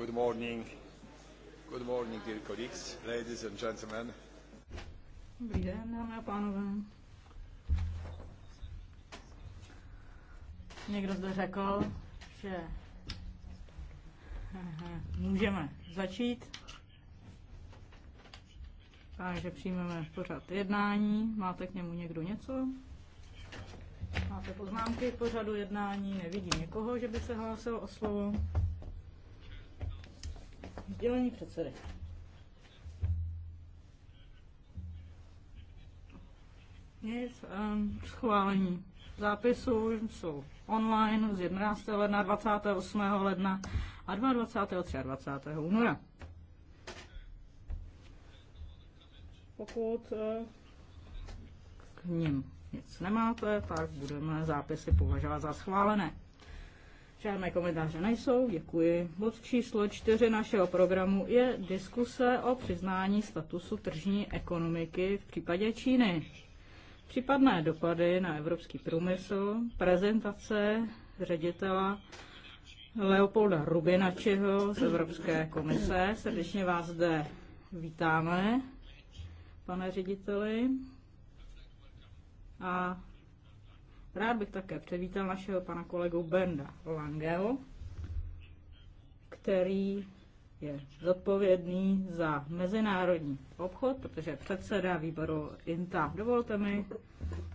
Good morning. Good morning, dear colleagues, ladies and gentlemen. Dobrý den, dámy a pánové. Někdo zde řekl, že eh, můžeme začít. Takže přijmeme pořad jednání. Máte k němu někdo něco? Máte poznámky k pořadu jednání? Nevidím někoho, že by se hlásil o slovo. Sdělení předsedy. Nic, um, ehm, schválení zápisů jsou online z 11. ledna, 28. ledna a 22. 23. února. Pokud eh, k ním nic nemáte, tak budeme zápisy považovat za schválené. Žádné komentáře nejsou, děkuji. Bod číslo čtyři našeho programu je diskuse o přiznání statusu tržní ekonomiky v případě Číny. Případné dopady na evropský průmysl, prezentace ředitela Leopolda Rubinačeho z Evropské komise. Srdečně vás zde vítáme, pane řediteli. A Rád bych také přivítal našeho pana kolegu Benda Langeho, který je zodpovědný za mezinárodní obchod, protože předseda výboru INTA. Dovolte mi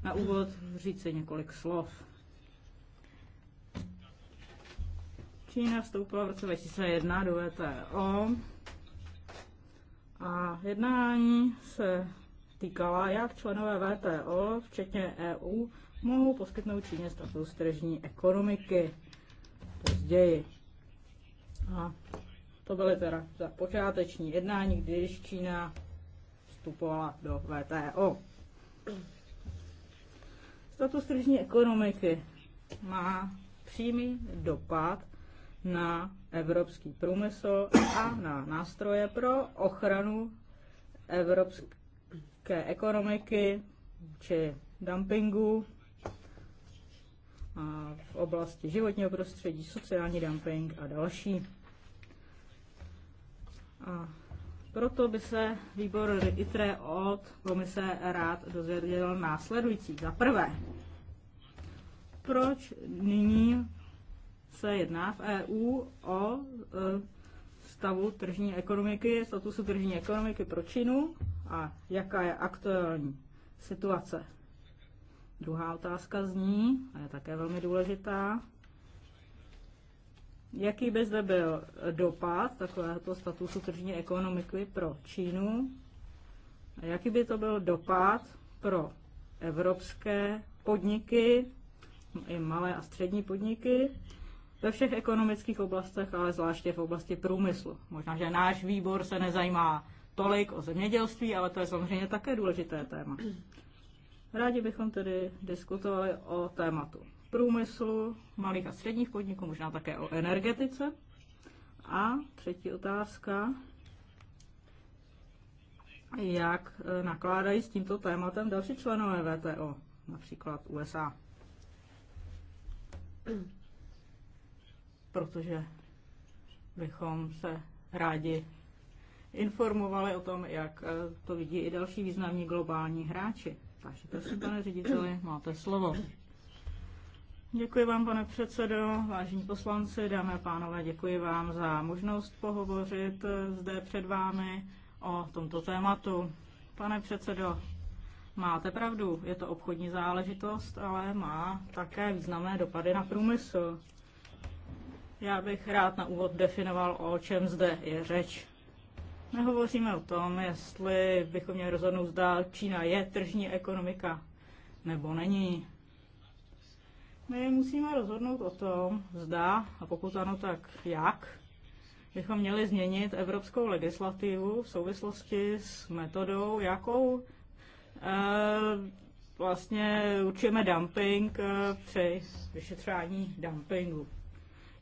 na úvod říci několik slov. Čína vstoupila v roce 2001 do VTO a jednání se týkala jak členové VTO, včetně EU, mohou poskytnout Číně status tržní ekonomiky později. A to byly teda za počáteční jednání, když Čína vstupovala do VTO. Status tržní ekonomiky má přímý dopad na evropský průmysl a na nástroje pro ochranu evropské ekonomiky či dumpingu a v oblasti životního prostředí, sociální dumping a další. A proto by se výbor ITRE od komise rád dozvěděl následující. Za prvé, proč nyní se jedná v EU o e, stavu tržní ekonomiky, statusu tržní ekonomiky pro Čínu a jaká je aktuální situace. Druhá otázka zní, a je také velmi důležitá, jaký by zde byl dopad takovéhoto statusu tržní ekonomiky pro Čínu a jaký by to byl dopad pro evropské podniky, i malé a střední podniky, ve všech ekonomických oblastech, ale zvláště v oblasti průmyslu. Možná, že náš výbor se nezajímá tolik o zemědělství, ale to je samozřejmě také důležité téma. Rádi bychom tedy diskutovali o tématu průmyslu, malých a středních podniků, možná také o energetice. A třetí otázka, jak e, nakládají s tímto tématem další členové VTO, například USA. Protože bychom se rádi informovali o tom, jak e, to vidí i další významní globální hráči. Takže prosím, pane řediteli, máte slovo. Děkuji vám, pane předsedo, vážení poslanci, dámy a pánové, děkuji vám za možnost pohovořit zde před vámi o tomto tématu. Pane předsedo, máte pravdu, je to obchodní záležitost, ale má také významné dopady na průmysl. Já bych rád na úvod definoval, o čem zde je řeč. Nehovoříme o tom, jestli bychom měli rozhodnout, zda Čína je tržní ekonomika nebo není. My musíme rozhodnout o tom, zda, a pokud ano, tak jak, bychom měli změnit evropskou legislativu v souvislosti s metodou, jakou e, vlastně určujeme dumping e, při vyšetřování dumpingu.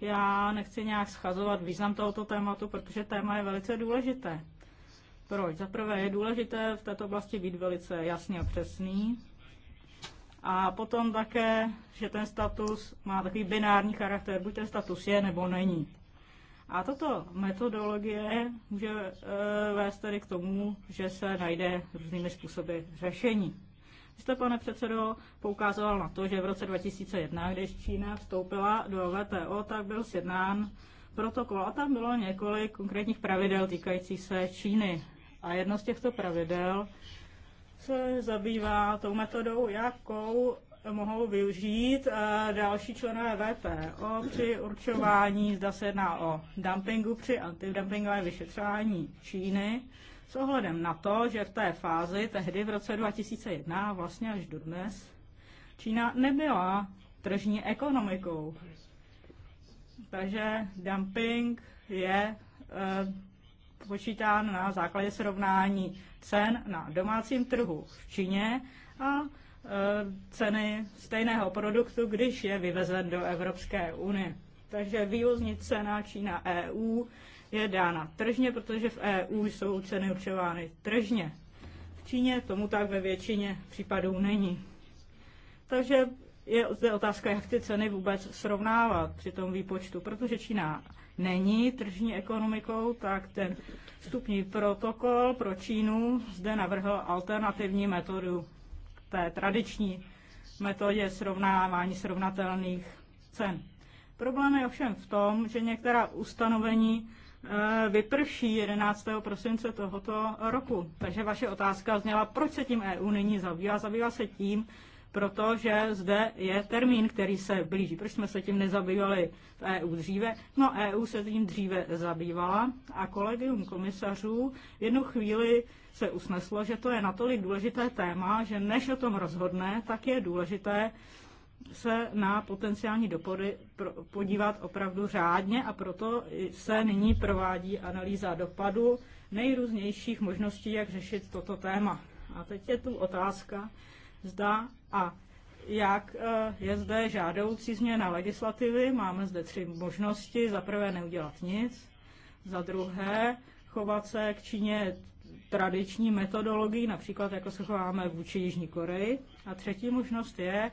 Já nechci nějak schazovat význam tohoto tématu, protože téma je velice důležité. Proč? Za prvé je důležité v této oblasti být velice jasný a přesný. A potom také, že ten status má takový binární charakter, buď ten status je nebo není. A tato metodologie může e, vést tedy k tomu, že se najde různými způsoby řešení jste, pane předsedo, poukázoval na to, že v roce 2001, když Čína vstoupila do VTO, tak byl sjednán protokol a tam bylo několik konkrétních pravidel týkajících se Číny. A jedno z těchto pravidel se zabývá tou metodou, jakou mohou využít eh, další členové VTO při určování, zda se jedná o dumpingu při antidumpingovém vyšetřování Číny s ohledem na to, že v té fázi tehdy v roce 2001 vlastně až do dnes Čína nebyla tržní ekonomikou. Takže dumping je e, počítán na základě srovnání cen na domácím trhu v Číně a e, ceny stejného produktu, když je vyvezen do Evropské unie. Takže vývozní cena Čína EU je dána tržně, protože v EU jsou ceny určovány tržně. V Číně tomu tak ve většině případů není. Takže je zde otázka, jak ty ceny vůbec srovnávat při tom výpočtu, protože Čína není tržní ekonomikou, tak ten vstupní protokol pro Čínu zde navrhl alternativní metodu k té tradiční metodě srovnávání srovnatelných cen. Problém je ovšem v tom, že některá ustanovení E, vyprší 11. prosince tohoto roku. Takže vaše otázka zněla, proč se tím EU nyní zabývá. Zabývá se tím, protože zde je termín, který se blíží. Proč jsme se tím nezabývali v EU dříve? No EU se tím dříve zabývala a kolegium komisařů jednu chvíli se usneslo, že to je natolik důležité téma, že než o tom rozhodne, tak je důležité se na potenciální dopady podívat opravdu řádně a proto se nyní provádí analýza dopadu nejrůznějších možností, jak řešit toto téma. A teď je tu otázka, zda a jak e, je zde žádoucí změna legislativy. Máme zde tři možnosti. Za prvé neudělat nic, za druhé chovat se k Číně tradiční metodologií, například jako se chováme vůči Jižní Koreji. A třetí možnost je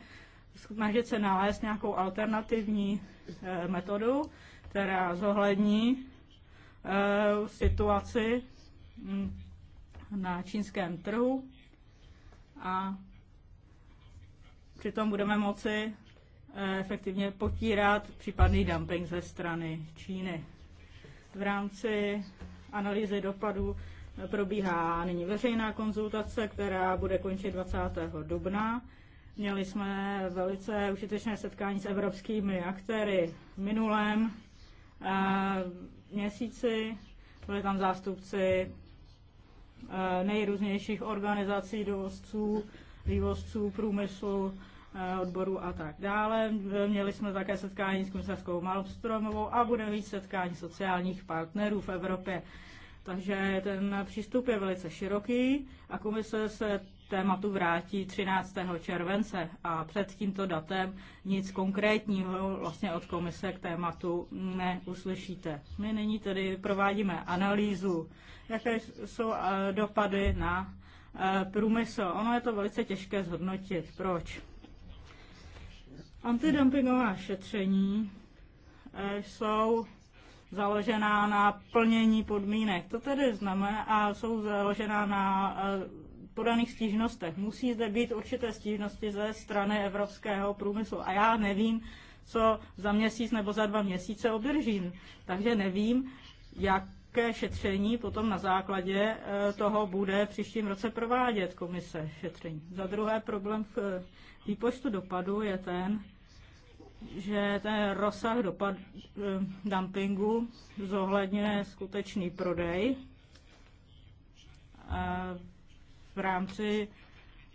snažit se nalézt nějakou alternativní eh, metodu, která zohlední eh, situaci hm, na čínském trhu a přitom budeme moci eh, efektivně potírat případný dumping ze strany Číny. V rámci analýzy dopadů probíhá nyní veřejná konzultace, která bude končit 20. dubna Měli jsme velice užitečné setkání s evropskými aktéry v minulém eh, měsíci. Byli tam zástupci eh, nejrůznějších organizací dovozců, vývozců, průmyslu, eh, odborů a tak dále. Měli jsme také setkání s komisařskou Malmstromovou a budeme mít setkání sociálních partnerů v Evropě. Takže ten přístup je velice široký a komise se tématu vrátí 13. července a před tímto datem nic konkrétního vlastně od komise k tématu neuslyšíte. My nyní tedy provádíme analýzu, jaké jsou eh, dopady na eh, průmysl. Ono je to velice těžké zhodnotit. Proč? Antidumpingová šetření eh, jsou založená na plnění podmínek. To tedy znamená, a jsou založená na podaných stížnostech. Musí zde být určité stížnosti ze strany evropského průmyslu. A já nevím, co za měsíc nebo za dva měsíce obdržím. Takže nevím, jaké šetření potom na základě eh, toho bude v příštím roce provádět komise šetření. Za druhé problém v eh, výpočtu dopadu je ten, že ten rozsah dopad eh, dumpingu zohledňuje skutečný prodej v rámci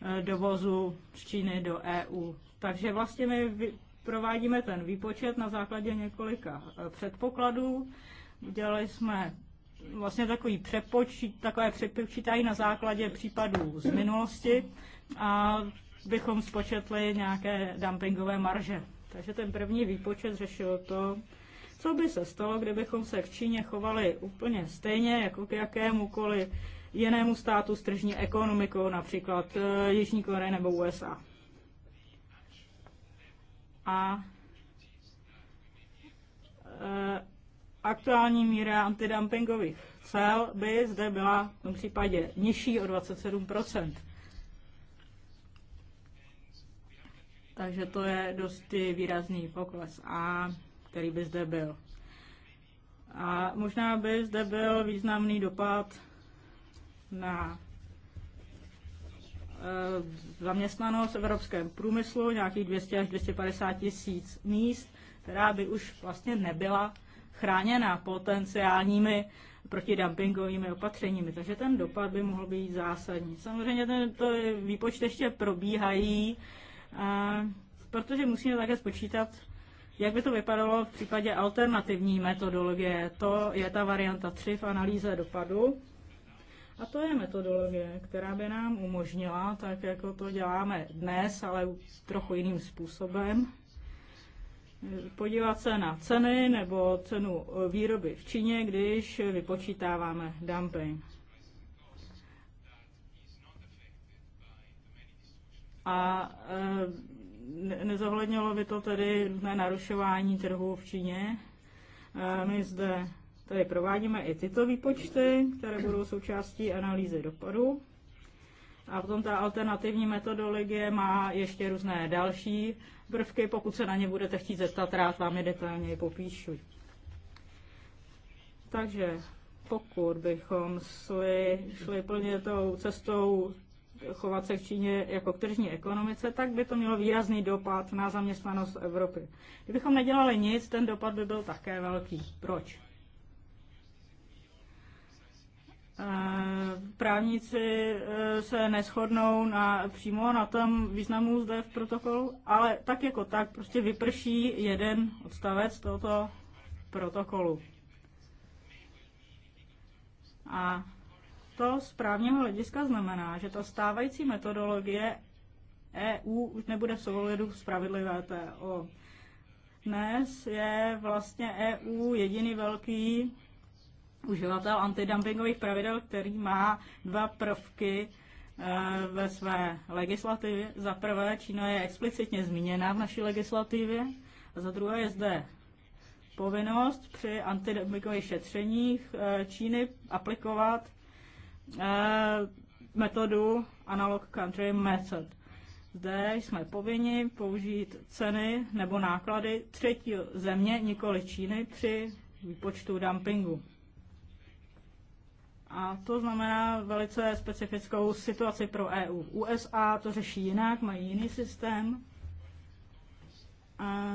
eh, dovozu z Číny do EU. Takže vlastně my provádíme ten výpočet na základě několika eh, předpokladů. Udělali jsme vlastně takový přepočít, takové přepočítání na základě případů z minulosti a bychom spočetli nějaké dumpingové marže. Takže ten první výpočet řešil to, co by se stalo, kdybychom se k Číně chovali úplně stejně jako k jakémukoliv jinému státu s tržní ekonomikou, například eh, Jižní Koreje nebo USA. A eh, aktuální míra antidumpingových cel by zde byla v tom případě nižší o 27 Takže to je dosti výrazný pokles, a který by zde byl. A možná by zde byl významný dopad na eh, zaměstnanost v evropském průmyslu, nějakých 200 až 250 tisíc míst, která by už vlastně nebyla chráněna potenciálními protidumpingovými opatřeními. Takže ten dopad by mohl být zásadní. Samozřejmě tento výpočet ještě probíhají, eh, protože musíme také spočítat, jak by to vypadalo v případě alternativní metodologie. To je ta varianta 3 v analýze dopadu a to je metodologie, která by nám umožnila, tak jako to děláme dnes, ale trochu jiným způsobem, podívat se na ceny nebo cenu výroby v Číně, když vypočítáváme dumping. A e, nezohlednilo by to tedy narušování trhu v Číně. E, my zde Tady provádíme i tyto výpočty, které budou součástí analýzy dopadu. A potom ta alternativní metodologie má ještě různé další prvky. Pokud se na ně budete chtít zeptat, rád vám je detailně popíšu. Takže pokud bychom šli, šli plně tou cestou chovat se v Číně jako k tržní ekonomice, tak by to mělo výrazný dopad na zaměstnanost Evropy. Kdybychom nedělali nic, ten dopad by byl také velký. Proč? Eh, právníci eh, se neschodnou na, přímo na tom významu zde v protokolu, ale tak jako tak prostě vyprší jeden odstavec tohoto protokolu. A to z právního hlediska znamená, že ta stávající metodologie EU už nebude v souladu s pravidly VTO. Dnes je vlastně EU jediný velký uživatel antidumpingových pravidel, který má dva prvky eh, ve své legislativě. Za prvé, Čína je explicitně zmíněna v naší legislativě a za druhé je zde povinnost při antidumpingových šetřeních eh, Číny aplikovat eh, metodu analog country method. Zde jsme povinni použít ceny nebo náklady třetího země, nikoli Číny, při výpočtu dumpingu. A to znamená velice specifickou situaci pro EU. USA to řeší jinak, mají jiný systém. A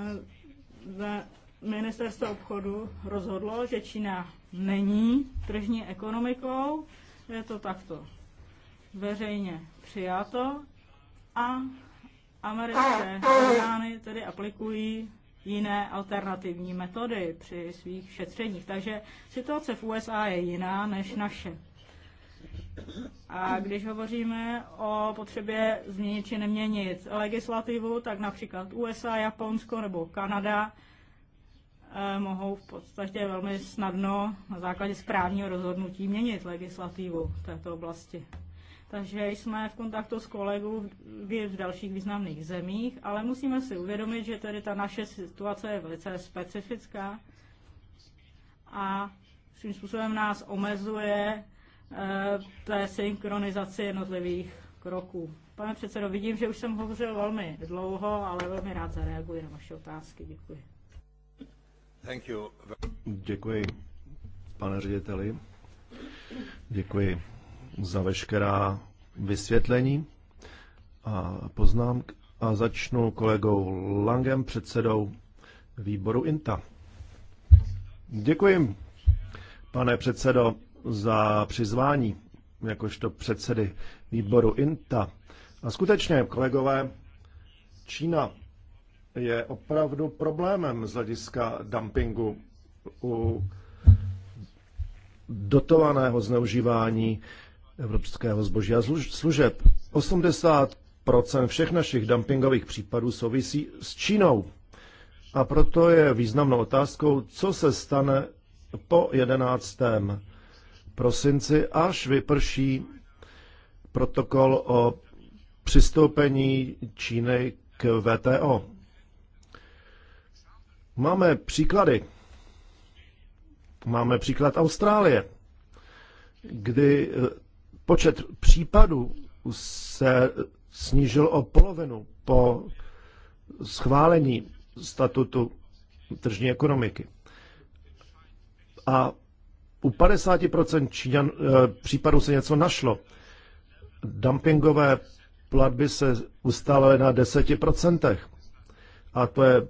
ministerstvo obchodu rozhodlo, že Čína není tržní ekonomikou, je to takto veřejně přijato a americké orgány tedy aplikují jiné alternativní metody při svých šetřeních. Takže situace v USA je jiná než naše. A když hovoříme o potřebě změnit či neměnit legislativu, tak například USA, Japonsko nebo Kanada eh, mohou v podstatě velmi snadno na základě správního rozhodnutí měnit legislativu v této oblasti. Takže jsme v kontaktu s kolegou v, v dalších významných zemích, ale musíme si uvědomit, že tedy ta naše situace je velice specifická a svým způsobem nás omezuje e, té synchronizaci jednotlivých kroků. Pane předsedo, vidím, že už jsem hovořil velmi dlouho, ale velmi rád zareaguji na vaše otázky. Děkuji. Thank you. Děkuji, pane řediteli. Děkuji za veškerá vysvětlení a poznámky. A začnu kolegou Langem, předsedou výboru INTA. Děkuji, pane předsedo, za přizvání jakožto předsedy výboru INTA. A skutečně, kolegové, Čína je opravdu problémem z hlediska dumpingu u dotovaného zneužívání evropského zboží a služeb. 80 všech našich dumpingových případů souvisí s Čínou. A proto je významnou otázkou, co se stane po 11. prosinci, až vyprší protokol o přistoupení Číny k VTO. Máme příklady. Máme příklad Austrálie, kdy Počet případů se snížil o polovinu po schválení statutu tržní ekonomiky. A u 50% Číňan, eh, případů se něco našlo. Dumpingové platby se ustále na 10%. A to je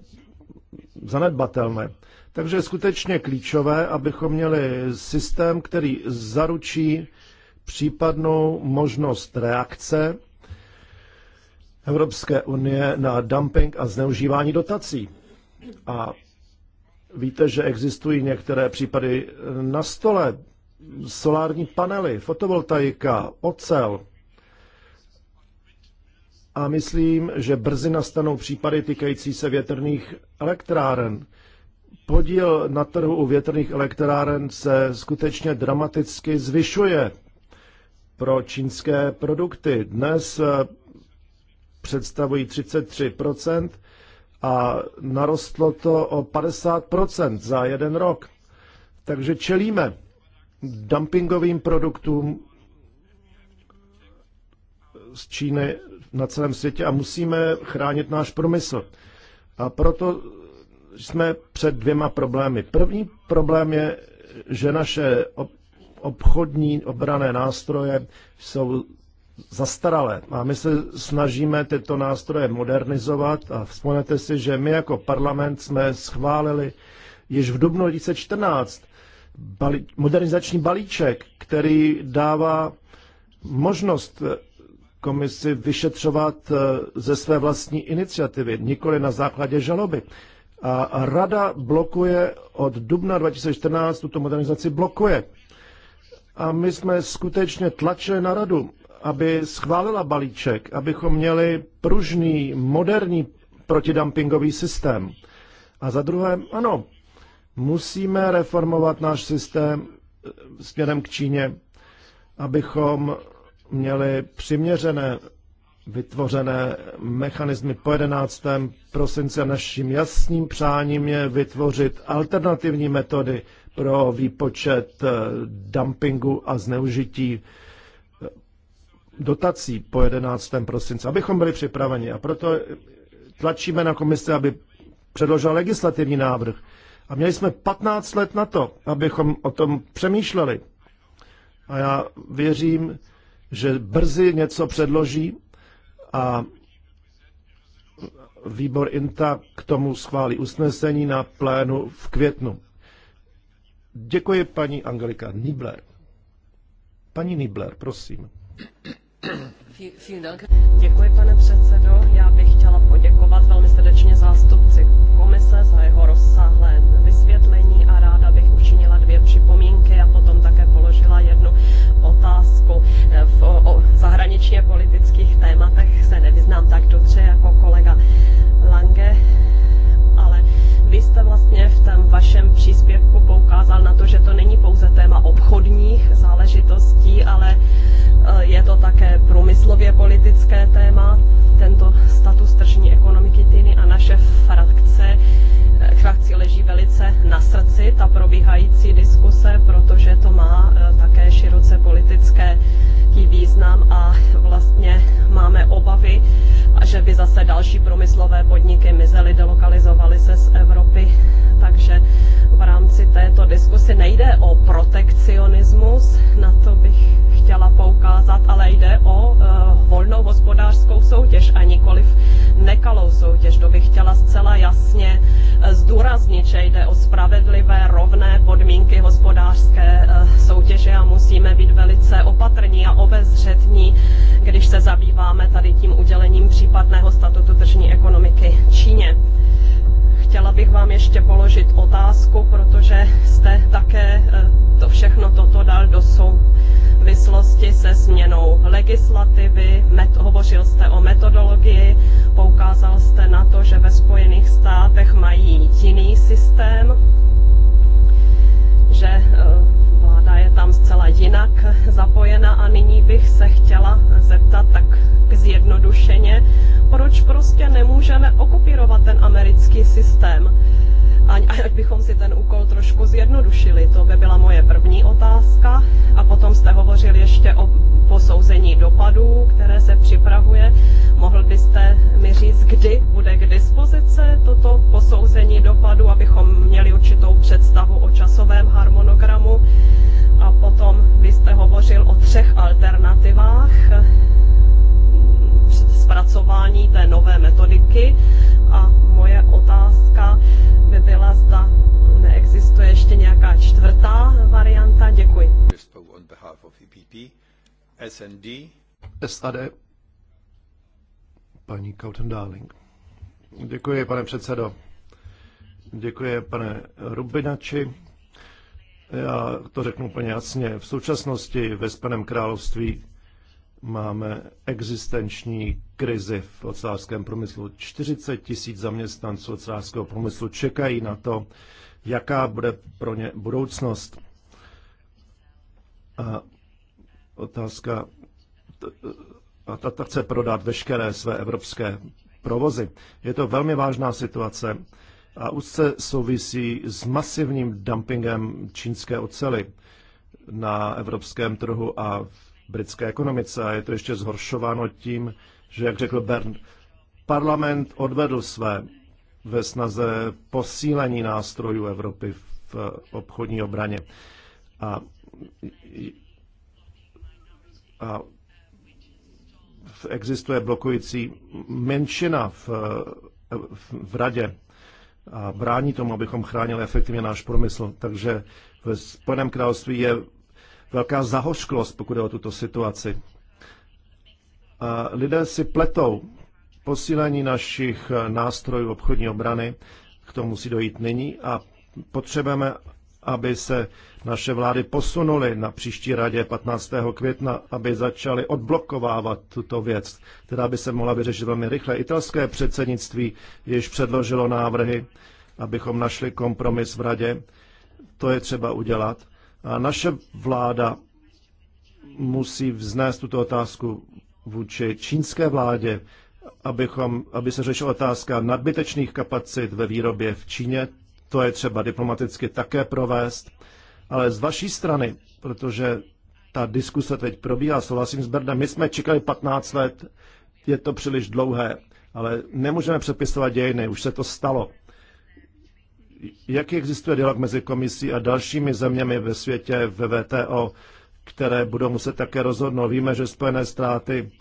zanedbatelné. Takže je skutečně klíčové, abychom měli systém, který zaručí případnou možnost reakce Evropské unie na dumping a zneužívání dotací. A víte, že existují některé případy na stole, solární panely, fotovoltaika, ocel. A myslím, že brzy nastanou případy týkající se větrných elektráren. Podíl na trhu u větrných elektráren se skutečně dramaticky zvyšuje pro čínské produkty. Dnes eh, představují 33 a narostlo to o 50 za jeden rok. Takže čelíme dumpingovým produktům z Číny na celém světě a musíme chránit náš promysl. A proto jsme před dvěma problémy. První problém je, že naše obchodní obrané nástroje jsou zastaralé. A my se snažíme tyto nástroje modernizovat a vzpomněte si, že my jako parlament jsme schválili již v dubnu 2014 balí, modernizační balíček, který dává možnost komisi vyšetřovat eh, ze své vlastní iniciativy, nikoli na základě žaloby. A rada blokuje od dubna 2014 tuto modernizaci blokuje. A my jsme skutečně tlačili na radu, aby schválila balíček, abychom měli pružný, moderní protidumpingový systém. A za druhé, ano, musíme reformovat náš systém eh, směrem k Číně, abychom měli přiměřené vytvořené mechanismy po 11. prosince. Naším jasným přáním je vytvořit alternativní metody pro výpočet eh, dumpingu a zneužití eh, dotací po 11. prosince, abychom byli připraveni. A proto eh, tlačíme na komise, aby předložila legislativní návrh. A měli jsme 15 let na to, abychom o tom přemýšleli. A já věřím, že brzy něco předloží a výbor INTA k tomu schválí usnesení na plénu v květnu. Děkuji paní Angelika Nibler. Paní Nibler, prosím. Děkuji, pane předsedo. Já bych chtěla poděkovat velmi srdečně zástupci komise za jeho rozsáhlé zahraničně politických tématech se nevyznám tak dobře jako kolega Lange, ale vy jste vlastně v tom vašem příspěvku poukázal na to, že to není pouze téma obchodních záležitostí, ale eh, je to také průmyslově politické téma, tento status tržní ekonomiky Tiny a naše frakce frakci leží velice na srdci ta probíhající diskuse, protože to má e, také široce politické význam a vlastně máme obavy, že by zase další promyslové podniky mizely, delokalizovaly se z Evropy. Takže v rámci této diskusy nejde o protekcionismus, na to bych chtěla poukázat, ale jde o uh, volnou hospodářskou soutěž a nikoliv nekalou soutěž. To bych chtěla zcela jasně uh, zdůraznit, že jde o spravedlivé, rovné podmínky hospodářské uh, soutěže a musíme být velice opatrní a obezřetní, když se zabýváme tady tím udělením případného statutu tržní ekonomiky Číně chtěla bych vám ještě položit otázku, protože jste také eh, to všechno toto dal do souvislosti se změnou legislativy, met, hovořil jste o metodologii, poukázal jste na to, že ve Spojených státech mají jiný systém, že eh, je tam zcela jinak zapojena a nyní bych se chtěla zeptat tak zjednodušeně, proč prostě nemůžeme okopírovat ten americký systém ať bychom si ten úkol trošku zjednodušili. To by byla moje první otázka. A potom jste hovořil ještě o posouzení dopadů, které se připravuje. Mohl byste mi říct, kdy bude k dispozici toto posouzení dopadu, abychom měli určitou představu o časovém harmonogramu. A potom byste hovořil o třech alternativách zpracování té nové metodiky a moje otázka by byla, zda neexistuje ještě nějaká čtvrtá varianta. Děkuji. SND. E SAD. Paní Kauten Darling. Děkuji, pane předsedo. Děkuji, pane Rubinači. Já to řeknu úplně jasně. V současnosti ve Spaném království máme existenční krizi v ocelářském průmyslu. 40 tisíc zaměstnanců ocelářského průmyslu čekají na to, jaká bude pro ně budoucnost. A otázka, a ta chce prodat veškeré své evropské provozy. Je to velmi vážná situace a úzce souvisí s masivním dumpingem čínské ocely na evropském trhu a v britské ekonomice a je to ještě zhoršováno tím, že, jak řekl Bernd, parlament odvedl své ve snaze posílení nástrojů Evropy v obchodní obraně. A, a existuje blokující menšina v, v, v radě a brání tomu, abychom chránili efektivně náš promysl. Takže ve Spojeném království je velká zahořklost, pokud je o tuto situaci. A lidé si pletou posílení našich nástrojů obchodní obrany, k tomu musí dojít nyní a potřebujeme, aby se naše vlády posunuly na příští radě 15. května, aby začaly odblokovávat tuto věc, která by se mohla vyřešit velmi rychle. Italské předsednictví již předložilo návrhy, abychom našli kompromis v radě. To je třeba udělat a naše vláda musí vznést tuto otázku vůči čínské vládě, abychom, aby se řešila otázka nadbytečných kapacit ve výrobě v Číně. To je třeba diplomaticky také provést. Ale z vaší strany, protože ta diskuse teď probíhá, souhlasím s Brdem, my jsme čekali 15 let, je to příliš dlouhé, ale nemůžeme přepisovat dějiny, už se to stalo. Jaký existuje dialog mezi komisí a dalšími zeměmi ve světě, ve VTO, které budou muset také rozhodnout? Víme, že Spojené státy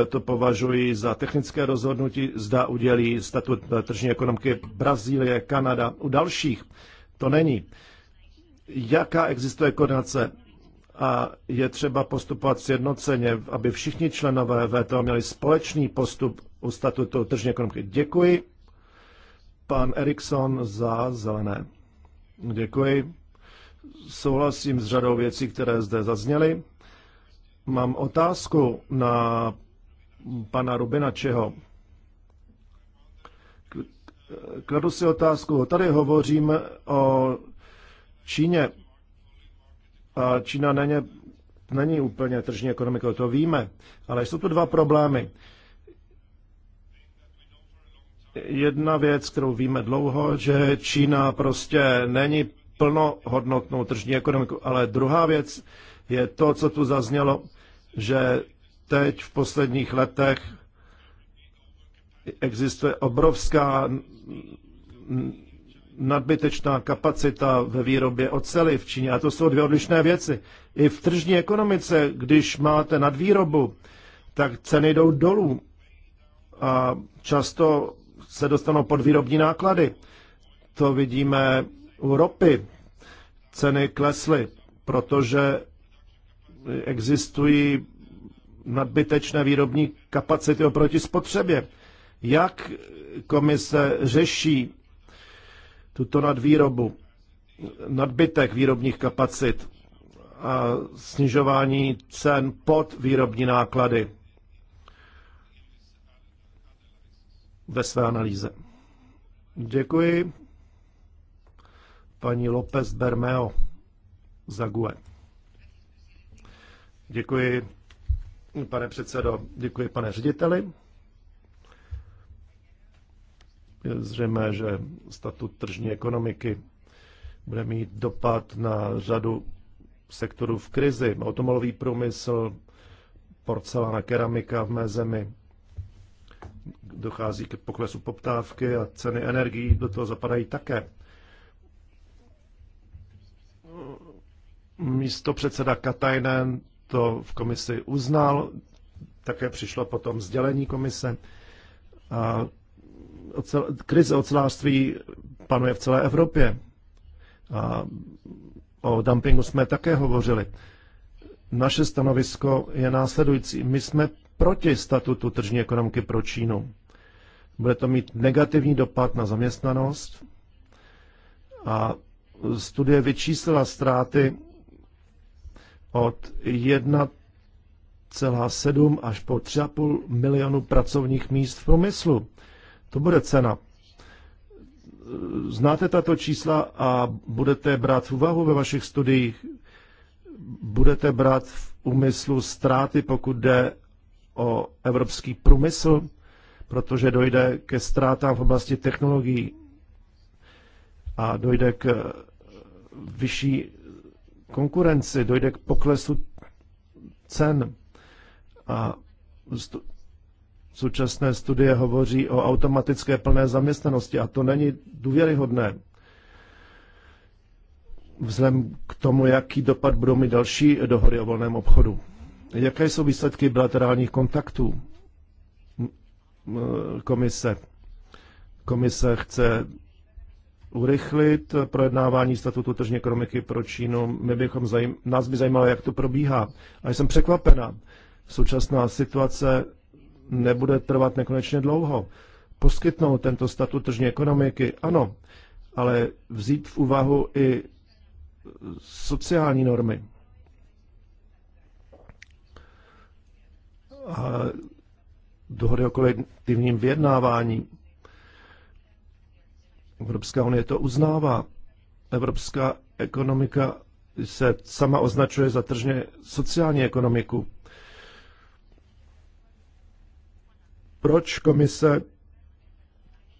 e, to považují za technické rozhodnutí, zda udělí statut tržní ekonomiky Brazílie, Kanada. U dalších to není. Jaká existuje koordinace a je třeba postupovat sjednoceně, aby všichni členové VTO měli společný postup u statutu tržní ekonomiky. Děkuji Pan Erikson za zelené. Děkuji. Souhlasím s řadou věcí, které zde zazněly. Mám otázku na pana Rubinačeho. Kladu si otázku. Tady hovořím o Číně. A Čína není, není úplně tržní ekonomikou, to víme. Ale jsou tu dva problémy. Jedna věc, kterou víme dlouho, že Čína prostě není plnohodnotnou tržní ekonomiku. Ale druhá věc je to, co tu zaznělo, že teď v posledních letech existuje obrovská nadbytečná kapacita ve výrobě oceli v Číně. A to jsou dvě odlišné věci. I v tržní ekonomice, když máte nadvýrobu, tak ceny jdou dolů. A často se dostanou pod výrobní náklady. To vidíme u ropy. Ceny klesly, protože existují nadbytečné výrobní kapacity oproti spotřebě. Jak komise řeší tuto nadvýrobu, nadbytek výrobních kapacit a snižování cen pod výrobní náklady? ve své analýze. Děkuji paní López Bermeo za GUE. Děkuji, pane předsedo, děkuji, pane řediteli. Je zřejmé, že statut tržní ekonomiky bude mít dopad na řadu sektorů v krizi. Automobilový průmysl, porcelána, keramika v mé zemi, dochází k poklesu poptávky a ceny energií do toho zapadají také. Místo předseda Katajnen to v komisi uznal, také přišlo potom sdělení komise. A ocel, krize ocelářství panuje v celé Evropě. A o dumpingu jsme také hovořili. Naše stanovisko je následující. My jsme proti statutu tržní ekonomiky pro Čínu. Bude to mít negativní dopad na zaměstnanost a studie vyčíslila ztráty od 1,7 až po 3,5 milionu pracovních míst v průmyslu. To bude cena. Znáte tato čísla a budete brát v úvahu ve vašich studiích? Budete brát v úmyslu ztráty, pokud jde o evropský průmysl, protože dojde ke ztrátám v oblasti technologií a dojde k eh, vyšší konkurenci, dojde k poklesu cen. A současné studie hovoří o automatické plné zaměstnanosti a to není důvěryhodné. Vzhledem k tomu, jaký dopad budou mít další dohody o volném obchodu. Jaké jsou výsledky bilaterálních kontaktů komise? Komise chce urychlit projednávání statutu tržní ekonomiky pro Čínu. My bychom zajím, nás by zajímalo, jak to probíhá. A jsem překvapena. Současná situace nebude trvat nekonečně dlouho. Poskytnout tento statut tržní ekonomiky, ano, ale vzít v úvahu i sociální normy. a dohody o kolektivním vyjednávání. Evropská unie to uznává. Evropská ekonomika se sama označuje za tržně sociální ekonomiku. Proč komise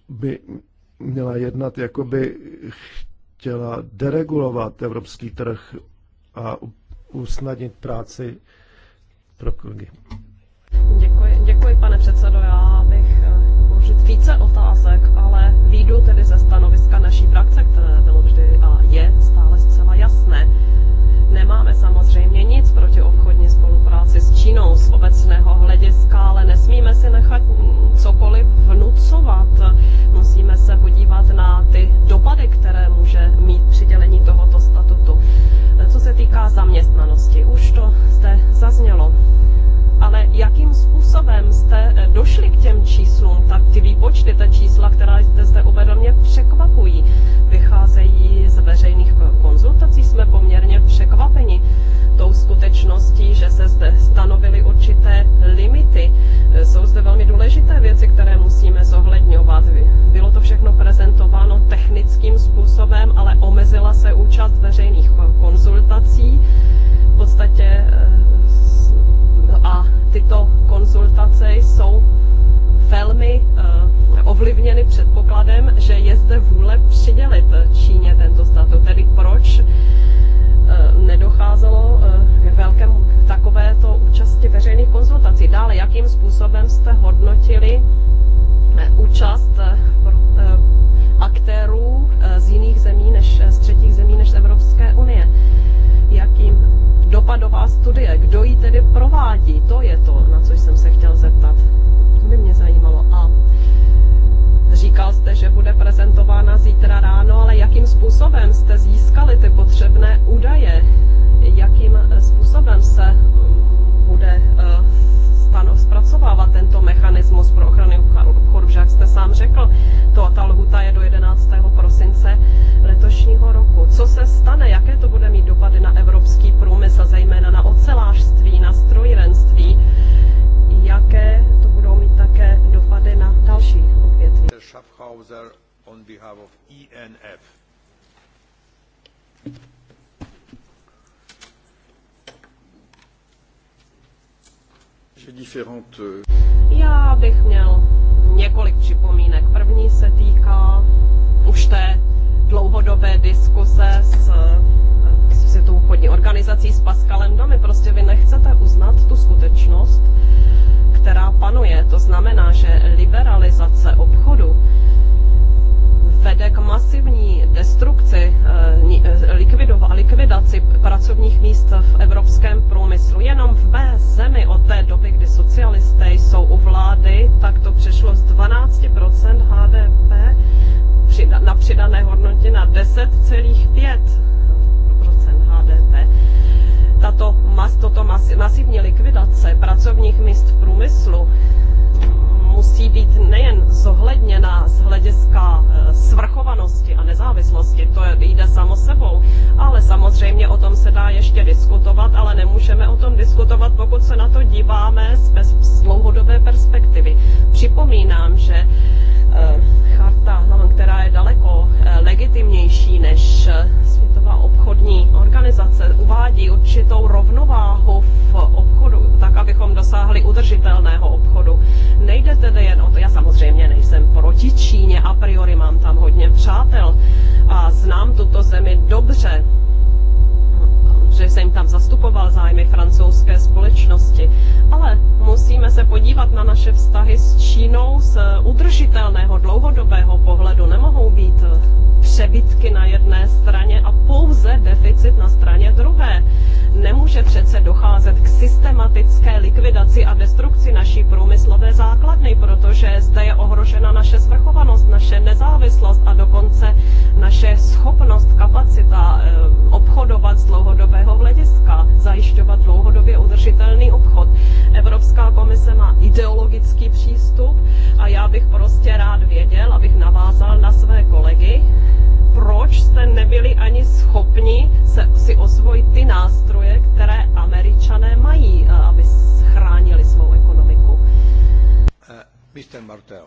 by měla jednat, jako by chtěla deregulovat evropský trh a usnadnit práci pro kolegy? Děkuji, děkuji pane předsedo. Já bych použit eh, více otázek, ale výjdu tedy ze stanoviska naší frakce, které bylo vždy a je stále zcela jasné. Nemáme samozřejmě nic proti obchodní spolupráci s Čínou z obecného hlediska, ale nesmíme si nechat cokoliv vnucovat. Musíme se podívat na ty dopady, které může mít přidělení tohoto statutu. Co se týká zaměstnanosti, už to zde zaznělo ale jakým způsobem jste eh, došli k těm číslům, tak ty výpočty, ta čísla, která jste zde uvedl, mě překvapují. Vycházejí z veřejných konzultací, jsme poměrně překvapeni tou skutečností, že se zde stanovily určité limity. Eh, jsou zde velmi důležité věci, které musíme zohledňovat. Bylo to všechno prezentováno technickým způsobem, ale omezila se účast veřejných konzultací. V podstatě eh, a tyto konzultace jsou velmi eh, ovlivněny předpokladem, že je zde vůle přidělit Číně tento stát. Tedy proč eh, nedocházelo eh, k velkému takovéto účasti veřejných konzultací. Dále, jakým způsobem jste hodnotili účast aktérů z jiných zemí než z třetích zemí než z Evropské unie? dopadová studie. Kdo ji tedy provádí? To je to, na co jsem se chtěl zeptat. To by mě zajímalo. on behalf of e ENF. Eh, Já bych měl několik připomínek. První se týká už té dlouhodobé diskuse s, eh, světou obchodní organizací, s Pascalem Domy. Prostě vy nechcete uznat tu skutečnost, která panuje. To znamená, že liberalizace obchodu vede k masivní destrukci eh, eh, a likvidaci pracovních míst v evropském průmyslu. Jenom v mé zemi od té doby, kdy socialisté jsou u vlády, tak to přešlo z 12% HDP na přidané hodnotě na 10,5% HDP tato mas, toto mas, masivní likvidace pracovních míst v průmyslu musí být nejen zohledněna z hlediska e, svrchovanosti a nezávislosti, to jde samo sebou, ale samozřejmě o tom se dá ještě diskutovat, ale nemůžeme o tom diskutovat, pokud se na to díváme z, bez, z dlouhodobé perspektivy. Připomínám, že e, charta, hm, která je daleko e, legitimnější než Světová obchodní organizace, uvádí určitou rovnováhu v obchodu, tak abychom dosáhli udržitelného obchodu. Nejde tedy jen o to, já samozřejmě nejsem proti Číně, a priori mám tam hodně přátel a znám tuto zemi dobře, že jsem tam zastupoval zájmy francouzské společnosti. Ale musíme se podívat na naše vztahy s Čínou z udržitelného dlouhodobého pohledu. Nemohou být eh, přebytky na jedné straně a pouze deficit na straně druhé. Nemůže přece docházet k systematické likvidaci a destrukci naší průmyslové základny, protože zde je ohrožena naše svrchovanost, naše nezávislost a dokonce naše schopnost, kapacita eh, obchodovat z dlouhodobého dlouhodobého hlediska, zajišťovat dlouhodobě udržitelný obchod. Evropská komise má ideologický přístup a já bych prostě rád věděl, abych navázal na své kolegy, proč jste nebyli ani schopni se, si osvojit ty nástroje, které američané mají, eh, aby chránili svou ekonomiku. Uh, eh, Mr. Martel.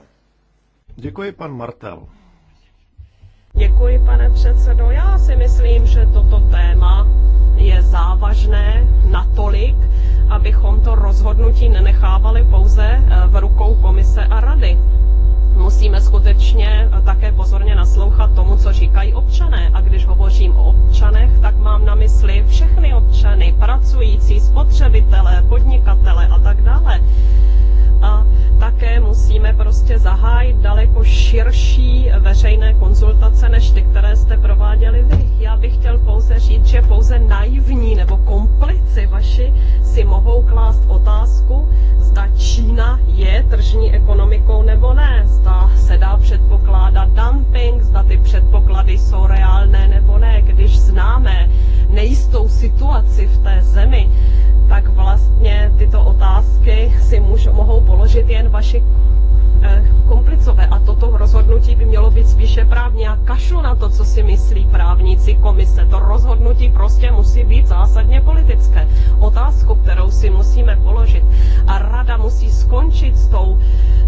Děkuji, pan Martel. Děkuji, pane předsedo. Já si myslím, že toto téma je závažné natolik, abychom to rozhodnutí nenechávali pouze eh, v rukou komise a rady. Musíme skutečně eh, také pozorně naslouchat tomu, co říkají občané. A když hovořím o občanech, tak mám na mysli všechny občany, pracující, spotřebitele, podnikatele a tak dále a také musíme prostě zahájit daleko širší veřejné konzultace než ty, které jste prováděli vy. Já bych chtěl pouze říct, že pouze naivní nebo komplici vaši si mohou klást otázku, zda Čína je tržní ekonomikou nebo ne, zda se dá předpokládat dumping, zda ty předpoklady jsou reálné nebo ne, když známe nejistou situaci v té zemi, tak vlastně tyto otázky si můžou, mohou položit jen vaši eh, komplicové. A toto rozhodnutí by mělo být spíše právní. A kašlu na to, co si myslí právníci komise. To rozhodnutí prostě musí být zásadně politické. Otázku, kterou si musíme položit. A rada musí skončit s tou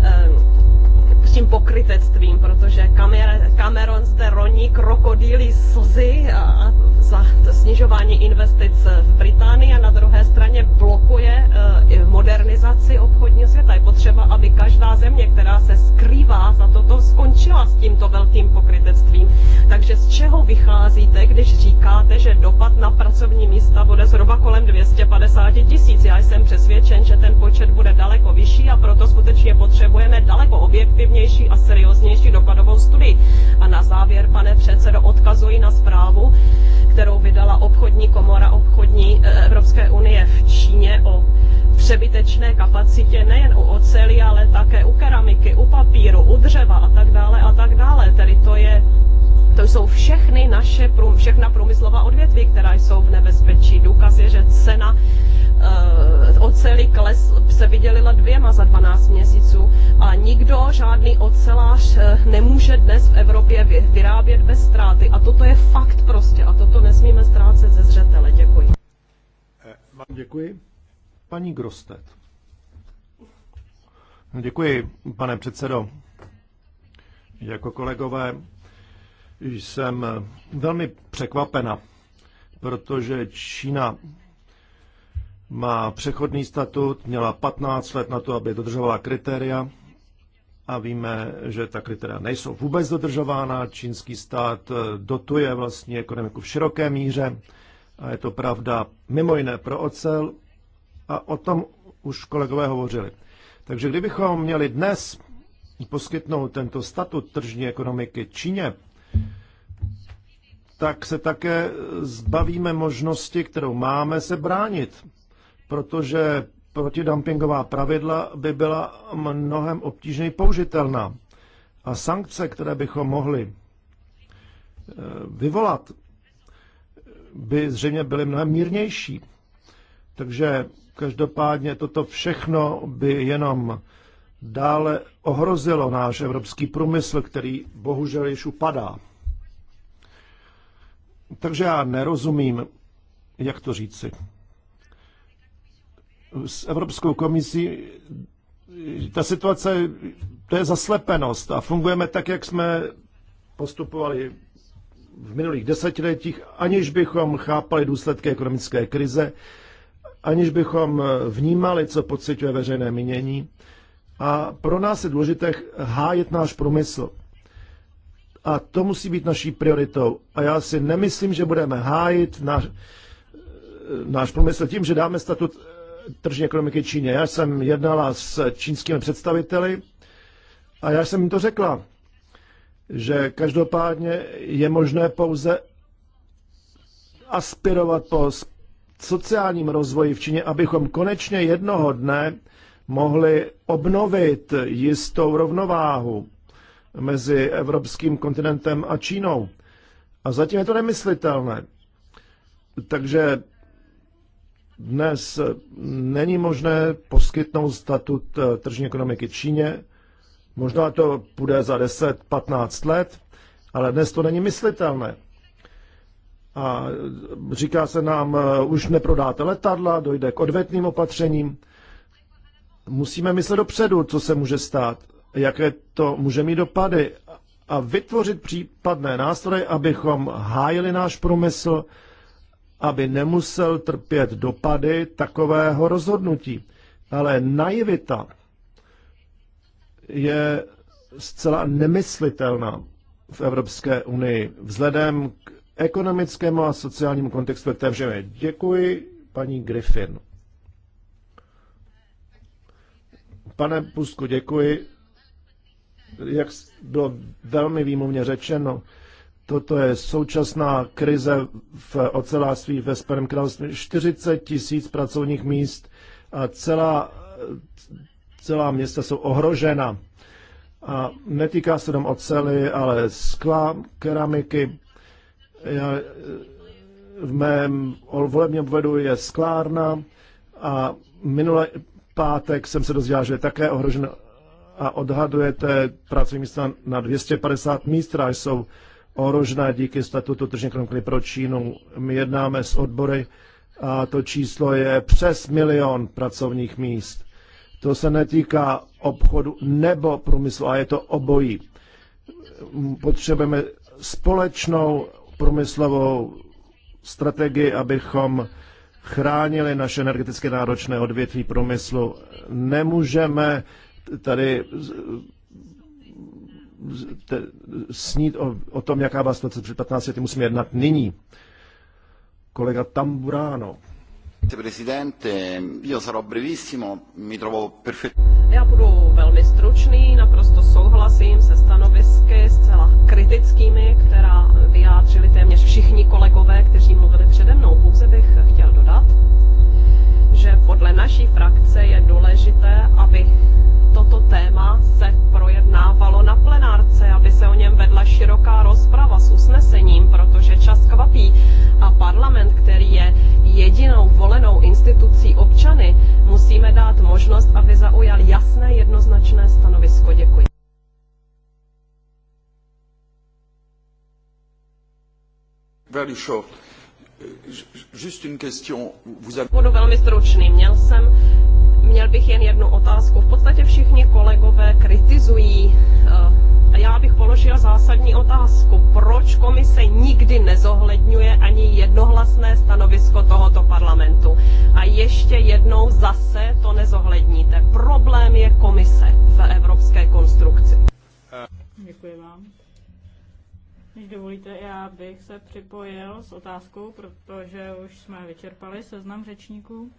eh, s tím pokrytectvím, protože Cameron, Cameron zde roní krokodýlí slzy a za snižování investic v Británii a na druhé straně blokuje eh, modernizaci obchodního světa. Je potřeba, aby každá země, která se skrývá za toto, skončila s tímto velkým pokrytectvím. Takže z čeho vycházíte, když říkáte, že dopad na pracovní místa bude zhruba kolem 250 tisíc? Já jsem přesvědčen, že ten počet bude daleko vyšší a proto skutečně potřebujeme daleko objektivně podrobnější a serióznější dopadovou studii. A na závěr, pane předsedo, odkazuji na zprávu, kterou vydala obchodní komora obchodní eh, Evropské unie v Číně o přebytečné kapacitě nejen u oceli, ale také u keramiky, u papíru, u dřeva a tak dále a tak dále. Tedy to je to jsou všechny naše všechna průmyslová odvětví, která jsou v nebezpečí. Důkaz je, že cena uh, oceli kles se vydělila dvěma za 12 měsíců a nikdo, žádný ocelář eh, nemůže dnes v Evropě vyrábět bez ztráty. A toto je fakt prostě a toto nesmíme ztrácet ze zřetele. Děkuji. Děkuji. Paní Grostet. Děkuji, pane předsedo. Jako kolegové jsem velmi překvapena, protože Čína má přechodný statut, měla 15 let na to, aby dodržovala kritéria a víme, že ta kritéria nejsou vůbec dodržována. Čínský stát dotuje vlastně ekonomiku v široké míře a je to pravda mimo jiné pro ocel a o tom už kolegové hovořili. Takže kdybychom měli dnes poskytnout tento statut tržní ekonomiky Číně, tak se také zbavíme možnosti, kterou máme se bránit, protože protidumpingová pravidla by byla mnohem obtížněji použitelná. A sankce, které bychom mohli eh, vyvolat, by zřejmě byly mnohem mírnější. Takže každopádně toto všechno by jenom dále ohrozilo náš evropský průmysl, který bohužel již upadá. Takže já nerozumím, jak to říci. S Evropskou komisí ta situace, to je zaslepenost a fungujeme tak, jak jsme postupovali v minulých desetiletích, aniž bychom chápali důsledky ekonomické krize, aniž bychom vnímali, co pociťuje veřejné mínění a pro nás je důležité hájet náš průmysl. A to musí být naší prioritou. A já si nemyslím, že budeme hájit náš, náš průmysl tím, že dáme statut eh, tržní ekonomiky Číně. Já jsem jednala s čínskými představiteli a já jsem jim to řekla, že každopádně je možné pouze aspirovat po sociálním rozvoji v Číně, abychom konečně jednoho dne mohli obnovit jistou rovnováhu mezi evropským kontinentem a Čínou. A zatím je to nemyslitelné. Takže dnes není možné poskytnout statut eh, tržní ekonomiky Číně. Možná to bude za 10-15 let, ale dnes to není myslitelné. A říká se nám, eh, už neprodáte letadla, dojde k odvetným opatřením musíme myslet dopředu, co se může stát, jaké to může mít dopady a vytvořit případné nástroje, abychom hájili náš průmysl, aby nemusel trpět dopady takového rozhodnutí. Ale naivita je zcela nemyslitelná v Evropské unii vzhledem k ekonomickému a sociálnímu kontextu, ve kterém žijeme. Děkuji, paní Griffin. Pane Pustku, děkuji. Jak bylo velmi výmluvně řečeno, toto je současná krize v ocelářství ve Sperm království. 40 tisíc pracovních míst a celá, celá města jsou ohrožena. A netýká se tam ocely, ale skla, keramiky. Já, v mém volebním obvodu je sklárna a minule pátek jsem se dozvěděl, že je také ohrožen a odhadujete pracovní místa na 250 míst, která jsou ohrožená díky statutu tržní ekonomiky pro Čínu. My jednáme s odbory a to číslo je přes milion pracovních míst. To se netýká obchodu nebo průmyslu, a je to obojí. Potřebujeme společnou průmyslovou strategii, abychom chránili naše energeticky náročné odvětví průmyslu. Nemůžeme tady snít o, o tom, jaká byla situace před 15 lety, musíme jednat nyní. Kolega Tamburáno. Já budu velmi stručný, naprosto souhlasím se stanovisky zcela kritickými, která vyjádřili téměř všichni kolegové, kteří mluvili přede mnou. Pouze bych chtěl dodat, že podle naší frakce je důležité, aby toto téma se projednávalo na plenárce, aby se o něm vedla široká rozprava s usnesením, protože čas kvapí a parlament, který je jedinou volenou institucí občany, musíme dát možnost, aby zaujal jasné jednoznačné stanovisko. Děkuji. Very Just une question. Vous avez... Budu velmi stručný. Měl jsem Měl bych jen jednu otázku. V podstatě všichni kolegové kritizují. Eh, já bych položil zásadní otázku. Proč komise nikdy nezohledňuje ani jednohlasné stanovisko tohoto parlamentu? A ještě jednou zase to nezohledníte. Problém je komise v evropské konstrukci. Děkuji vám. Když dovolíte, já bych se připojil s otázkou, protože už jsme vyčerpali seznam řečníků.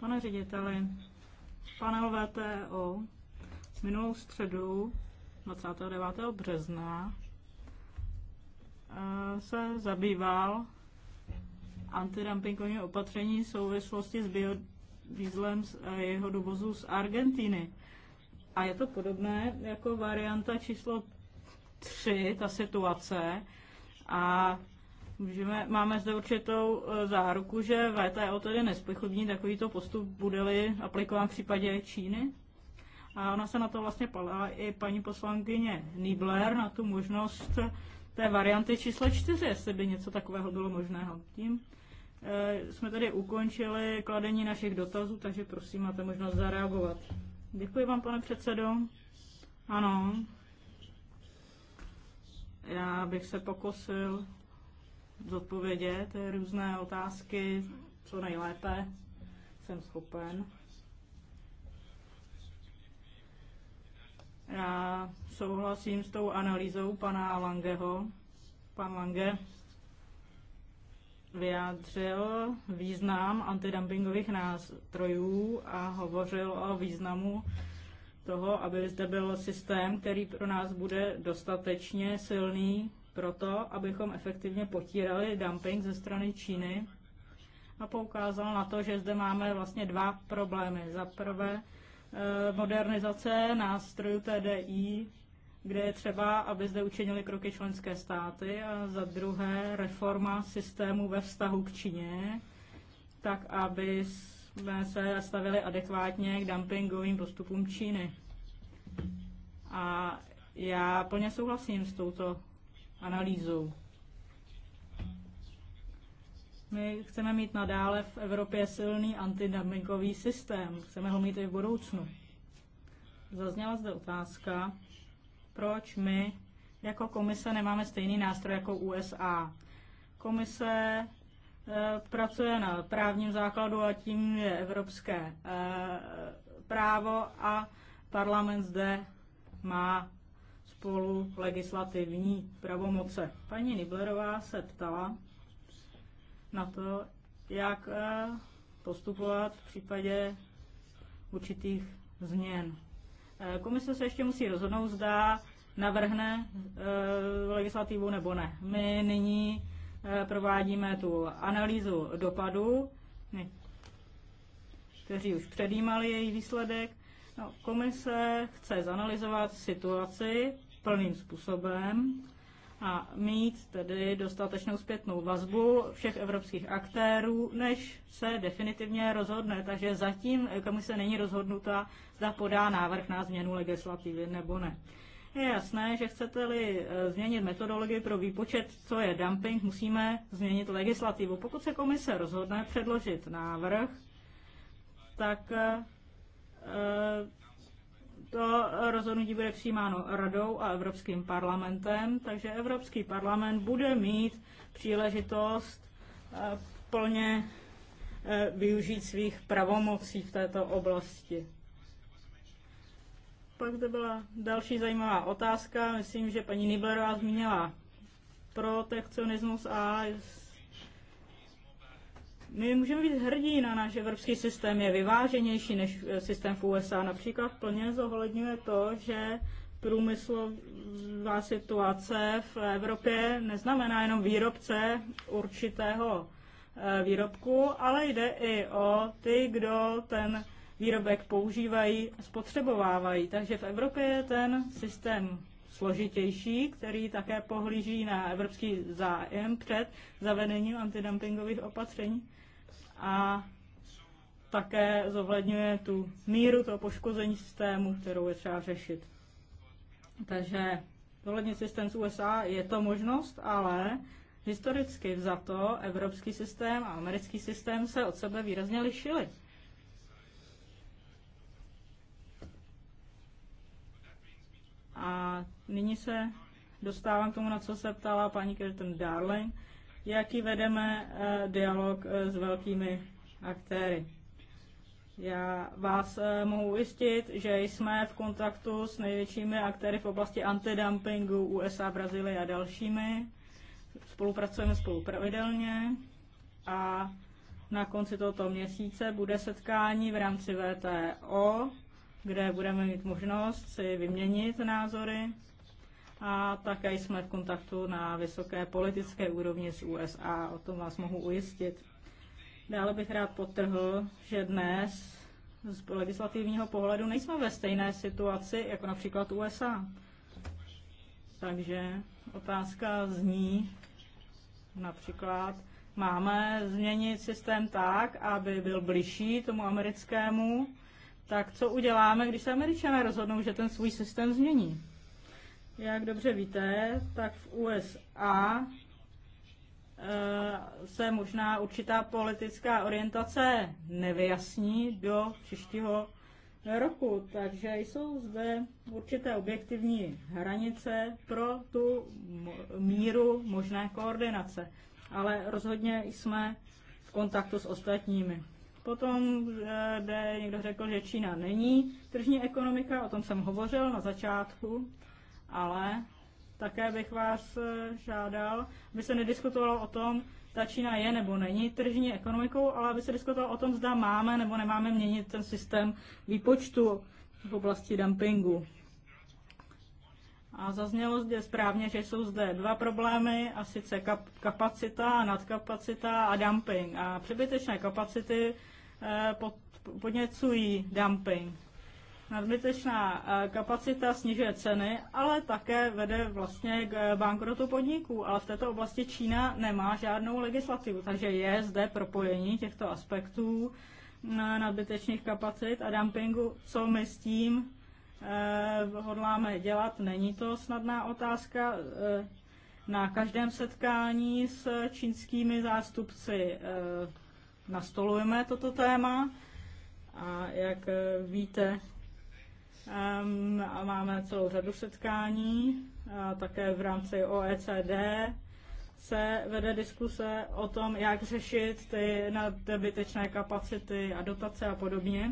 Pane řediteli, panel VTO minulou středu 29. března eh, se zabýval antidumpingovými opatření v souvislosti s biodieslem a eh, jeho dovozu z Argentiny, A je to podobné jako varianta číslo 3, ta situace. A Můžeme, máme zde určitou e, záruku, že VTO tedy nespochybní takovýto postup, bude-li aplikován v případě Číny? A ona se na to vlastně pala i paní poslankyně Nibler, na tu možnost té varianty číslo čtyři, jestli by něco takového bylo možného. Tím e, jsme tady ukončili kladení našich dotazů, takže prosím, máte možnost zareagovat. Děkuji vám, pane předsedo. Ano. Já bych se pokusil zodpovědět různé otázky co nejlépe jsem schopen. Já souhlasím s tou analýzou pana Langeho. Pan Lange vyjádřil význam antidumpingových nástrojů a hovořil o významu toho, aby zde byl systém, který pro nás bude dostatečně silný proto, abychom efektivně potírali dumping ze strany Číny a poukázal na to, že zde máme vlastně dva problémy. Za prvé eh, modernizace nástrojů TDI, kde je třeba, aby zde učinili kroky členské státy a za druhé reforma systému ve vztahu k Číně, tak aby jsme se stavili adekvátně k dumpingovým postupům Číny. A já plně souhlasím s touto analýzou. My chceme mít nadále v Evropě silný antidumpingový systém. Chceme ho mít i v budoucnu. Zazněla zde otázka, proč my jako komise nemáme stejný nástroj jako USA. Komise e, pracuje na právním základu a tím je evropské e, právo a parlament zde má spolu legislativní pravomoce. Paní Niblerová se ptala na to, jak eh, postupovat v případě určitých změn. Eh, komise se ještě musí rozhodnout, zda navrhne eh, legislativu nebo ne. My nyní provádíme tu analýzu dopadu, my, kteří už předjímali její výsledek. No, komise chce zanalizovat situaci plným způsobem a mít tedy dostatečnou zpětnou vazbu všech evropských aktérů, než se definitivně rozhodne. Takže zatím komise není rozhodnuta, zda podá návrh na změnu legislativy nebo ne. Je jasné, že chcete-li eh, změnit metodologii pro výpočet, co je dumping, musíme změnit legislativu. Pokud se komise rozhodne předložit návrh, tak eh, to rozhodnutí bude přijímáno radou a Evropským parlamentem, takže Evropský parlament bude mít příležitost eh, plně eh, využít svých pravomocí v této oblasti. Pak to byla další zajímavá otázka. Myslím, že paní Niblerová zmínila protekcionismus a my můžeme být hrdí na náš evropský systém, je vyváženější než eh, systém v USA. Například plně zohledňuje to, že průmyslová situace v Evropě neznamená jenom výrobce určitého eh, výrobku, ale jde i o ty, kdo ten výrobek používají, spotřebovávají. Takže v Evropě je ten systém složitější, který také pohlíží na evropský zájem před zavedením antidumpingových opatření a také zohledňuje tu míru toho poškození systému, kterou je třeba řešit. Takže zohlednit systém z USA je to možnost, ale historicky vzato evropský systém a americký systém se od sebe výrazně lišily. A nyní se dostávám k tomu, na co se ptala paní Kirsten Darling jaký vedeme eh, dialog eh, s velkými aktéry. Já vás eh, mohu ujistit, že jsme v kontaktu s největšími aktéry v oblasti antidumpingu USA, Brazílie a dalšími. Spolupracujeme spolu pravidelně a na konci tohoto měsíce bude setkání v rámci VTO, kde budeme mít možnost si vyměnit názory a také jsme v kontaktu na vysoké politické úrovni s USA, o tom vás mohu ujistit. Dále bych rád potrhl, že dnes z legislativního pohledu nejsme ve stejné situaci jako například USA. Takže otázka zní například, máme změnit systém tak, aby byl bližší tomu americkému, tak co uděláme, když se američané rozhodnou, že ten svůj systém změní? Jak dobře víte, tak v USA eh, se možná určitá politická orientace nevyjasní do příštího roku. Takže jsou zde určité objektivní hranice pro tu míru možné koordinace. Ale rozhodně jsme v kontaktu s ostatními. Potom, eh, kde někdo řekl, že Čína není tržní ekonomika, o tom jsem hovořil na začátku ale také bych vás eh, žádal, aby se nediskutovalo o tom, ta Čína je nebo není tržní ekonomikou, ale aby se diskutovalo o tom, zda máme nebo nemáme měnit ten systém výpočtu v oblasti dumpingu. A zaznělo zde správně, že jsou zde dva problémy, a sice kap- kapacita, nadkapacita a dumping. A přebytečné kapacity eh, pod- podněcují dumping. Nadbytečná eh, kapacita snižuje ceny, ale také vede vlastně k eh, bankrotu podniků. Ale v této oblasti Čína nemá žádnou legislativu, takže je zde propojení těchto aspektů eh, nadbytečných kapacit a dumpingu. Co my s tím hodláme dělat? Není to snadná otázka. Na každém setkání s čínskými zástupci nastolujeme toto téma. A jak víte, Máme celou řadu setkání, také v rámci OECD se vede diskuse o tom, jak řešit ty nadbytečné kapacity a dotace a podobně.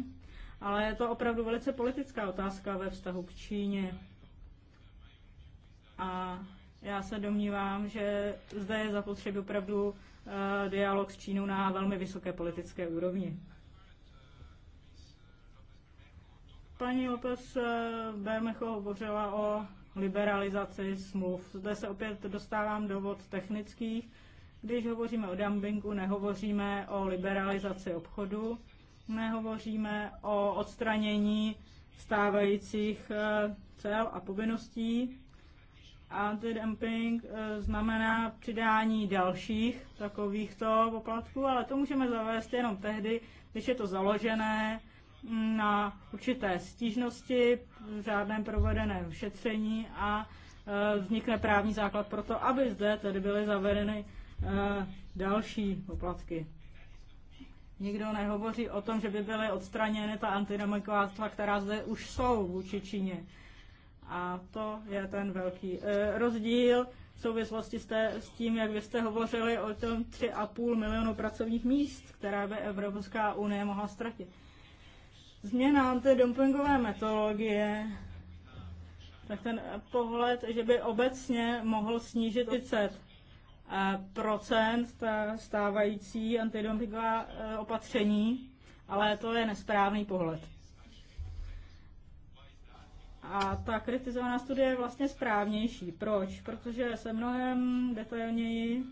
Ale je to opravdu velice politická otázka ve vztahu k Číně. A já se domnívám, že zde je zapotřebí opravdu eh, dialog s Čínou na velmi vysoké politické úrovni. Paní López eh, Bermecho hovořila o liberalizaci smluv. Zde se opět dostávám do vod technických. Když hovoříme o dumpingu, nehovoříme o liberalizaci obchodu, nehovoříme o odstranění stávajících eh, cel a povinností. dumping eh, znamená přidání dalších takovýchto poplatků, ale to můžeme zavést jenom tehdy, když je to založené na určité stížnosti, řádném provedeném šetření a e, vznikne právní základ pro to, aby zde tedy byly zavedeny e, další poplatky. Nikdo nehovoří o tom, že by byly odstraněny ta antidemokráctva, která zde už jsou vůči Číně. A to je ten velký e, rozdíl v souvislosti s, s tím, jak vy jste hovořili o tom 3,5 milionu pracovních míst, které by Evropská unie mohla ztratit změnám té dumpingové metodologie, tak ten pohled, že by obecně mohl snížit 30 eh, procent ta stávající antidumpingová eh, opatření, ale to je nesprávný pohled. A ta kritizovaná studie je vlastně správnější. Proč? Protože se mnohem detailněji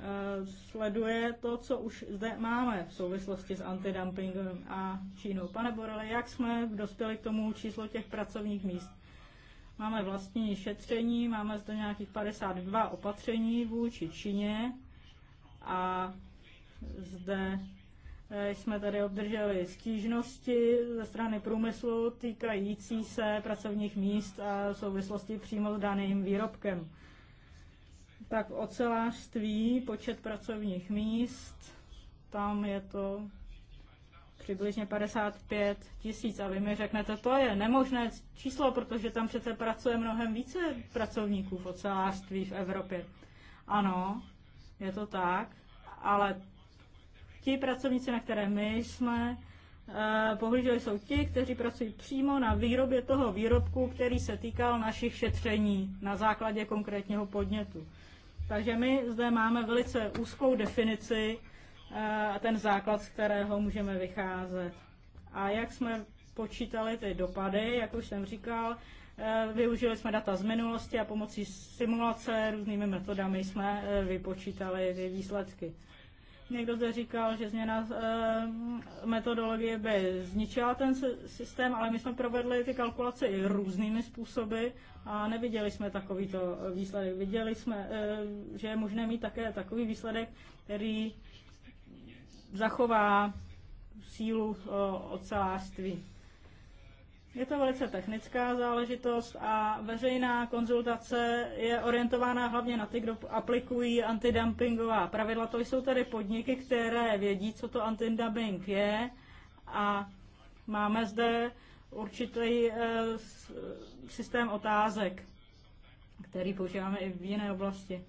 Eh, sleduje to, co už zde máme v souvislosti s antidumpingem a Čínou. Pane Borele, jak jsme dospěli k tomu číslu těch pracovních míst? Máme vlastní šetření, máme zde nějakých 52 opatření vůči Číně a zde eh, jsme tady obdrželi stížnosti ze strany průmyslu týkající se pracovních míst a souvislosti přímo s daným výrobkem tak ocelářství počet pracovních míst, tam je to přibližně 55 tisíc. A vy mi řeknete, to je nemožné číslo, protože tam přece pracuje mnohem více pracovníků v ocelářství v Evropě. Ano, je to tak, ale ti pracovníci, na které my jsme eh, pohlíželi, jsou ti, kteří pracují přímo na výrobě toho výrobku, který se týkal našich šetření na základě konkrétního podnětu. Takže my zde máme velice úzkou definici eh, a ten základ, z kterého můžeme vycházet. A jak jsme počítali ty dopady, jak už jsem říkal, eh, využili jsme data z minulosti a pomocí simulace různými metodami jsme eh, vypočítali ty výsledky. Někdo zde říkal, že změna eh, metodologie by zničila ten systém, ale my jsme provedli ty kalkulace i různými způsoby a neviděli jsme takovýto eh, výsledek. Viděli jsme, eh, že je možné mít také takový výsledek, který zachová sílu ocelářství. Je to velice technická záležitost a veřejná konzultace je orientována hlavně na ty, kdo aplikují antidumpingová pravidla. To jsou tedy podniky, které vědí, co to antidumping je a máme zde určitý eh, systém otázek, který používáme i v jiné oblasti.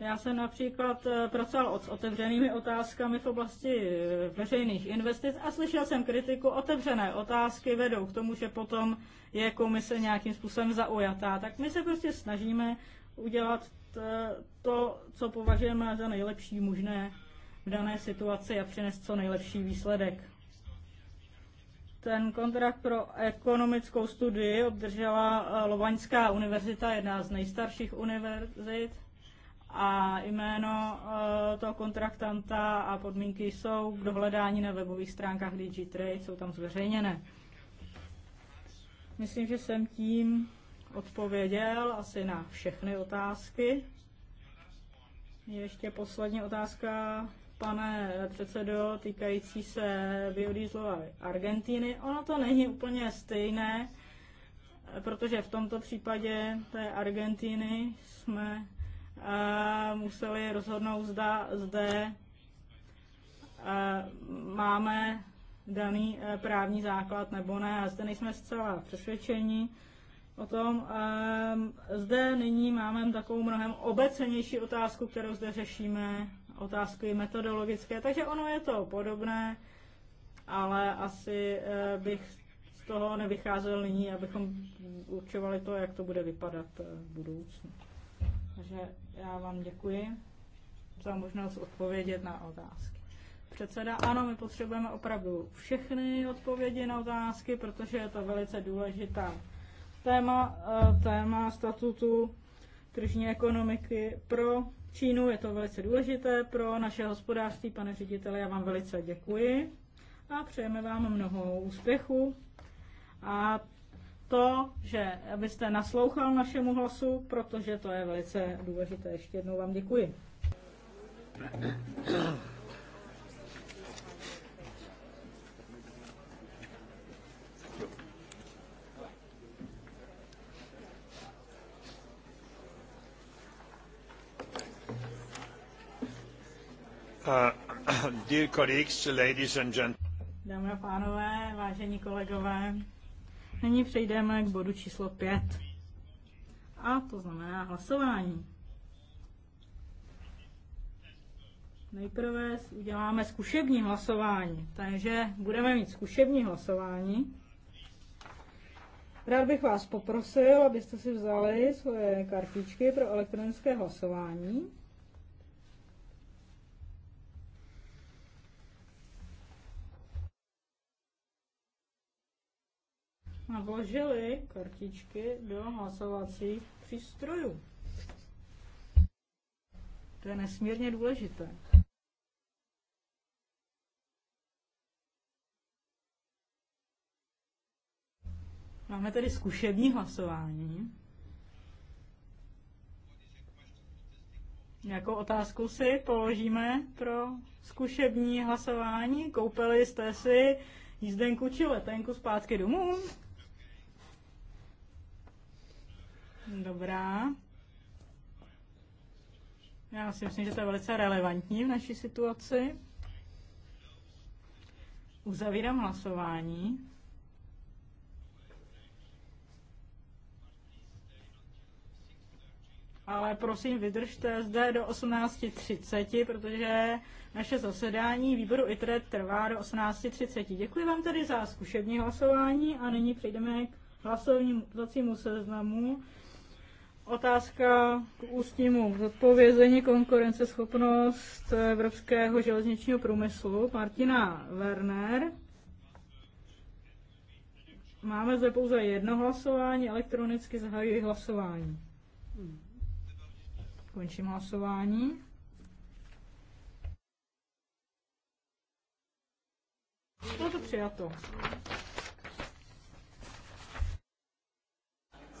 Já jsem například eh, pracoval s otevřenými otázkami v oblasti eh, veřejných investic a slyšel jsem kritiku, otevřené otázky vedou k tomu, že potom je komise nějakým způsobem zaujatá. Tak my se prostě snažíme udělat eh, to, co považujeme za nejlepší možné v dané situaci a přinést co nejlepší výsledek. Ten kontrakt pro ekonomickou studii obdržela Lovaňská univerzita, jedna z nejstarších univerzit a jméno eh, toho kontraktanta a podmínky jsou k dohledání na webových stránkách DigiTrade, jsou tam zveřejněné. Myslím, že jsem tím odpověděl asi na všechny otázky. Ještě poslední otázka, pane předsedo, týkající se biodieslu Argentiny. Ono to není úplně stejné, protože v tomto případě té Argentiny jsme Eh, museli rozhodnout, zda zde eh, máme daný eh, právní základ nebo ne. A zde nejsme zcela přesvědčeni o tom. Zde nyní máme takovou mnohem obecnější otázku, kterou zde řešíme, otázky metodologické, takže ono je to podobné, ale asi bych z toho nevycházel nyní, abychom určovali to, jak to bude vypadat v budoucnu. Takže já vám děkuji za možnost odpovědět na otázky. Předseda, ano, my potřebujeme opravdu všechny odpovědi na otázky, protože je to velice důležitá téma, e, téma statutu tržní ekonomiky pro Čínu. Je to velice důležité pro naše hospodářství, pane řediteli, já vám velice děkuji a přejeme vám mnoho úspěchu a to, že abyste naslouchal našemu hlasu, protože to je velice důležité. Ještě jednou vám děkuji. Uh, dear colleagues, ladies and gentlemen. Dámy a pánové, vážení kolegové, Nyní přejdeme k bodu číslo 5. A to znamená hlasování. Nejprve uděláme zkušební hlasování, takže budeme mít zkušební hlasování. Rád bych vás poprosil, abyste si vzali svoje kartičky pro elektronické hlasování. vložili kartičky do hlasovacích přístrojů. To je nesmírně důležité. Máme tady zkušební hlasování. Jakou otázku si položíme pro zkušební hlasování? Koupili jste si jízdenku či letenku zpátky domů? Dobrá. Já si myslím, že to je velice relevantní v naší situaci. Uzavírám hlasování. Ale prosím, vydržte zde do 18.30, protože naše zasedání výboru ITRE trvá do 18.30. Děkuji vám tedy za zkušební hlasování a nyní přejdeme k hlasovacímu seznamu. Otázka k ústnímu zodpovězení konkurenceschopnost evropského železničního průmyslu. Martina Werner. Máme zde pouze jedno hlasování, elektronicky zahajuji hlasování. Končím hlasování. Bylo to přijato. Uh,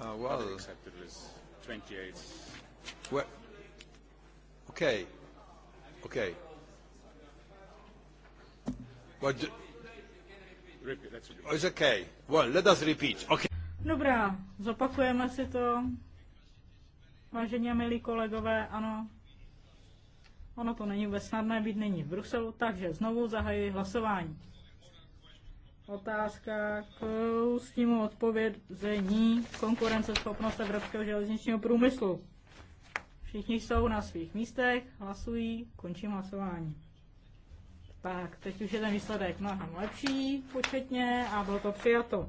ah, well. 28. Well, okay. Okay. But repeat, let's repeat. Oh, it's okay. Well, let us repeat. Okay. Dobrá, zopakujeme si to. Vážení a milí kolegové, ano, ono to není vůbec snadné být není v Bruselu, takže znovu zahajuji hlasování otázka k ústnímu odpovězení konkurenceschopnost evropského železničního průmyslu. Všichni jsou na svých místech, hlasují, končím hlasování. Tak, teď už je ten výsledek mnohem lepší početně a bylo to přijato.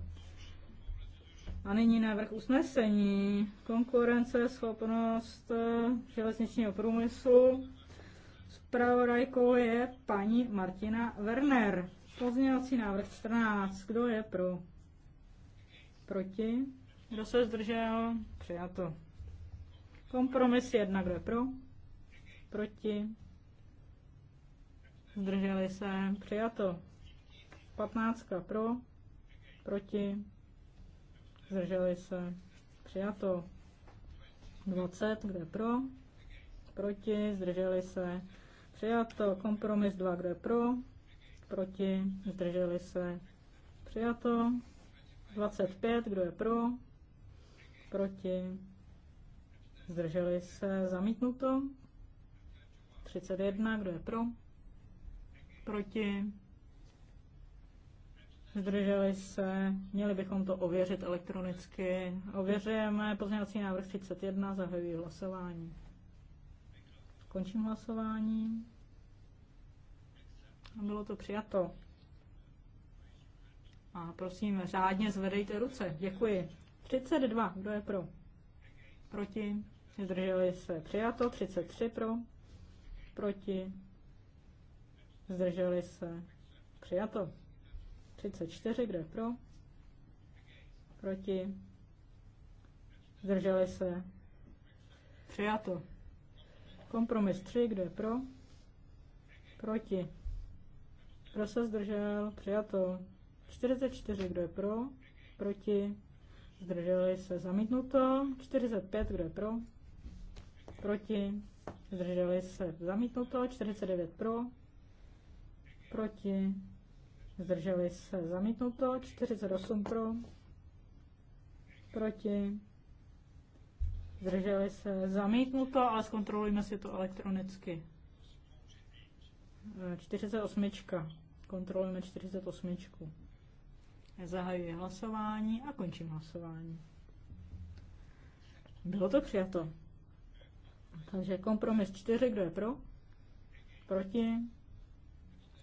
A nyní návrh usnesení. Konkurenceschopnost eh, železničního průmyslu. Zpravodajkou je paní Martina Werner. Pozměňovací návrh 14. Kdo je pro? Proti? Kdo se zdržel? Přijato. Kompromis 1. Kdo je pro? Proti? Zdrželi se? Přijato. 15. Pro? Proti? Zdrželi se? Přijato. 20. Kdo je pro? Proti? Zdrželi se? Přijato. Kompromis 2. Kdo je pro? proti, zdrželi se, přijato. 25, kdo je pro, proti, zdrželi se, zamítnuto. 31, kdo je pro, proti, zdrželi se, měli bychom to ověřit elektronicky. Ověřujeme pozměňovací návrh 31, zahajuji hlasování. Končím hlasování. Bylo to přijato. A prosím, řádně zvedejte ruce. Děkuji. 32. Kdo je pro? Proti? Zdrželi se. Přijato. 33 pro. Proti? Zdrželi se. Přijato. 34. Kdo je pro? Proti? Zdrželi se. Přijato. Kompromis 3. Kdo je pro? Proti? Kdo se zdržel? Přijato. 44, kdo je pro? Proti? Zdrželi se zamítnuto. 45, kdo je pro? Proti? Zdrželi se zamítnuto. 49 pro? Proti? Zdrželi se zamítnuto. 48 pro? Proti? Zdrželi se zamítnuto, ale zkontrolujeme si to elektronicky. 48. Kontrolujeme 48. Zahajuji hlasování a končím hlasování. Bylo to přijato. Takže kompromis 4, kdo je pro? Proti?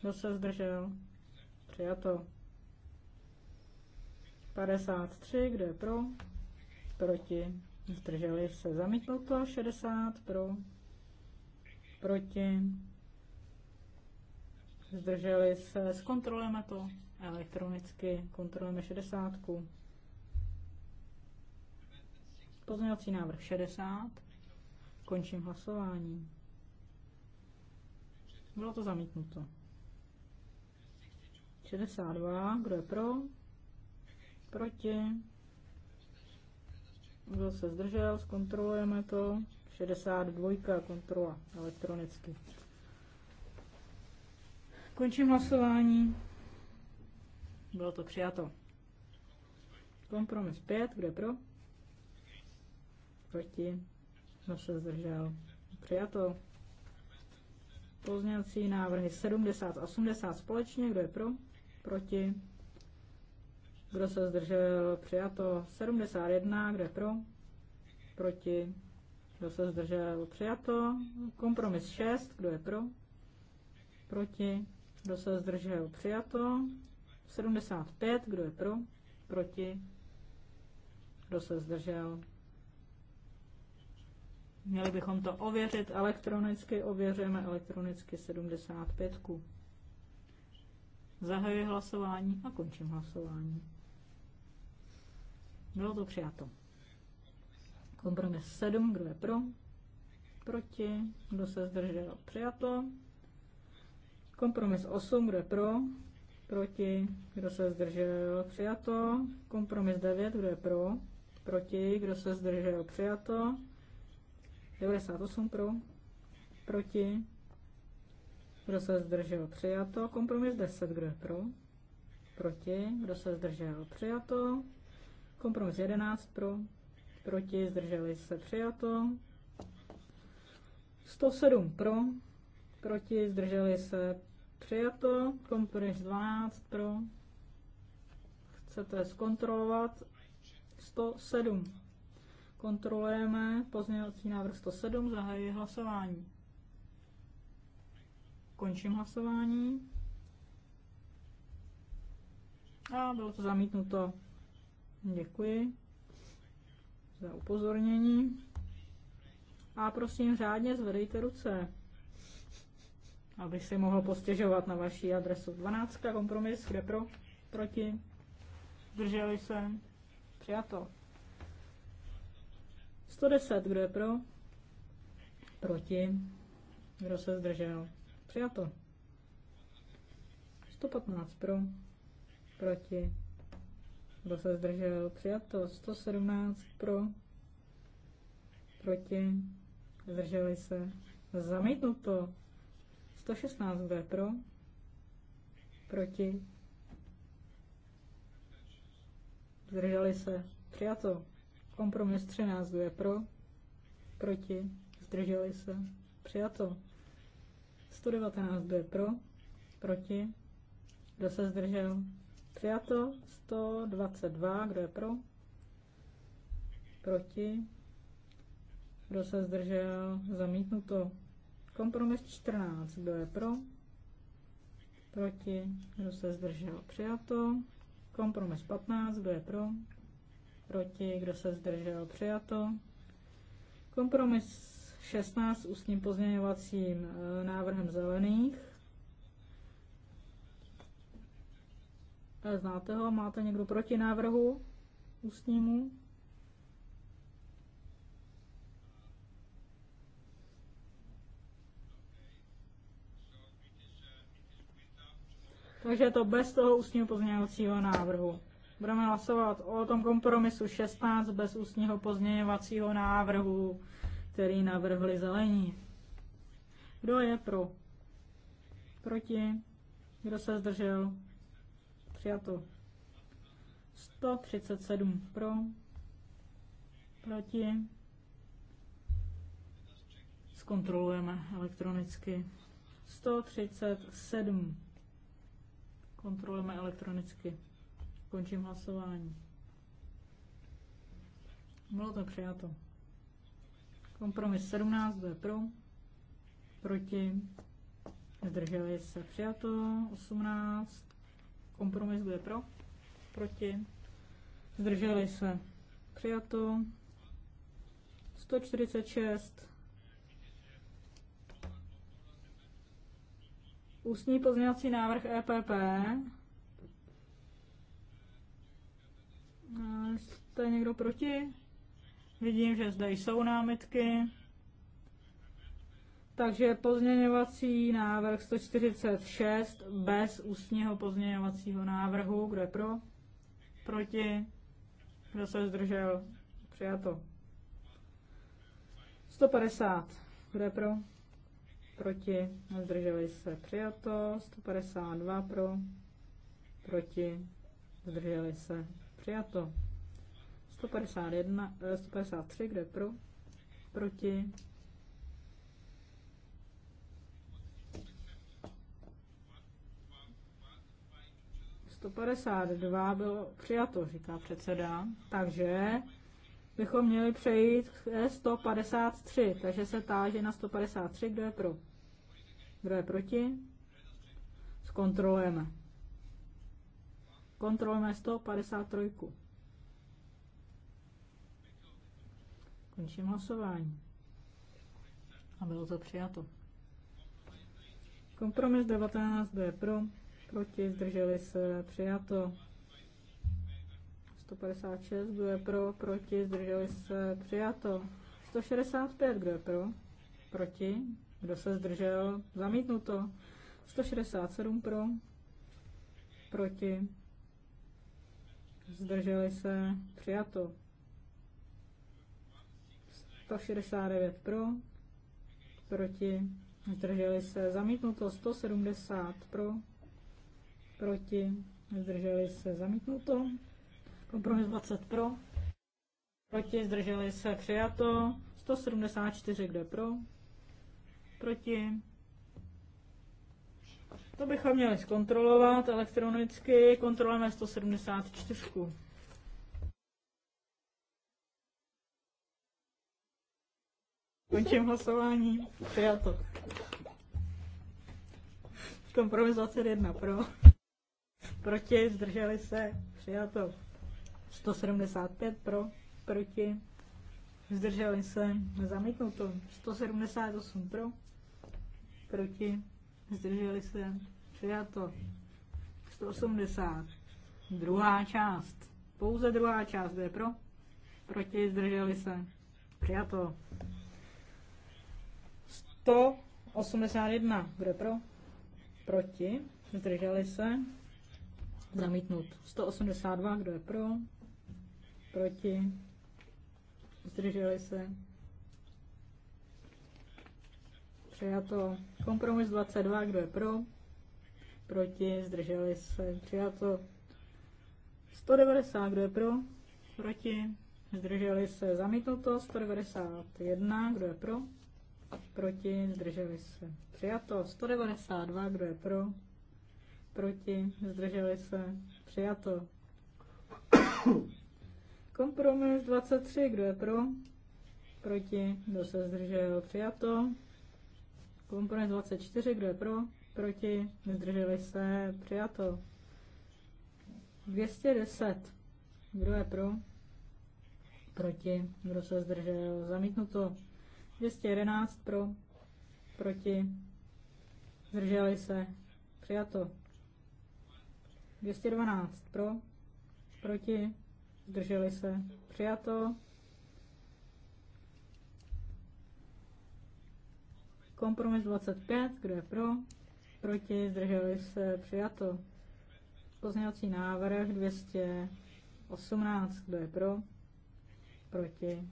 Kdo se zdržel? Přijato. 53, kdo je pro? Proti? Zdrželi se Zamítlo to. 60 pro? Proti? zdrželi se, zkontrolujeme to elektronicky, kontrolujeme 60. Pozměňovací návrh 60. Končím hlasování. Bylo to zamítnuto. 62. Kdo je pro? Proti? Kdo se zdržel? Zkontrolujeme to. 62. Kontrola elektronicky. Končím hlasování. Bylo to přijato. Kompromis 5, kdo pro? Proti. Kdo se zdržel? Přijato. Pozměňovací návrhy 70 a 80 společně, kdo je pro? Proti. Kdo se zdržel? Přijato. 71, kdo je pro? Proti. Kdo se zdržel? Přijato. Kompromis 6, kdo je pro? Proti. Kdo se zdržel? Přijato. 75. Kdo je pro? Proti? Kdo se zdržel? Měli bychom to ověřit elektronicky. Ověřujeme elektronicky 75. Zahajuji hlasování a končím hlasování. Bylo to přijato. Kompromis 7. Kdo je pro? Proti? Kdo se zdržel? Přijato. Kompromis 8, kdo je pro? Proti. Kdo se zdržel? Přijato. Kompromis 9, kdo je pro? Proti. Kdo se zdržel? Přijato. 98 pro. Proti. Kdo se zdržel? Přijato. Kompromis 10, kdo je pro? Proti. Kdo se zdržel? Přijato. Kompromis 11 pro. Proti. Zdrželi se? Přijato. 107 pro. Proti. Zdrželi se? Přijato. Kompromis 12 pro. Chcete zkontrolovat 107. Kontrolujeme pozměňovací návrh 107, zahajuji hlasování. Končím hlasování. A bylo to zamítnuto. Děkuji za upozornění. A prosím, řádně zvedejte ruce aby si mohl postěžovat na vaší adresu. 12. kompromis, kde pro, proti, drželi se, přijato. 110, kdo je pro, proti, kdo se zdržel, přijato. 115 pro, proti, kdo se zdržel, přijato. 117 pro, proti, zdrželi se, zamítnuto. 116, bude pro? Proti? Zdrželi se. Přijato. Kompromis 13, bude pro? Proti? Zdrželi se. Přijato. 119, bude pro? Proti? Kdo se zdržel? Přijato. 122, kdo je pro? Proti? Kdo se zdržel? Zamítnuto. Kompromis 14. Kdo je pro? Proti? Kdo se zdržel? Přijato. Kompromis 15. Kdo je pro? Proti? Kdo se zdržel? Přijato. Kompromis 16 ústním pozměňovacím eh, návrhem zelených. Eh, znáte ho? Máte někdo proti návrhu ústnímu? takže to bez toho ústního pozměňovacího návrhu. Budeme hlasovat o tom kompromisu 16 bez ústního pozměňovacího návrhu, který navrhli zelení. Kdo je pro? Proti? Kdo se zdržel? Přijato. 137 pro. Proti? Zkontrolujeme elektronicky. 137 Kontrolujeme elektronicky. Končím hlasování. Bylo to přijato. Kompromis 17, kdo je pro? Proti? Zdrželi se přijato. 18. Kompromis, kdo je pro? Proti? Zdrželi se přijato. 146 Ústní pozměňovací návrh EPP. Jste někdo proti? Vidím, že zde jsou námitky. Takže pozměňovací návrh 146 bez ústního pozměňovacího návrhu. Kdo je pro? Proti? Kdo se zdržel? Přijato. 150. Kdo je pro? proti, zdrželi se přijato, 152 pro, proti, zdrželi se přijato, 151, 153, kde pro, proti, To 52 bylo přijato, říká předseda. Takže bychom měli přejít k 153, takže se táže na 153, kdo je pro. Kdo je proti? Zkontrolujeme. Kontrolujeme 153. Končím hlasování. A bylo to přijato. Kompromis 19, kdo je pro? Proti, zdrželi se, přijato. 156, kdo je pro, proti, zdrželi se, přijato. 165, kdo je pro, proti, kdo se zdržel, zamítnuto. 167 pro, proti, zdrželi se, přijato. 169 pro, proti, zdrželi se, zamítnuto 170 pro, proti, zdrželi se, zamítnuto Kompromis 20 pro. Proti zdrželi se přijato. 174 kde pro. Proti. To bychom měli zkontrolovat elektronicky. Kontrolujeme 174. Končím hlasování. Přijato. Kompromis 21 pro. Proti, zdrželi se. Přijato. 175 pro, proti, zdrželi se, to, 178 pro, proti, zdrželi se, přijato. 180. Druhá část. Pouze druhá část je pro, proti, zdrželi se, přijato. 181 bude pro, proti, zdrželi se, zamítnut. 182, kdo je pro, proti, zdrželi se. Přijato kompromis 22, kdo je pro, proti, zdrželi se. Přijato 190, kdo je pro, proti, zdrželi se. Zamítnuto 191, kdo je pro, proti, zdrželi se. Přijato 192, kdo je pro, proti, zdrželi se. Přijato Kompromis 23, kdo je pro? Proti, kdo se zdržel? Přijato. Kompromis 24, kdo je pro? Proti, zdrželi se? Přijato. 210, kdo je pro? Proti, kdo se zdržel? Zamítnuto. 211 pro, proti, zdrželi se, přijato. 212 pro, proti, zdrželi se, přijato. Kompromis 25, kdo je pro, proti, zdrželi se, přijato. Pozměňovací návrh 218, kdo je pro, proti,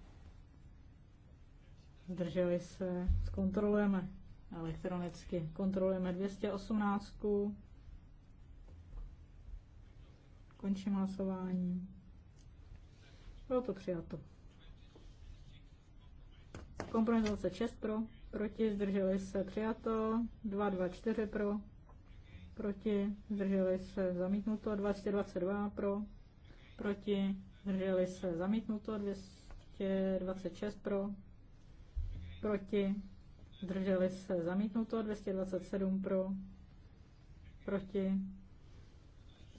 zdrželi se, zkontrolujeme elektronicky. Kontrolujeme 218. Končím hlasování. Bylo to přijato. Kompromis 6 pro, proti, zdrželi se přijato, 2, 2, 4 pro, proti, zdrželi se zamítnuto, 222 pro, proti, zdrželi se zamítnuto, 226 pro, proti, zdrželi se zamítnuto, 227 pro, proti,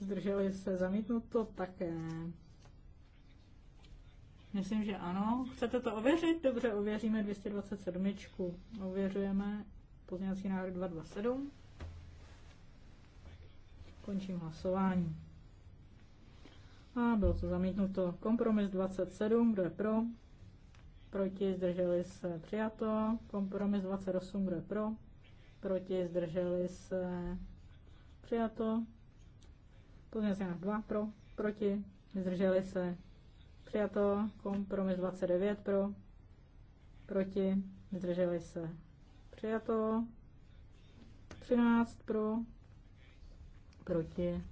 zdrželi se zamítnuto také. Myslím, že ano. Chcete to ověřit? Dobře, ověříme 227. Ověřujeme pozměňovací návrh 227. Končím hlasování. A bylo to zamítnuto. Kompromis 27, kdo je pro? Proti, zdrželi se, přijato. Kompromis 28, kdo je pro? Proti, zdrželi se, přijato. Pozměňovací návrh 2, pro? Proti, zdrželi se, přijato. Kompromis 29 pro, proti, zdrželi se. Přijato. 13 pro, proti,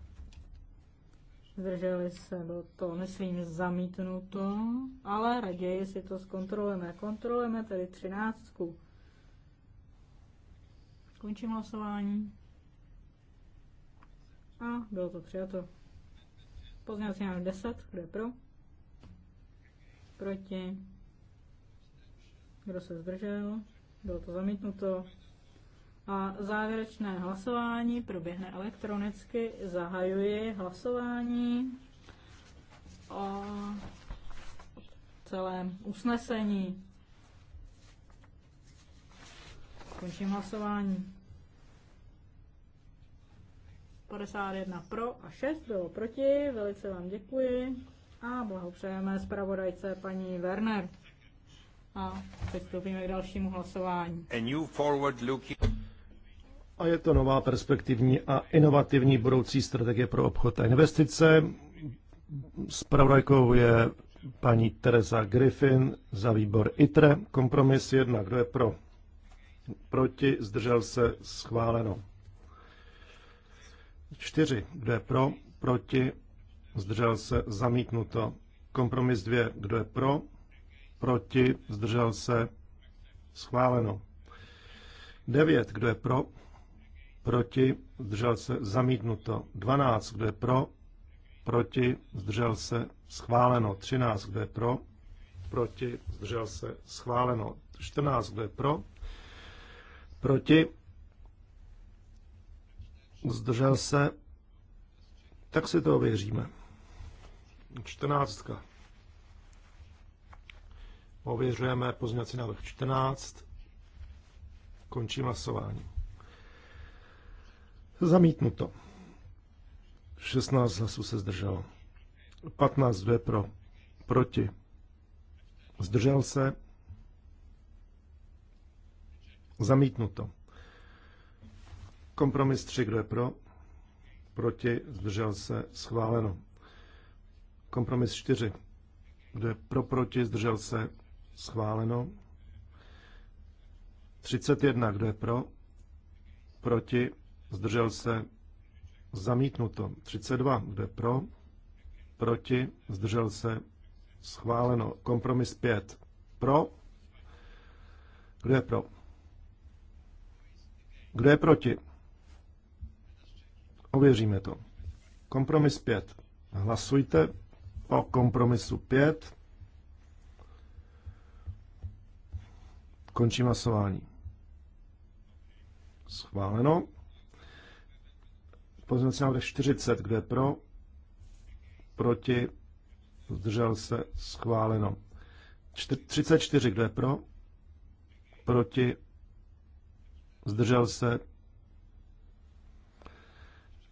zdrželi se. Bylo to, myslím, zamítnuto, ale raději si to zkontrolujeme. Kontrolujeme tedy 13. Končím hlasování. A bylo to přijato. Pozměňovací návrh 10, kdo je pro? Proti? Kdo se zdržel? Bylo to zamítnuto. A závěrečné hlasování proběhne elektronicky. Zahajuji hlasování o celém usnesení. Končím hlasování. 51 pro a 6 bylo proti. Velice vám děkuji a blahopřejeme zpravodajce paní Werner. A přistoupíme k dalšímu hlasování. A, new forward looking... a je to nová perspektivní a inovativní budoucí strategie pro obchod a investice. Spravodajkou je paní Teresa Griffin za výbor ITRE. Kompromis jedna, Kdo je pro? Proti? Zdržel se? Schváleno. čtyři, Kdo je pro? Proti? zdržel se, zamítnuto. Kompromis 2, kdo je pro, proti, zdržel se, schváleno. 9, kdo je pro, proti, zdržel se, zamítnuto. 12, kdo je pro, proti, zdržel se, schváleno. 13, kdo je pro, proti, zdržel se, schváleno. 14, kdo je pro, proti, zdržel se, tak si to ověříme. 14. Ověřujeme pozměňovací návrh 14. Končím hlasování. Zamítnuto. 16 hlasů se zdrželo. 15 2 pro. Proti. Zdržel se. Zamítnuto. Kompromis 3, kdo je pro? Proti, zdržel se, schváleno. Kompromis 4. Kdo je pro, proti, zdržel se, schváleno. 31. Kdo je pro, proti, zdržel se, zamítnuto. 32. Kdo je pro, proti, zdržel se, schváleno. Kompromis 5. Pro, kdo je pro? Kdo je proti? Ověříme to. Kompromis 5. Hlasujte o kompromisu 5. Končím hlasování. Schváleno. Pozměnce návrh 40, kde pro, proti, zdržel se, schváleno. 34, kde pro, proti, zdržel se,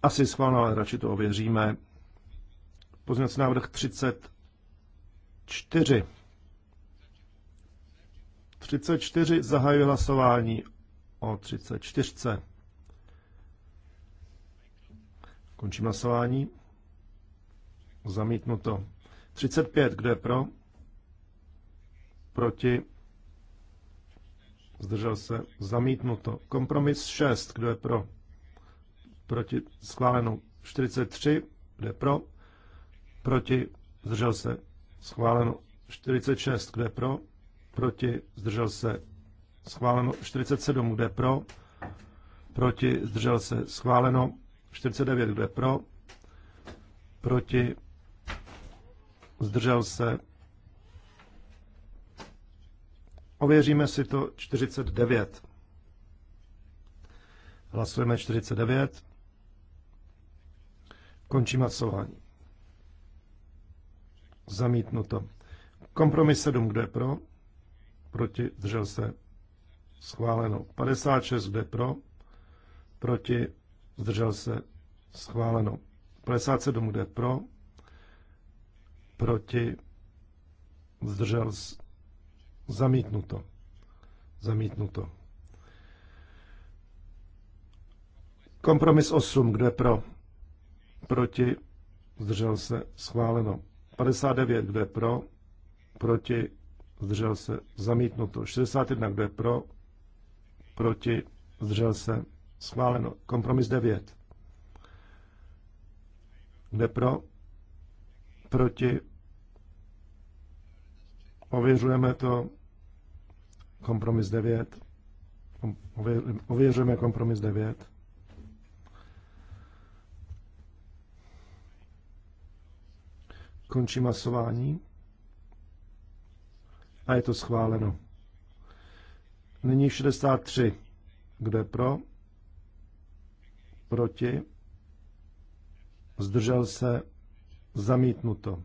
asi schváleno, ale radši to ověříme. Pozměňovací návrh 34. 34 zahajuje hlasování o 34. Končím hlasování. Zamítnuto. 35, kdo je pro? Proti? Zdržel se. Zamítnuto. Kompromis 6, kdo je pro? Proti? Schváleno. 43, kdo je pro? Proti? Zdržel se? Schváleno. 46. kde pro? Proti? Zdržel se? Schváleno. 47. kde pro? Proti? Zdržel se? Schváleno. 49. kde pro? Proti? Zdržel se? Ověříme si to 49. Hlasujeme 49. Končím hlasování. Zamítnuto. Kompromis 7, kdo je pro? Proti, držel se. Schváleno. 56, kdo je pro? Proti, zdržel se. Schváleno. 57, kdo je pro? Proti, zdržel se. Zamítnuto. Zamítnuto. Kompromis 8, kdo je pro? Proti, zdržel se. Schváleno. 59, kdo je pro, proti, zdržel se, zamítnuto. 61, kdo je pro, proti, zdržel se, schváleno. Kompromis 9. Kde pro, proti, ověřujeme to, kompromis 9, ověřujeme kompromis 9. Končím hlasování. A je to schváleno. Nyní 63. Kdo je pro? Proti? Zdržel se? Zamítnuto.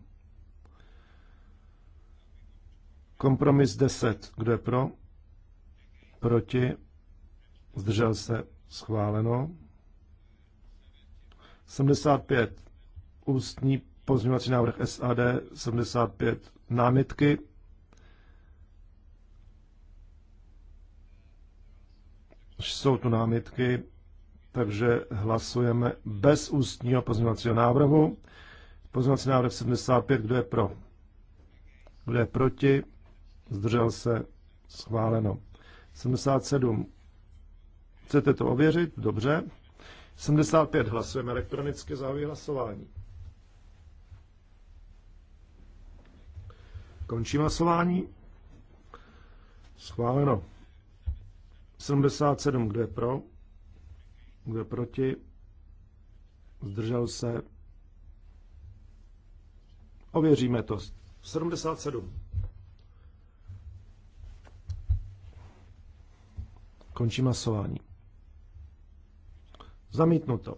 Kompromis 10. Kdo je pro? Proti? Zdržel se? Schváleno. 75. Ústní Pozměňovací návrh SAD 75 námitky. Jsou tu námitky, takže hlasujeme bez ústního pozměňovacího návrhu. Pozměňovací návrh 75, kdo je pro? Kdo je proti? Zdržel se? Schváleno. 77. Chcete to ověřit? Dobře. 75 hlasujeme elektronicky, zahajuji hlasování. Končím hlasování. Schváleno. 77, kdo je pro? Kdo je proti? Zdržel se? Ověříme to. 77. Končím hlasování. Zamítnuto.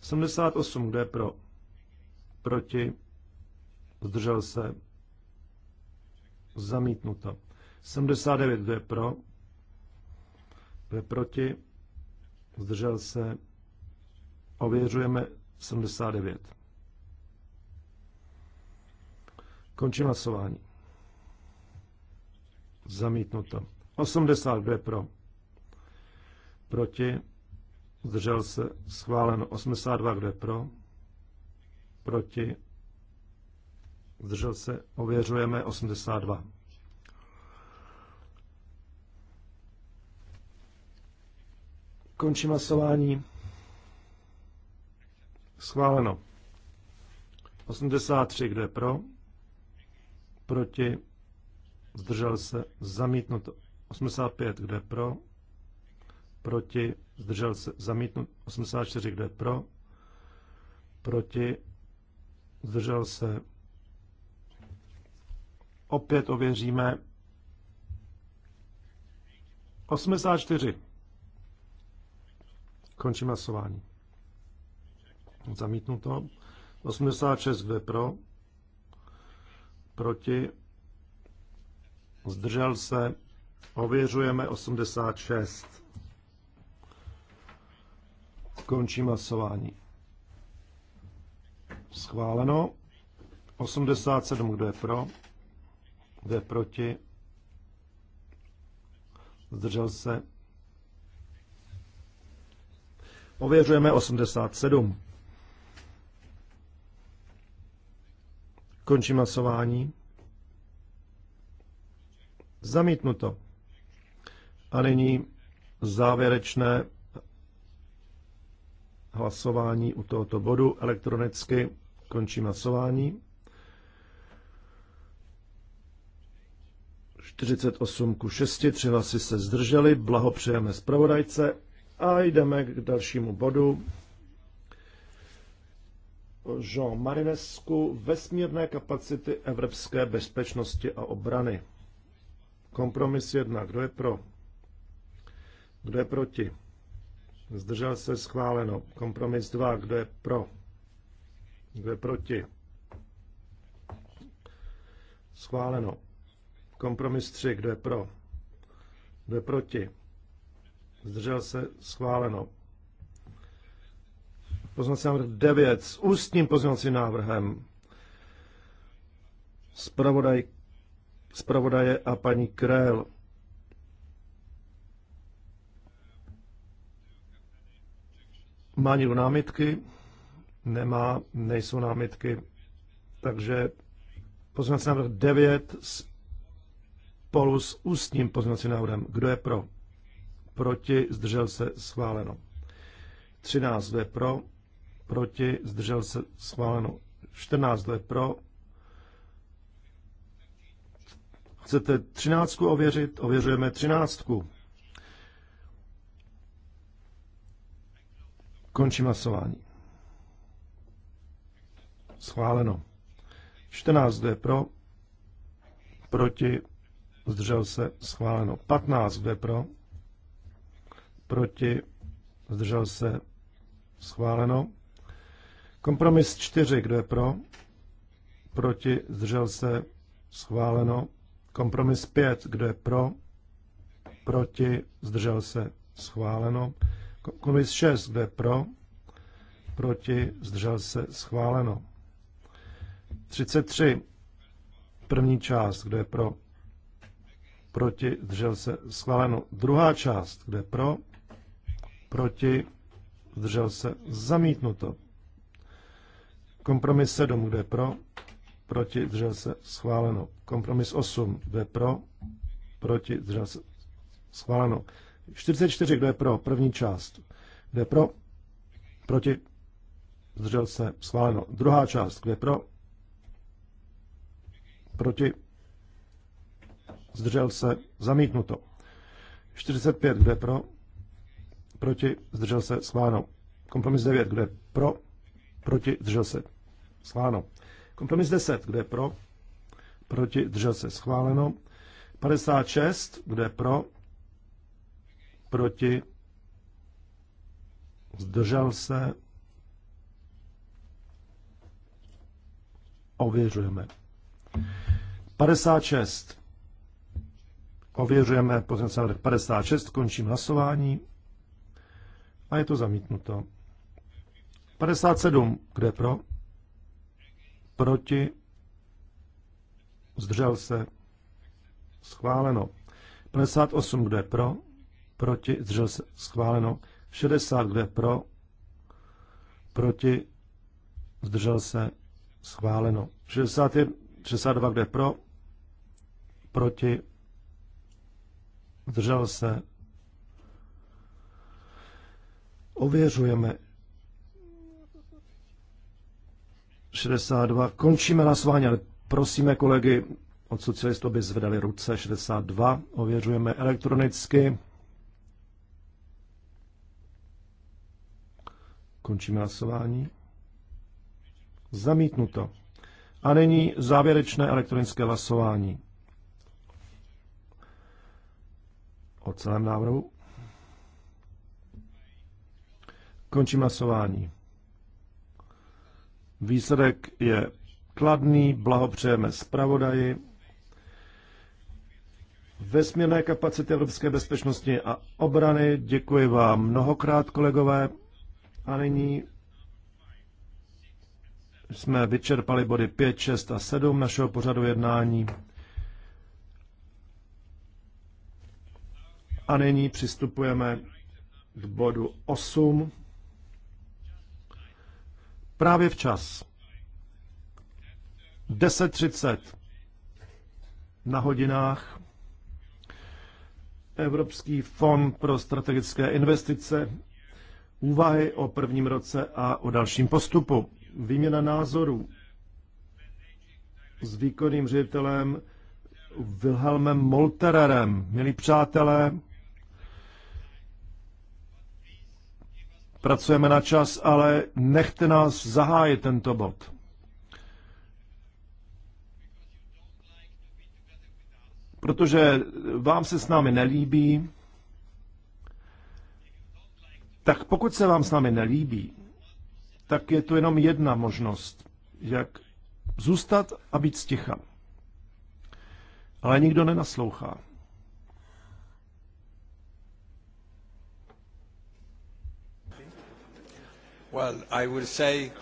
78, kdo je pro? Proti? Zdržel se? Zamítnuto. 79, kdo je pro? Kdo je proti? Zdržel se. Ověřujeme 79. Končím hlasování. Zamítnuto. 80, kdo je pro? Proti? Zdržel se. Schváleno. 82, kdo je pro? Proti? Zdržel se? Ověřujeme 82. Končím hlasování. Schváleno. 83, kdo je pro? Proti? Zdržel se? Zamítnuto. 85, kdo je pro? Proti? Zdržel se? Zamítnuto. 84, kdo je pro? Proti? Zdržel se? opět ověříme. 84. Končím hlasování. Zamítnuto. 86 kde pro. Proti. Zdržel se. Ověřujeme 86. Končím hlasování. Schváleno. 87 kdo je pro. Kdo je proti? Zdržel se? Ověřujeme 87. Končím hlasování. Zamítnuto. A nyní závěrečné hlasování u tohoto bodu elektronicky. Končím hlasování. 48 ku 6, 3 hlasy se zdrželi, blahopřejeme zpravodajce a jdeme k dalšímu bodu. Jean Marinescu, vesmírné kapacity evropské bezpečnosti a obrany. Kompromis jedna. Kdo je pro? Kdo je proti? Zdržel se schváleno. Kompromis 2. Kdo je pro? Kdo je proti? Schváleno. Kompromis 3, kdo je pro? Kdo je proti? Zdržel se schváleno. Pozvací návrh 9 s ústním poznacím návrhem. Spravodaj, spravodaje a paní Krél. Má někdo námitky? Nemá, nejsou námitky. Takže pozvací návrh 9 s spolu s ústním pozměňovacím návrhem. Kdo je pro? Proti, zdržel se, schváleno. 13, kdo je pro? Proti, zdržel se, schváleno. 14, kdo je pro? Chcete třináctku ověřit? Ověřujeme třináctku. Končím hlasování. Schváleno. 14 je pro, proti, zdržel se, schváleno. 15, kdo pro, proti, zdržel se, schváleno. Kompromis 4, kdo je pro, proti, zdržel se, schváleno. Kompromis 5, kdo je pro, proti, zdržel se, schváleno. Kompromis 6, kdo je pro, proti, zdržel se, schváleno. 33, první část, kdo je pro, proti, zdržel se, schváleno. Druhá část, kde pro, proti, zdržel se, zamítnuto. Kompromis 7, kde pro, proti, zdržel se, schváleno. Kompromis 8, kde pro, proti, zdržel se, schváleno. 44, kde pro, první část, kde pro, proti, zdržel se, schváleno. Druhá část, kde pro, proti, zdržel se, zamítnuto. 45, je pro, proti, zdržel se, schváleno. Kompromis 9, je pro, proti, zdržel se, schváleno. Kompromis 10, je pro, proti, zdržel se, schváleno. 56, je pro, proti, zdržel se, ověřujeme. 56. Ověřujeme pozměňovací návrh 56, končím hlasování a je to zamítnuto. 57, kde pro? Proti? Zdržel se? Schváleno. 58, kde pro? Proti? Zdržel se? Schváleno. 60, kde pro? Proti? Zdržel se? Schváleno. 61, 62, kde pro? Proti? zdržel se. Ověřujeme 62. Končíme hlasování, ale prosíme kolegy od socialistů, aby zvedali ruce 62. Ověřujeme elektronicky. Končíme hlasování. Zamítnuto. A nyní závěrečné elektronické hlasování. o celém návrhu. Končím hlasování. Výsledek je kladný, blahopřejeme zpravodaji. Vesmírné kapacity evropské bezpečnosti a obrany. Děkuji vám mnohokrát, kolegové. A nyní jsme vyčerpali body 5, 6 a 7 našeho pořadu jednání. A nyní přistupujeme k bodu 8. Právě včas. 10.30 na hodinách. Evropský fond pro strategické investice, úvahy o prvním roce a o dalším postupu, výměna názorů s výkonným ředitelem Wilhelmem Moltererem. Milí přátelé, pracujeme na čas, ale nechte nás zahájit tento bod. Protože vám se s námi nelíbí, tak pokud se vám s námi nelíbí, tak je to jenom jedna možnost, jak zůstat a být sticha. Ale nikdo nenaslouchá. Well, I will say,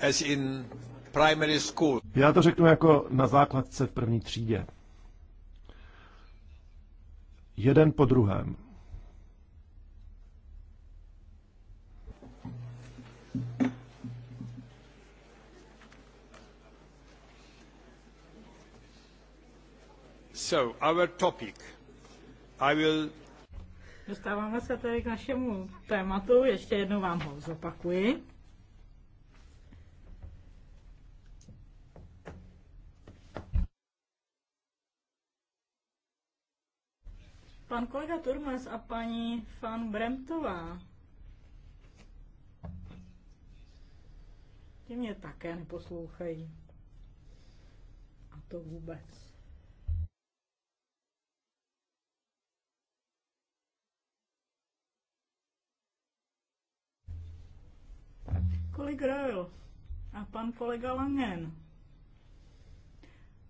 as in primary school. Já to řeknu jako na základce v první třídě. Jeden po druhém. So, our topic. I will Dostáváme se tady k našemu tématu, ještě jednou vám ho zopakuji. Pan kolega Turmes a paní Fan Bremtová. Ti mě také neposlouchají. A to vůbec. Kolik Royal a pan kolega Langen.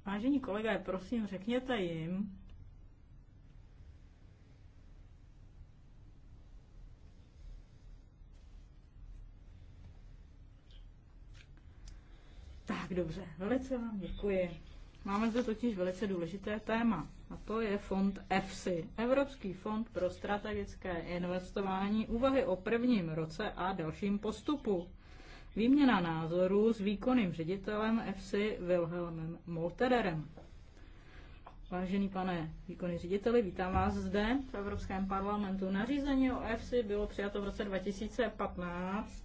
Vážení kolegové, prosím, řekněte jim, Tak dobře, velice vám děkuji. Máme zde totiž velice důležité téma a to je fond EFSI, Evropský fond pro strategické investování, úvahy o prvním roce a dalším postupu výměna názorů s výkonným ředitelem FC Wilhelmem Molterem. Vážený pane výkonný řediteli, vítám vás zde v Evropském parlamentu. Nařízení o FC. bylo přijato v roce 2015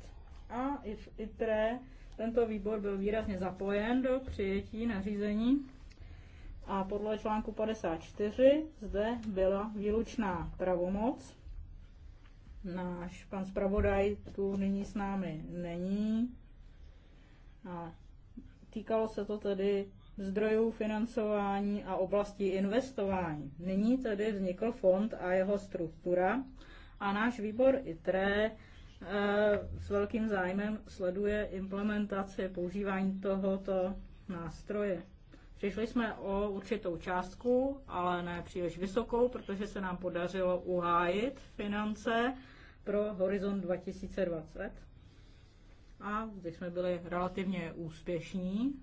a i v ITRE tento výbor byl výrazně zapojen do přijetí nařízení a podle článku 54 zde byla výlučná pravomoc Náš pan zpravodaj tu nyní s námi není. A týkalo se to tedy zdrojů financování a oblasti investování. Nyní tedy vznikl fond a jeho struktura a náš výbor ITRE eh, s velkým zájmem sleduje implementaci používání tohoto nástroje. Přišli jsme o určitou částku, ale ne příliš vysokou, protože se nám podařilo uhájit finance pro Horizon 2020. A zde jsme byli relativně úspěšní.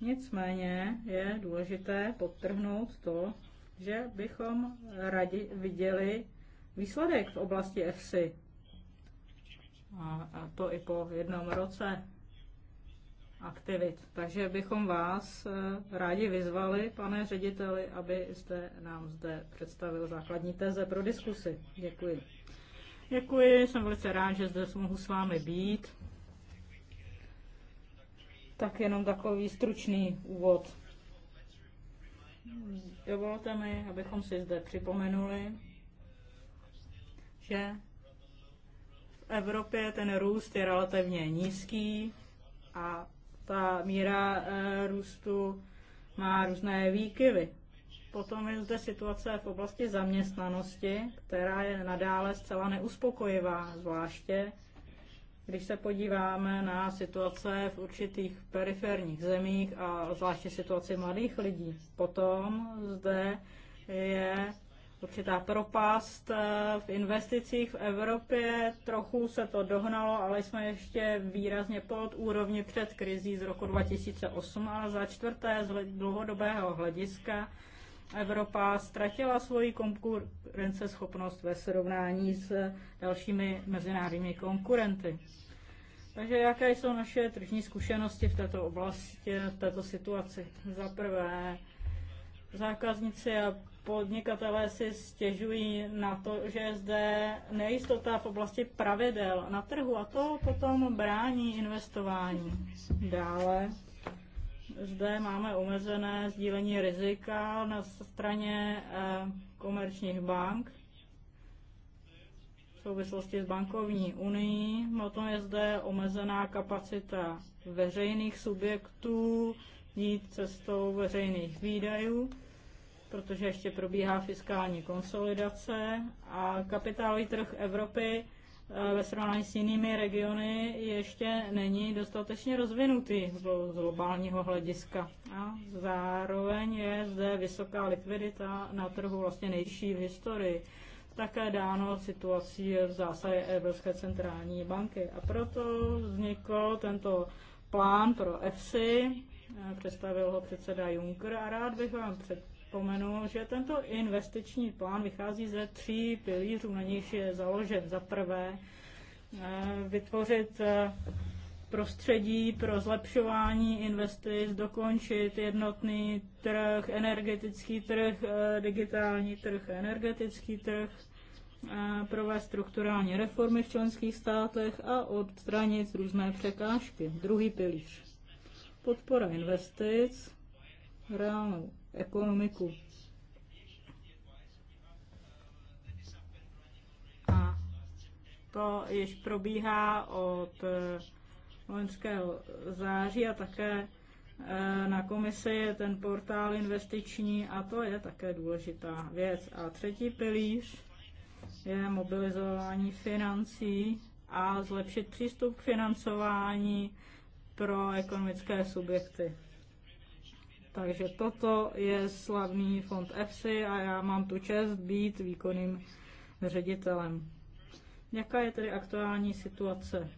Nicméně je důležité podtrhnout to, že bychom radi viděli výsledek v oblasti EFSI. A to i po jednom roce aktivit. Takže bychom vás eh, rádi vyzvali, pane řediteli, aby jste nám zde představil základní teze pro diskusy. Děkuji. Děkuji, jsem velice rád, že zde mohu s vámi být. Tak jenom takový stručný úvod. Dovolte mi, abychom si zde připomenuli, že v Evropě ten růst je relativně nízký a ta míra eh, růstu má různé výkyvy. Potom je zde situace v oblasti zaměstnanosti, která je nadále zcela neuspokojivá, zvláště když se podíváme na situace v určitých periferních zemích a zvláště situaci mladých lidí. Potom zde je určitá propast eh, v investicích v Evropě. Trochu se to dohnalo, ale jsme ještě výrazně pod úrovni před krizí z roku 2008. A za čtvrté, z dlouhodobého hlediska, Evropa ztratila svoji konkurenceschopnost ve srovnání s dalšími mezinárodními konkurenty. Takže jaké jsou naše tržní zkušenosti v této oblasti, v této situaci? Za prvé, zákazníci a podnikatelé si stěžují na to, že zde nejistota v oblasti pravidel na trhu a to potom brání investování. Dále zde máme omezené sdílení rizika na straně eh, komerčních bank v souvislosti s bankovní unii. Potom je zde omezená kapacita veřejných subjektů jít cestou veřejných výdajů protože ještě probíhá fiskální konsolidace a kapitálový trh Evropy eh, ve srovnání s jinými regiony ještě není dostatečně rozvinutý z globálního hlediska. A zároveň je zde vysoká likvidita na trhu vlastně nejvyšší v historii. Také dáno situací v zásadě Evropské centrální banky. A proto vznikl tento plán pro EFSI, eh, představil ho předseda Juncker a rád bych vám před připomenul, že tento investiční plán vychází ze tří pilířů, na nich je založen. Za prvé eh, vytvořit eh, prostředí pro zlepšování investic, dokončit jednotný trh, energetický trh, eh, digitální trh, energetický trh, provést strukturální reformy v členských státech a odstranit různé překážky. Druhý pilíř. Podpora investic, reálnou ekonomiku. A to již probíhá od eh, loňského září a také eh, na komisi je ten portál investiční a to je také důležitá věc. A třetí pilíř je mobilizování financí a zlepšit přístup k financování pro ekonomické subjekty. Takže toto je slavný fond EFSI a já mám tu čest být výkonným ředitelem. Jaká je tedy aktuální situace?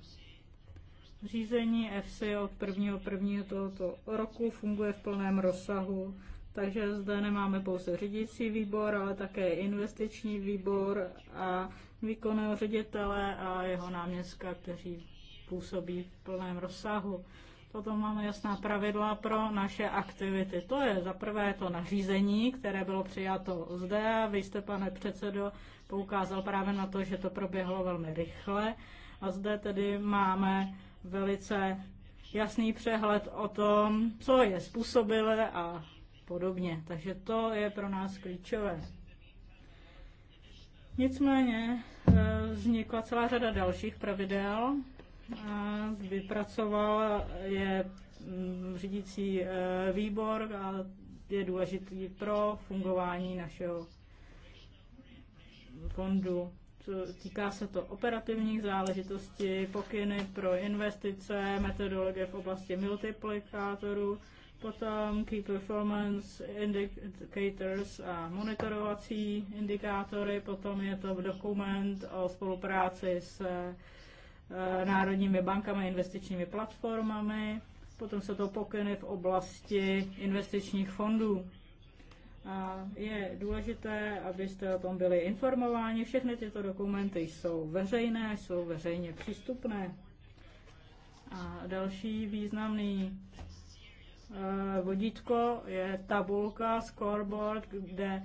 Řízení EFSI od 1.1. tohoto roku funguje v plném rozsahu, takže zde nemáme pouze řídící výbor, ale také investiční výbor a výkonného ředitele a jeho náměstka, kteří působí v plném rozsahu potom máme jasná pravidla pro naše aktivity. To je za prvé to nařízení, které bylo přijato zde. Vy jste, pane předsedo, poukázal právě na to, že to proběhlo velmi rychle. A zde tedy máme velice jasný přehled o tom, co je způsobilé a podobně. Takže to je pro nás klíčové. Nicméně eh, vznikla celá řada dalších pravidel, vypracoval, je mm, řídící e, výbor a je důležitý pro fungování našeho fondu. Týká se to operativních záležitostí, pokyny pro investice, metodologie v oblasti multiplikátorů, potom key performance indicators a monitorovací indikátory, potom je to dokument o spolupráci s Eh, národními bankami, investičními platformami, potom jsou to pokyny v oblasti investičních fondů. A je důležité, abyste o tom byli informováni. Všechny tyto dokumenty jsou veřejné, jsou veřejně přístupné. A další významný eh, vodítko je tabulka, scoreboard, kde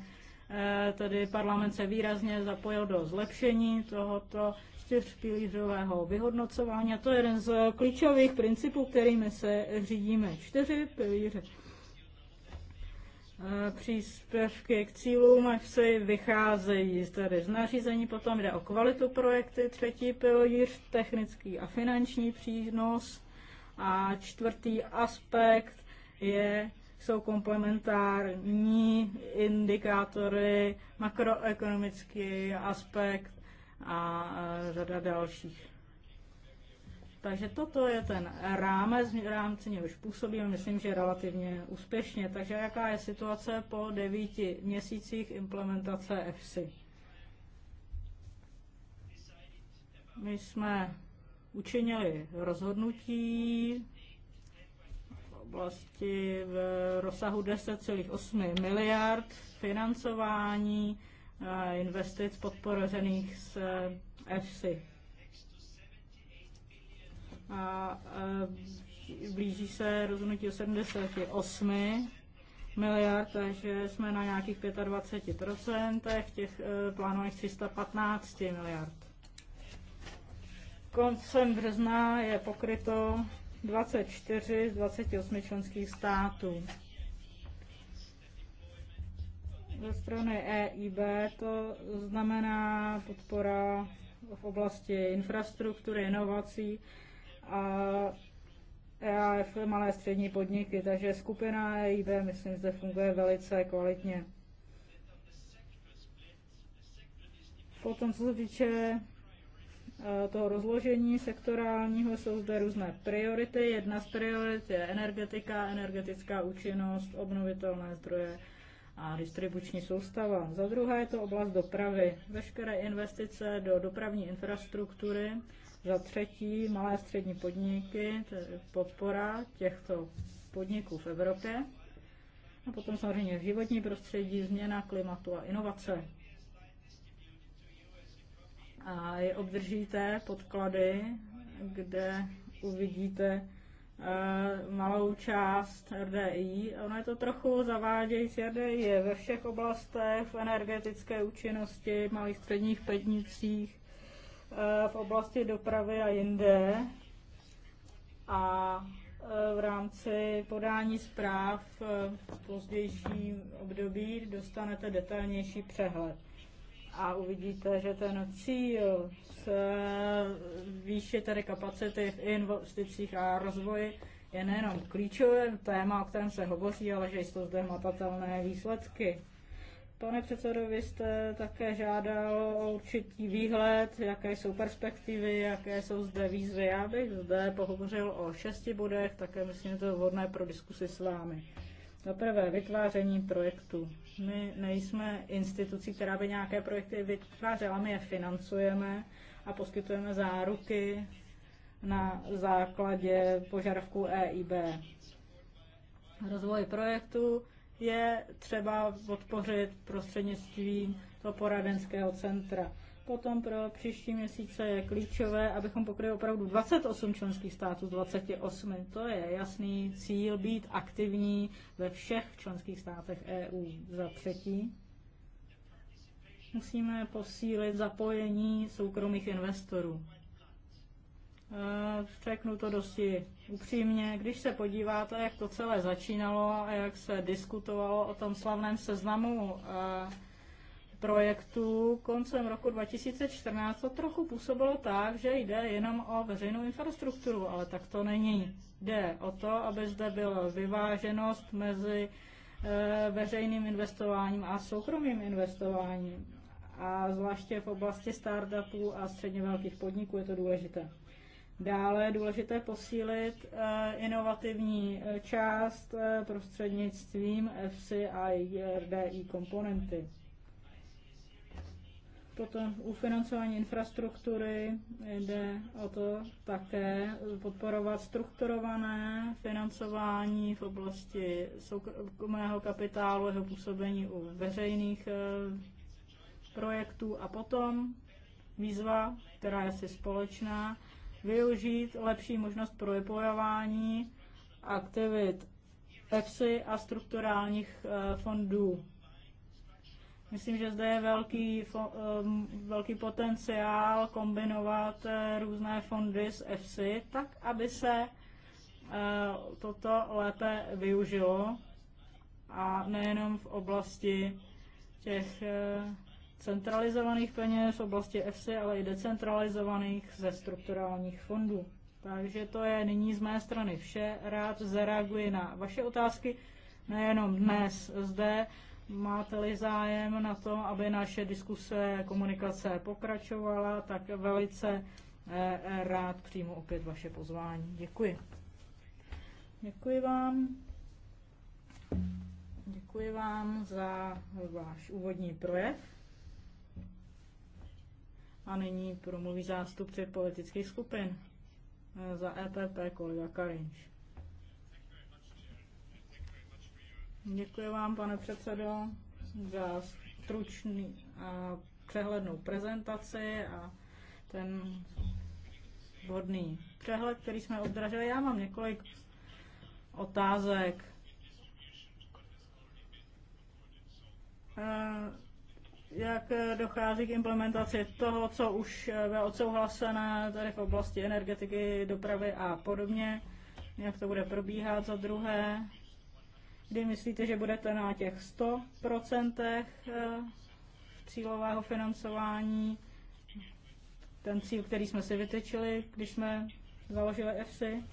eh, tedy parlament se výrazně zapojil do zlepšení tohoto čtyřpilířového vyhodnocování. A to je jeden z klíčových principů, kterými se řídíme. Čtyři pilíře. Příspěvky k cílům se vycházejí tady z nařízení, potom jde o kvalitu projekty, třetí pilíř, technický a finanční přínos a čtvrtý aspekt je jsou komplementární indikátory, makroekonomický aspekt a e, řada dalších. Takže toto je ten rámec, v rámci něhož působíme, myslím, že relativně úspěšně. Takže jaká je situace po devíti měsících implementace EFSI? My jsme učinili rozhodnutí v oblasti v rozsahu 10,8 miliard financování investic podporořených z EFSI. Eh, a eh, blíží se rozhodnutí o 78 miliard, takže jsme na nějakých 25% těch eh, plánovaných 315 miliard. Koncem března je pokryto 24 z 28 členských států ze strany EIB to znamená podpora v oblasti infrastruktury, inovací a EAF malé střední podniky, takže skupina EIB, myslím, zde funguje velice kvalitně. Potom, co se týče e, toho rozložení sektorálního, jsou zde různé priority. Jedna z priorit je energetika, energetická účinnost, obnovitelné zdroje, a distribuční soustava. Za druhé je to oblast dopravy. Veškeré investice do dopravní infrastruktury. Za třetí malé a střední podniky, podpora těchto podniků v Evropě. A potom samozřejmě životní prostředí, změna klimatu a inovace. A obdržíte podklady, kde uvidíte Eh, malou část RDI. Ono je to trochu zavádějící. RDI je ve všech oblastech, v energetické účinnosti, v malých středních pednicích, eh, v oblasti dopravy a jinde. A eh, v rámci podání zpráv v pozdějším období dostanete detailnější přehled a uvidíte, že ten cíl s eh, výše tady kapacity v investicích a rozvoji je nejenom klíčové téma, o kterém se hovoří, ale že jsou zde matatelné výsledky. Pane předsedo, vy jste také žádal o určitý výhled, jaké jsou perspektivy, jaké jsou zde výzvy. Já bych zde pohovořil o šesti bodech, také myslím, že to je vhodné pro diskusi s vámi. Za prvé, vytváření projektu. My nejsme institucí, která by nějaké projekty vytvářela, my je financujeme a poskytujeme záruky na základě požadavků EIB. Rozvoj projektu je třeba podpořit prostřednictvím toho poradenského centra potom pro příští měsíce je klíčové, abychom pokryli opravdu 28 členských států z 28. To je jasný cíl být aktivní ve všech členských státech EU. Za třetí, musíme posílit zapojení soukromých investorů. E, řeknu to dosti upřímně. Když se podíváte, jak to celé začínalo a jak se diskutovalo o tom slavném seznamu e, Projektu koncem roku 2014 to trochu působilo tak, že jde jenom o veřejnou infrastrukturu, ale tak to není. Jde o to, aby zde byla vyváženost mezi e, veřejným investováním a soukromým investováním. A zvláště v oblasti startupů a středně velkých podniků je to důležité. Dále je důležité posílit e, inovativní eh, část e, prostřednictvím FCI RDI komponenty. Potom u financování infrastruktury jde o to také podporovat strukturované financování v oblasti soukromého kapitálu, jeho působení u veřejných eh, projektů a potom výzva, která je asi společná, využít lepší možnost propojování aktivit EFSI a strukturálních eh, fondů Myslím, že zde je velký, um, velký potenciál kombinovat eh, různé fondy s EFSI, tak aby se eh, toto lépe využilo a nejenom v oblasti těch eh, centralizovaných peněz v oblasti EFSI, ale i decentralizovaných ze strukturálních fondů. Takže to je nyní z mé strany vše. Rád zareaguji na vaše otázky, nejenom dnes zde, máte-li zájem na to, aby naše diskuse, komunikace pokračovala, tak velice eh, rád přijmu opět vaše pozvání. Děkuji. Děkuji vám. Děkuji vám za váš úvodní projev. A nyní promluví zástupce politických skupin. Eh, za EPP kolega Karinč. Děkuji vám, pane předsedo, za stručný a přehlednou prezentaci a ten vhodný přehled, který jsme obdrželi. Já mám několik otázek. Jak dochází k implementaci toho, co už bylo odsouhlasené tady v oblasti energetiky, dopravy a podobně? Jak to bude probíhat za druhé? kdy myslíte, že budete na těch 100% eh, cílového financování, ten cíl, který jsme si vytečili, když jsme založili EFSI.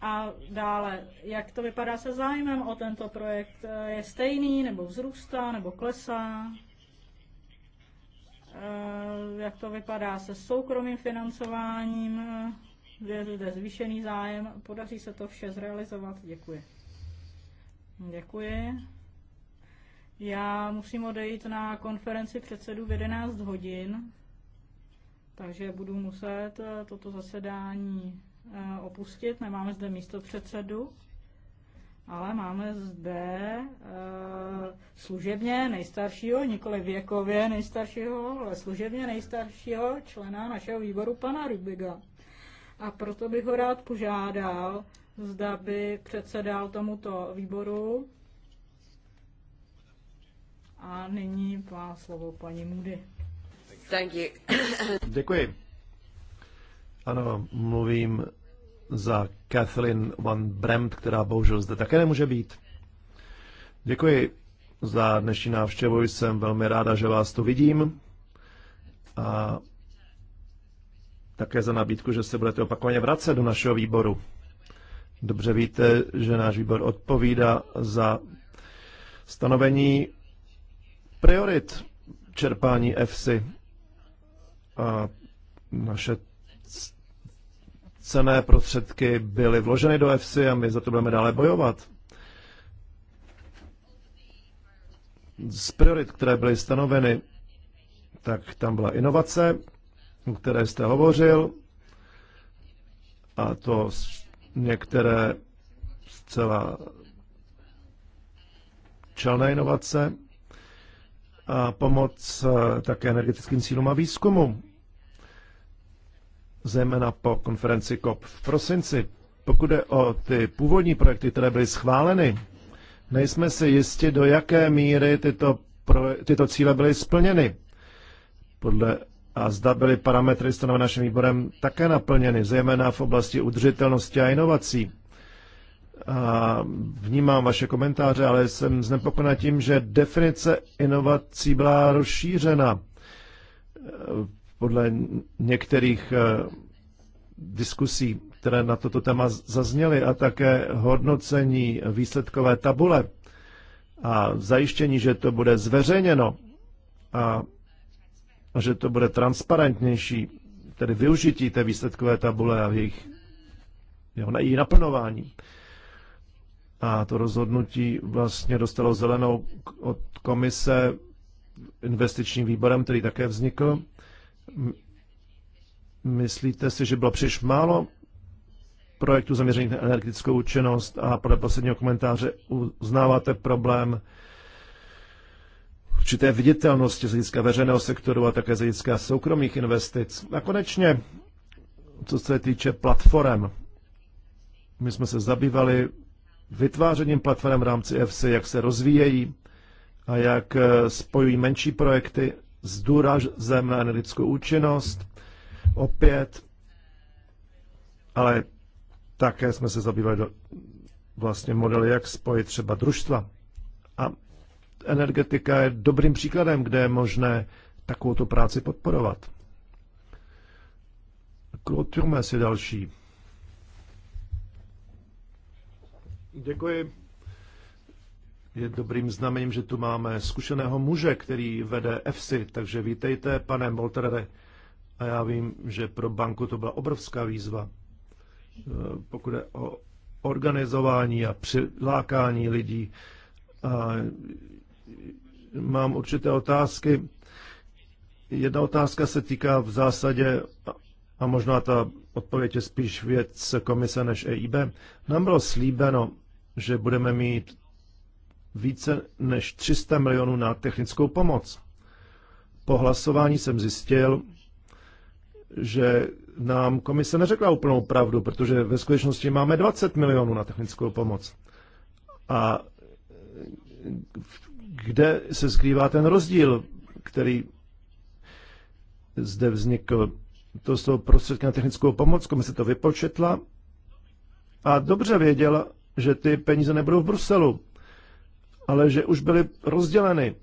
A dále, jak to vypadá se zájmem o tento projekt? Eh, je stejný, nebo vzrůstá, nebo klesá? Eh, jak to vypadá se soukromým financováním? Je zde zvýšený zájem? Podaří se to vše zrealizovat? Děkuji. Děkuji. Já musím odejít na konferenci předsedů v 11 hodin, takže budu muset eh, toto zasedání eh, opustit. Nemáme zde místo předsedu, ale máme zde eh, služebně nejstaršího, nikoli věkově nejstaršího, ale služebně nejstaršího člena našeho výboru, pana Rubiga. A proto bych ho rád požádal, zda by předsedal tomuto výboru. A nyní má slovo paní Moody. Thank you. Děkuji. Ano, mluvím za Kathleen Van Bremt, která bohužel zde také nemůže být. Děkuji za dnešní návštěvu, jsem velmi ráda, že vás tu vidím a také za nabídku, že se budete opakovaně vracet do našeho výboru. Dobře víte, že náš výbor odpovídá za stanovení priorit čerpání EFSI a naše cené prostředky byly vloženy do EFSI a my za to budeme dále bojovat. Z priorit, které byly stanoveny, tak tam byla inovace, o které jste hovořil, a to některé zcela čelné inovace a pomoc eh, také energetickým cílům a výzkumu, zejména po konferenci COP v prosinci. Pokud je o ty původní projekty, které byly schváleny, nejsme si jisti, do jaké míry tyto, tyto cíle byly splněny. Podle a zda byly parametry stanovené naším výborem také naplněny, zejména v oblasti udržitelnosti a inovací. A vnímám vaše komentáře, ale jsem znepokojen tím, že definice inovací byla rozšířena podle některých eh, diskusí, které na toto téma zazněly, a také hodnocení výsledkové tabule a zajištění, že to bude zveřejněno a a že to bude transparentnější, tedy využití té výsledkové tabule a jejich, jeho, její naplnování. A to rozhodnutí vlastně dostalo zelenou od komise investičním výborem, který také vznikl. Myslíte si, že bylo příliš málo projektů zaměřených na energetickou účinnost a podle posledního komentáře uznáváte problém určité viditelnosti z hlediska veřejného sektoru a také z hlediska soukromých investic. A konečně, co se týče platform, my jsme se zabývali vytvářením platform v rámci FC, jak se rozvíjejí a jak eh, spojují menší projekty s důrazem na energetickou účinnost. Opět, ale také jsme se zabývali do, vlastně modely, jak spojit třeba družstva. A energetika je dobrým příkladem, kde je možné takovouto práci podporovat. Claude Turmes je další. Děkuji. Je dobrým znamením, že tu máme zkušeného muže, který vede EFSI, takže vítejte, pane Molterere. A já vím, že pro banku to byla obrovská výzva. Eh, pokud je o organizování a přilákání lidí, a mám určité otázky. Jedna otázka se týká v zásadě, a možná ta odpověď je spíš věc komise než EIB. Nám bylo slíbeno, že budeme mít více než 300 milionů na technickou pomoc. Po hlasování jsem zjistil, že nám komise neřekla úplnou pravdu, protože ve skutečnosti máme 20 milionů na technickou pomoc. A kde se skrývá ten rozdíl, který zde vznikl. To jsou prostředky na technickou pomoc, komise to vypočetla a dobře věděla, že ty peníze nebudou v Bruselu, ale že už byly rozděleny.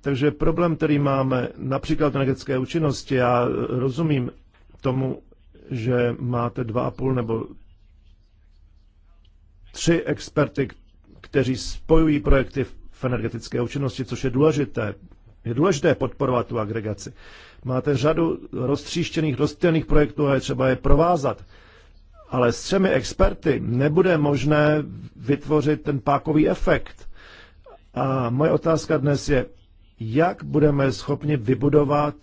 Takže problém, který máme například v energetické účinnosti, já rozumím tomu, že máte dva a půl nebo tři experty, kteří spojují projekty v v energetické účinnosti, což je důležité. Je důležité podporovat tu agregaci. Máte řadu roztříštěných, rozptýlených projektů a je třeba je provázat. Ale s třemi experty nebude možné vytvořit ten pákový efekt. A moje otázka dnes je, jak budeme schopni vybudovat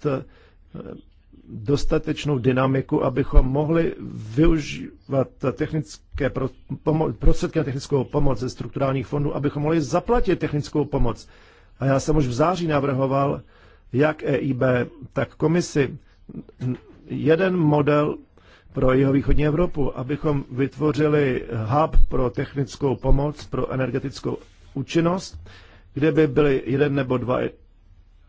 dostatečnou dynamiku, abychom mohli využívat technické pro, pomo, prostředky na technickou pomoc ze strukturálních fondů, abychom mohli zaplatit technickou pomoc. A já jsem už v září navrhoval, jak EIB, tak komisi, jeden model pro jihovýchodní Evropu, abychom vytvořili hub pro technickou pomoc, pro energetickou účinnost, kde by byly jeden nebo dva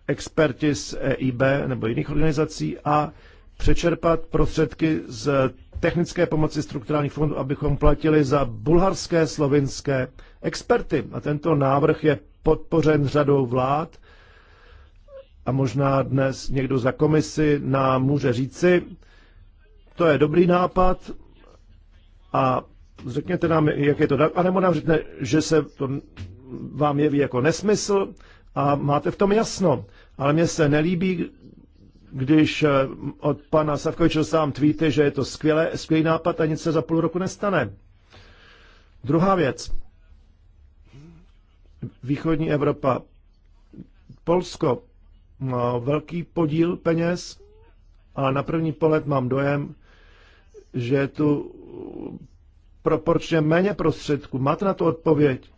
experti z EIB nebo jiných organizací a přečerpat prostředky z technické pomoci strukturálních fondů, abychom platili za bulharské, slovinské experty. A tento návrh je podpořen řadou vlád a možná dnes někdo za komisi nám může říci, to je dobrý nápad a řekněte nám, jak je to, nebo nám řekne, že se to vám jeví jako nesmysl a máte v tom jasno. Ale mně se nelíbí, když eh, od pana Savkoviče sám tweety, že je to skvělé, skvělý nápad a nic se za půl roku nestane. Druhá věc. Východní Evropa. Polsko má velký podíl peněz, ale na první pohled mám dojem, že je tu proporčně méně prostředků. Máte na to odpověď?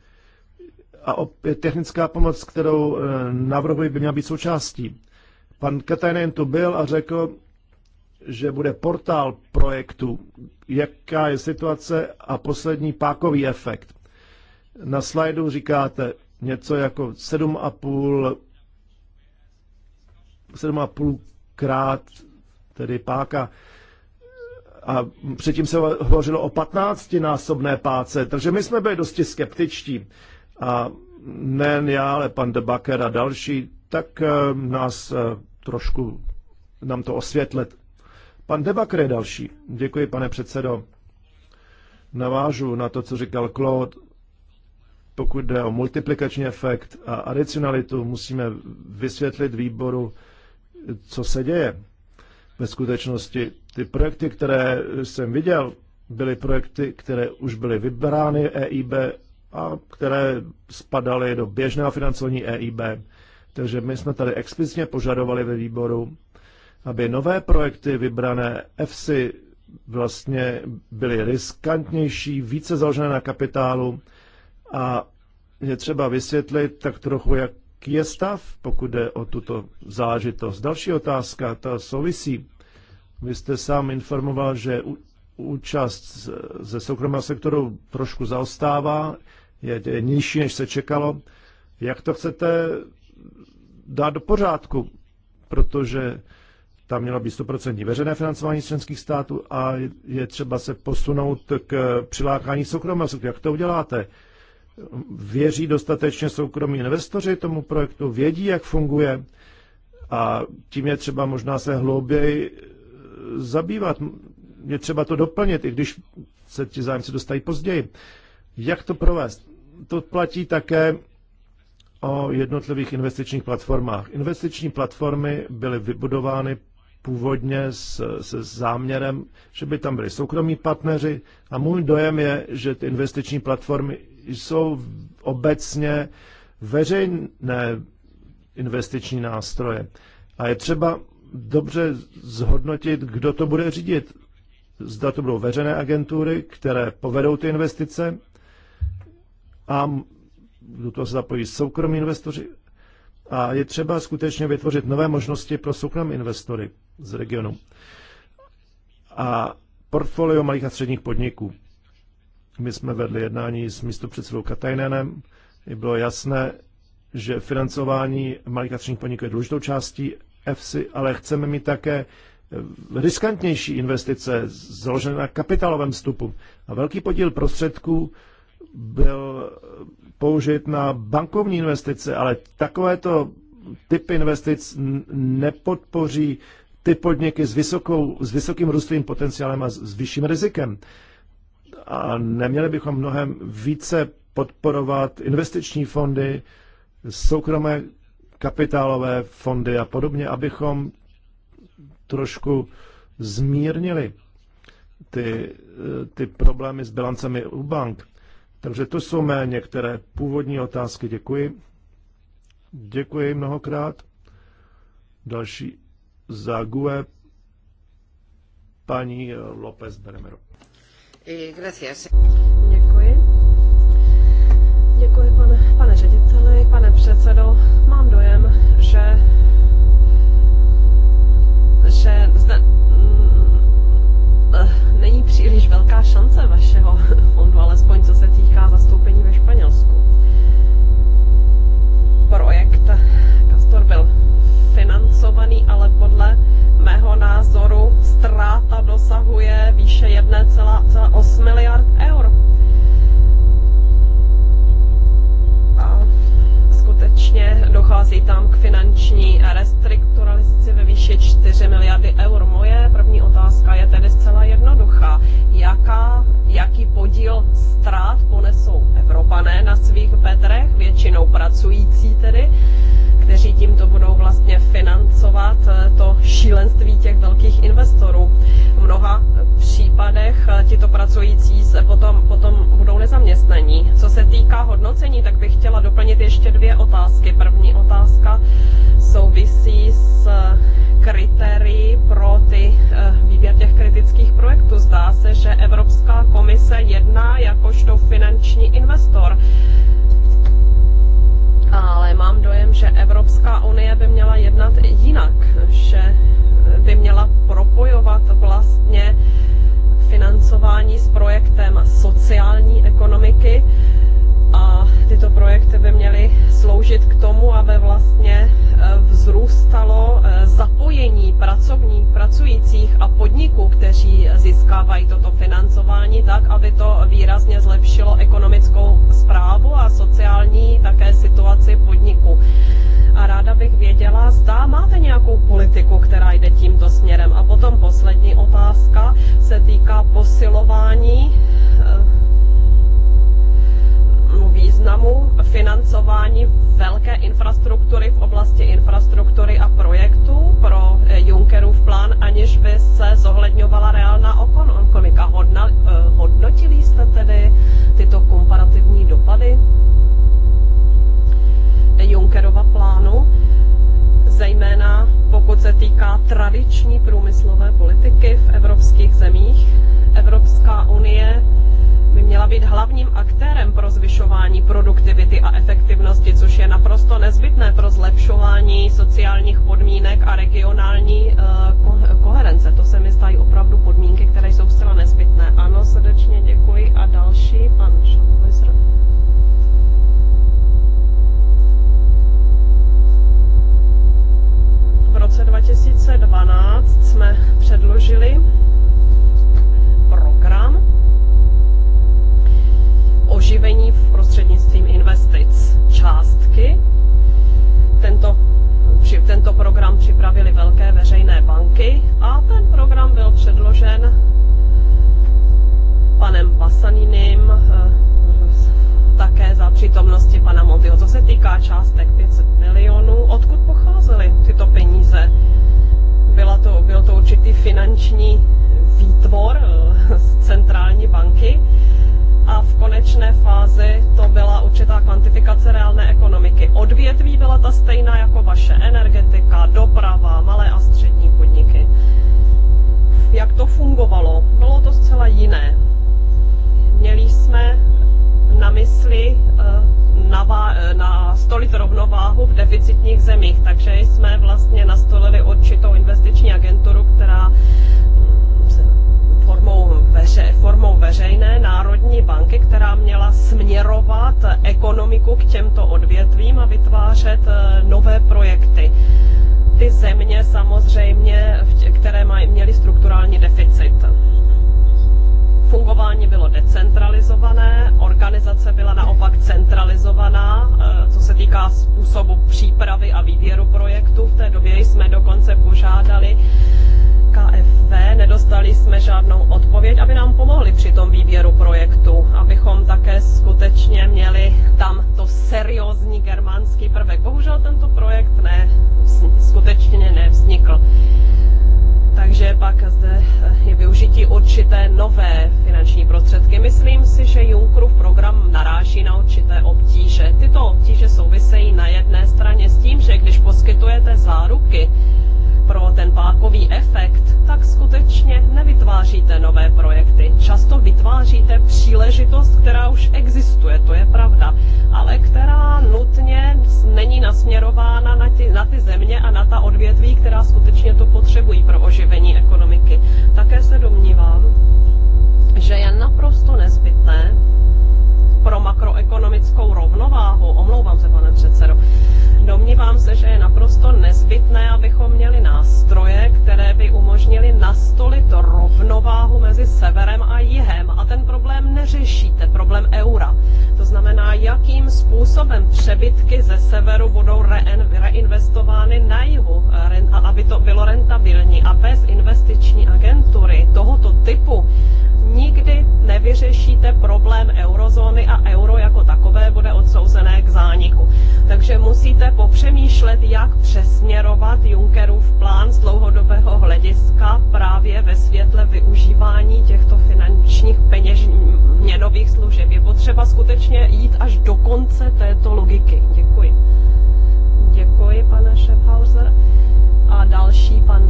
a opět technická pomoc, kterou eh, navrhuji, by měla být součástí. Pan Katajnen tu byl a řekl, že bude portál projektu, jaká je situace a poslední pákový efekt. Na slajdu říkáte něco jako 7,5 7,5 krát tedy páka. A předtím se hovořilo o 15 násobné páce, takže my jsme byli dosti skeptičtí a nejen já, ale pan Debaker a další, tak eh, nás eh, trošku nám to osvětlet. Pan Debaker je další. Děkuji, pane předsedo. Navážu na to, co říkal Claude. Pokud jde o multiplikační efekt a adicionalitu, musíme vysvětlit výboru, co se děje. Ve skutečnosti ty projekty, které jsem viděl, byly projekty, které už byly vybrány EIB a které spadaly do běžného financování EIB. Takže my jsme tady explicitně požadovali ve výboru, aby nové projekty vybrané EFSI vlastně byly riskantnější, více založené na kapitálu a je třeba vysvětlit tak trochu, jak je stav, pokud jde o tuto zážitost. Další otázka, ta souvisí. Vy jste sám informoval, že účast ze soukromého sektoru trošku zaostává, je, je nižší, než se čekalo. Jak to chcete dát do pořádku? Protože tam mělo být 100% veřejné financování členských států a je třeba se posunout k přilákání soukromého sektoru. Jak to uděláte? Věří dostatečně soukromí investoři tomu projektu, vědí, jak funguje a tím je třeba možná se hlouběji zabývat. Je třeba to doplnit, i když se ti zájemci dostají později. Jak to provést? to platí také o jednotlivých investičních platformách. Investiční platformy byly vybudovány původně s, se záměrem, že by tam byli soukromí partneři a můj dojem je, že ty investiční platformy jsou obecně veřejné investiční nástroje. A je třeba dobře zhodnotit, kdo to bude řídit. Zda to budou veřejné agentury, které povedou ty investice, a do toho se zapojí soukromí investoři. A je třeba skutečně vytvořit nové možnosti pro soukromé investory z regionu. A portfolio malých a středních podniků. My jsme vedli jednání s místopředsedou Katajnenem. Bylo jasné, že financování malých a středních podniků je důležitou částí EFSI, ale chceme mít také riskantnější investice založené na kapitálovém vstupu. A velký podíl prostředků byl použit na bankovní investice, ale takovéto typy investic nepodpoří ty podniky s, vysokou, s vysokým růstovým potenciálem a s vyšším rizikem. A neměli bychom mnohem více podporovat investiční fondy, soukromé kapitálové fondy a podobně, abychom trošku zmírnili ty, ty problémy s bilancemi u bank. Takže to jsou mé některé původní otázky. Děkuji. Děkuji mnohokrát. Další za GUE paní López Beremero. Gracias. Děkuji. Děkuji, pane, pane řediteli, pane předsedo. Mám dojem, že, že zde, mm, eh, není příliš velká šance vašeho fondu, alespoň co se týče týká zastoupení ve Španělsku. Projekt Castor byl financovaný, ale podle mého názoru ztráta dosahuje výše 1,8 miliard eur Každoročně dochází tam k finanční restrukturalizaci ve výši 4 miliardy eur. Moje první otázka je tedy zcela jednoduchá. Jaká, jaký podíl ztrát ponesou Evropané na svých bedrech, většinou pracující tedy? kteří tímto budou vlastně financovat eh, to šílenství těch velkých investorů. V mnoha eh, případech eh, tito pracující se potom, potom budou nezaměstnaní. Co se týká hodnocení, tak bych chtěla doplnit ještě dvě otázky. První otázka souvisí s kritérii pro ty výběr těch kritických projektů. Zdá se, že Evropská komise jedná jakožto finanční investor ale mám dojem, že Evropská unie by měla jednat jinak, že by měla propojovat vlastně financování s projektem sociální ekonomiky, a tyto projekty by měly sloužit k tomu, aby vlastně e, vzrůstalo e, zapojení pracovník, pracujících a podniků, kteří získávají toto financování, tak, aby to výrazně zlepšilo ekonomickou zprávu a sociální také situaci podniku. A ráda bych věděla, zda máte nějakou politiku, která jde tímto směrem. A potom poslední otázka se týká posilování e, významu financování velké infrastruktury v oblasti infrastruktury a projektů deficitních zemích. Takže jsme vlastně nastolili určitou investiční agenturu, která mm, formou, veře, formou veřejné národní banky, která měla směrovat ekonomiku k těmto odvětvím a vytvářet e, nové projekty. Ty země samozřejmě, které mají měly strukturální deficit. Vzdělávání bylo decentralizované, organizace byla naopak centralizovaná, eh, co se týká způsobu přípravy a výběru projektů. V té době jsme dokonce požádali KFV, nedostali jsme žádnou odpověď, aby nám pomohli při tom výběru projektu, abychom také skutečně měli tam to seriózní germánský prvek. Bohužel tento projekt ne, skutečně nevznikl takže pak zde eh, je využití určité nové finanční prostředky. Myslím si, že Junckerův program naráží na určité obtíže. Tyto obtíže souvisejí na jedné straně s tím, že když poskytujete záruky, pro ten pákový efekt, tak skutečně nevytváříte nové projekty. Často vytváříte příležitost, která už existuje, to je pravda, ale která nutně není nasměrována na ty, na ty země a na ta odvětví, která skutečně to potřebují pro oživení ekonomiky. Také se domnívám, že je naprosto nezbytné pro makroekonomickou rovnováhu, omlouvám se, pane předsedo, Domnívám se, že je naprosto nezbytné, abychom měli nástroje, které by umožnili nastolit rovnováhu mezi severem a jihem. A ten problém neřešíte, problém eura. To znamená, jakým způsobem přebytky ze severu budou reinvestovány na jihu, eh, aby to bylo rentabilní. A bez investiční agentury tohoto typu nikdy nevyřešíte problém eurozóny a euro jako takové bude odsouzené k zániku. Takže musíte komise popřemýšlet, jak přesměrovat Junckerův plán z dlouhodobého hlediska právě ve světle využívání těchto finančních peněž měnových služeb. Je potřeba skutečně jít až do konce této logiky. Děkuji. Děkuji, pane Schaffhauser. A další pan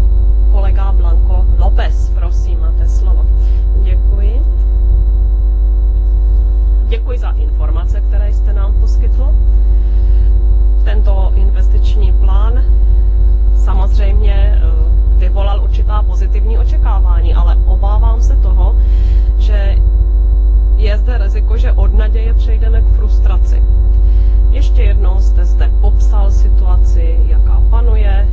kolega Blanco López. Prosím, máte slovo. Děkuji. Děkuji za informace, které jste nám poskytl tento investiční plán samozřejmě eh, vyvolal určitá pozitivní očekávání, ale obávám se toho, že je zde riziko, že od naděje přejdeme k frustraci. Ještě jednou jste zde popsal situaci, jaká panuje,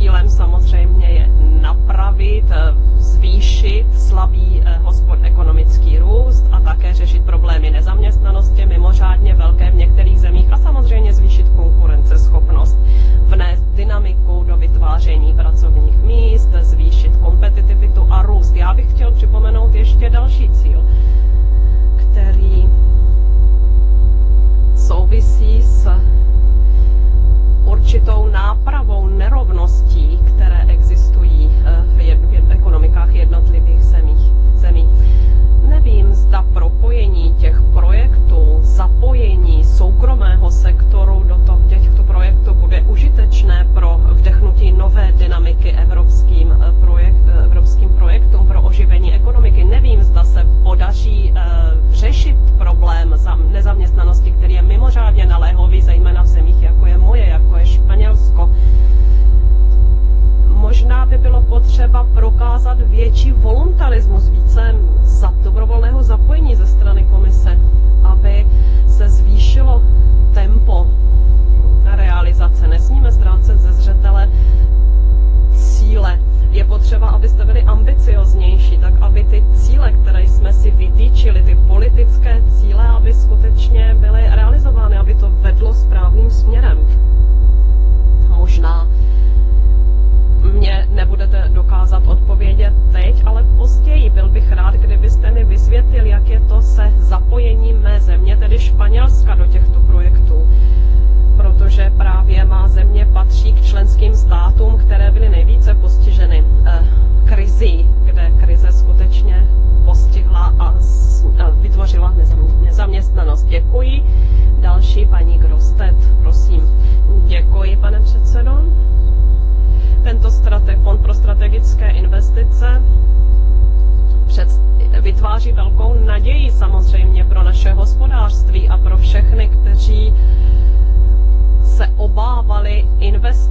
cílem samozřejmě je napravit, eh, zvýšit slabý eh, hospod ekonomický růst a také řešit problémy nezaměstnanosti, mimořádně velké v některých zemích a samozřejmě zvýšit konkurenceschopnost, vnést dynamiku do vytváření pracovních míst, zvýšit kompetitivitu a růst. Já bych chtěl připomenout ještě další cíl, který souvisí s určitou nápravou nerovností, které existují eh, v, jed, v ekonomikách jednotlivých zemích, zemí. Nevím, zda propojení těch projektů, zapojení soukromého sektoru do toho, těchto projektů bude užitečné pro vdechnutí nové dynamiky evropským eh, projekt, eh, obrovským projektům pro oživení ekonomiky. Nevím, zda se podaří uh, řešit problém nezaměstnanosti, který je mimořádně naléhový, zejména v zemích, jako je moje, jako je Španělsko. Možná by bylo potřeba prokázat větší voluntarismus, více za dobrovolného zapojení ze strany komise, aby se zvýšilo tempo realizace. Nesmíme ztrácet ze zřetele cíle je potřeba, abyste byli ambicioznější, tak aby ty cíle, které jsme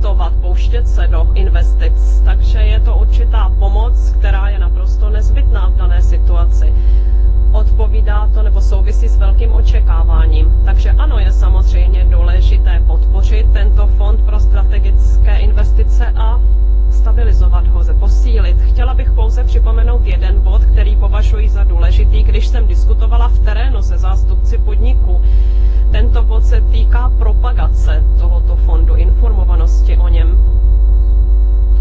investovat, pouštět se do investic. Takže je to určitá pomoc, která je naprosto nezbytná v dané situaci. Odpovídá to nebo souvisí s velkým očekáváním. Takže ano, je samozřejmě důležité podpořit tento fond pro strategické investice a stabilizovat ho, posílit. Chtěla bych pouze připomenout jeden bod, který považuji za důležitý, když jsem diskutovala v terénu se zástupci podniků. Tento bod se týká propagace tohoto fondu, informování pochybnosti o něm.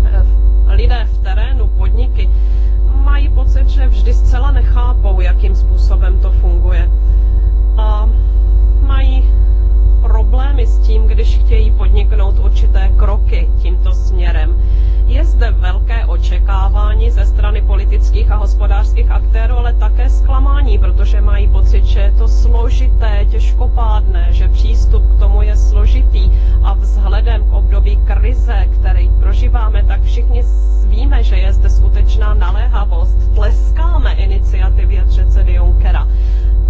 Eh, lidé v terénu, podniky, mají pocit, že vždy zcela nechápou, jakým způsobem to funguje. A mají problémy s tím, když chtějí podniknout určité kroky tímto směrem. Je zde velké očekávání ze strany politických a hospodářských aktérů, ale také zklamání, protože mají pocit, že je to složité, těžkopádné, že přístup k tomu je složitý a vzhledem k období krize, který prožíváme, tak všichni víme, že je zde skutečná naléhavost. Tleskáme iniciativě předsedy Junckera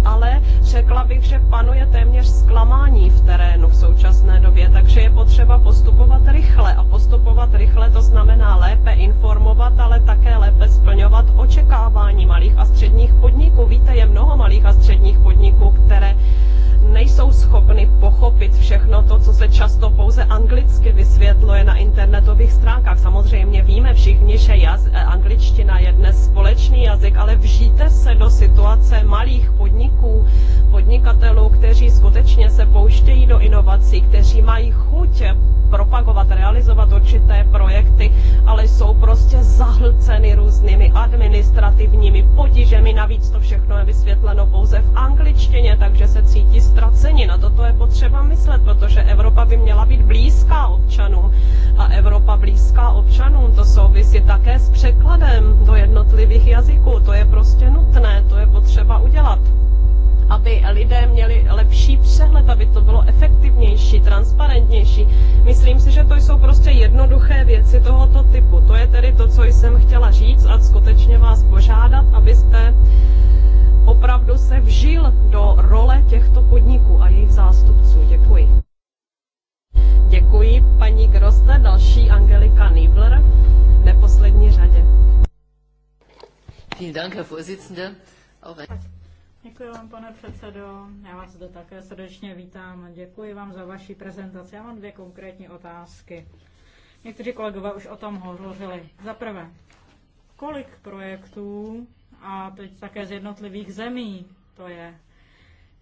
ale řekla bych, že panuje téměř zklamání v terénu v současné době, takže je potřeba postupovat rychle. A postupovat rychle to znamená lépe informovat, ale také lépe splňovat očekávání malých a středních podniků. Víte, je mnoho malých a středních podniků, které nejsou schopny pochopit všechno to, co se často pouze anglicky vysvětluje na internetových stránkách. Samozřejmě víme všichni, že jaz- angličtina je dnes společný jazyk, ale vžijte se do situace malých podniků, podniků, podnikatelů, kteří skutečně se pouštějí do inovací, kteří mají chuť propagovat, realizovat určité projekty, ale jsou prostě zahlceny různými administrativními potížemi. Navíc to všechno je vysvětleno pouze v angličtině, takže se cítí ztraceni. Na toto je potřeba myslet, protože Evropa by měla být blízká občanům. A Evropa blízká občanům, to souvisí také s překladem do jednotlivých jazyků. To je prostě nutné, to je potřeba udělat aby lidé měli lepší přehled, aby to bylo efektivnější, transparentnější. Myslím si, že to jsou prostě jednoduché věci tohoto typu. To je tedy to, co jsem chtěla říct a skutečně vás požádat, abyste opravdu se vžil do role těchto podniků a jejich zástupců. Děkuji. Děkuji paní Groste, další Angelika Niebler, v neposlední řadě. Vielen Dank, Herr Vorsitzender. Auch Děkuji vám, pane předsedo. Já vás zde také srdečně vítám. Děkuji vám za vaši prezentaci. Já mám dvě konkrétní otázky. Někteří kolegové už o tom hovořili. Za prvé, kolik projektů a teď také z jednotlivých zemí to je?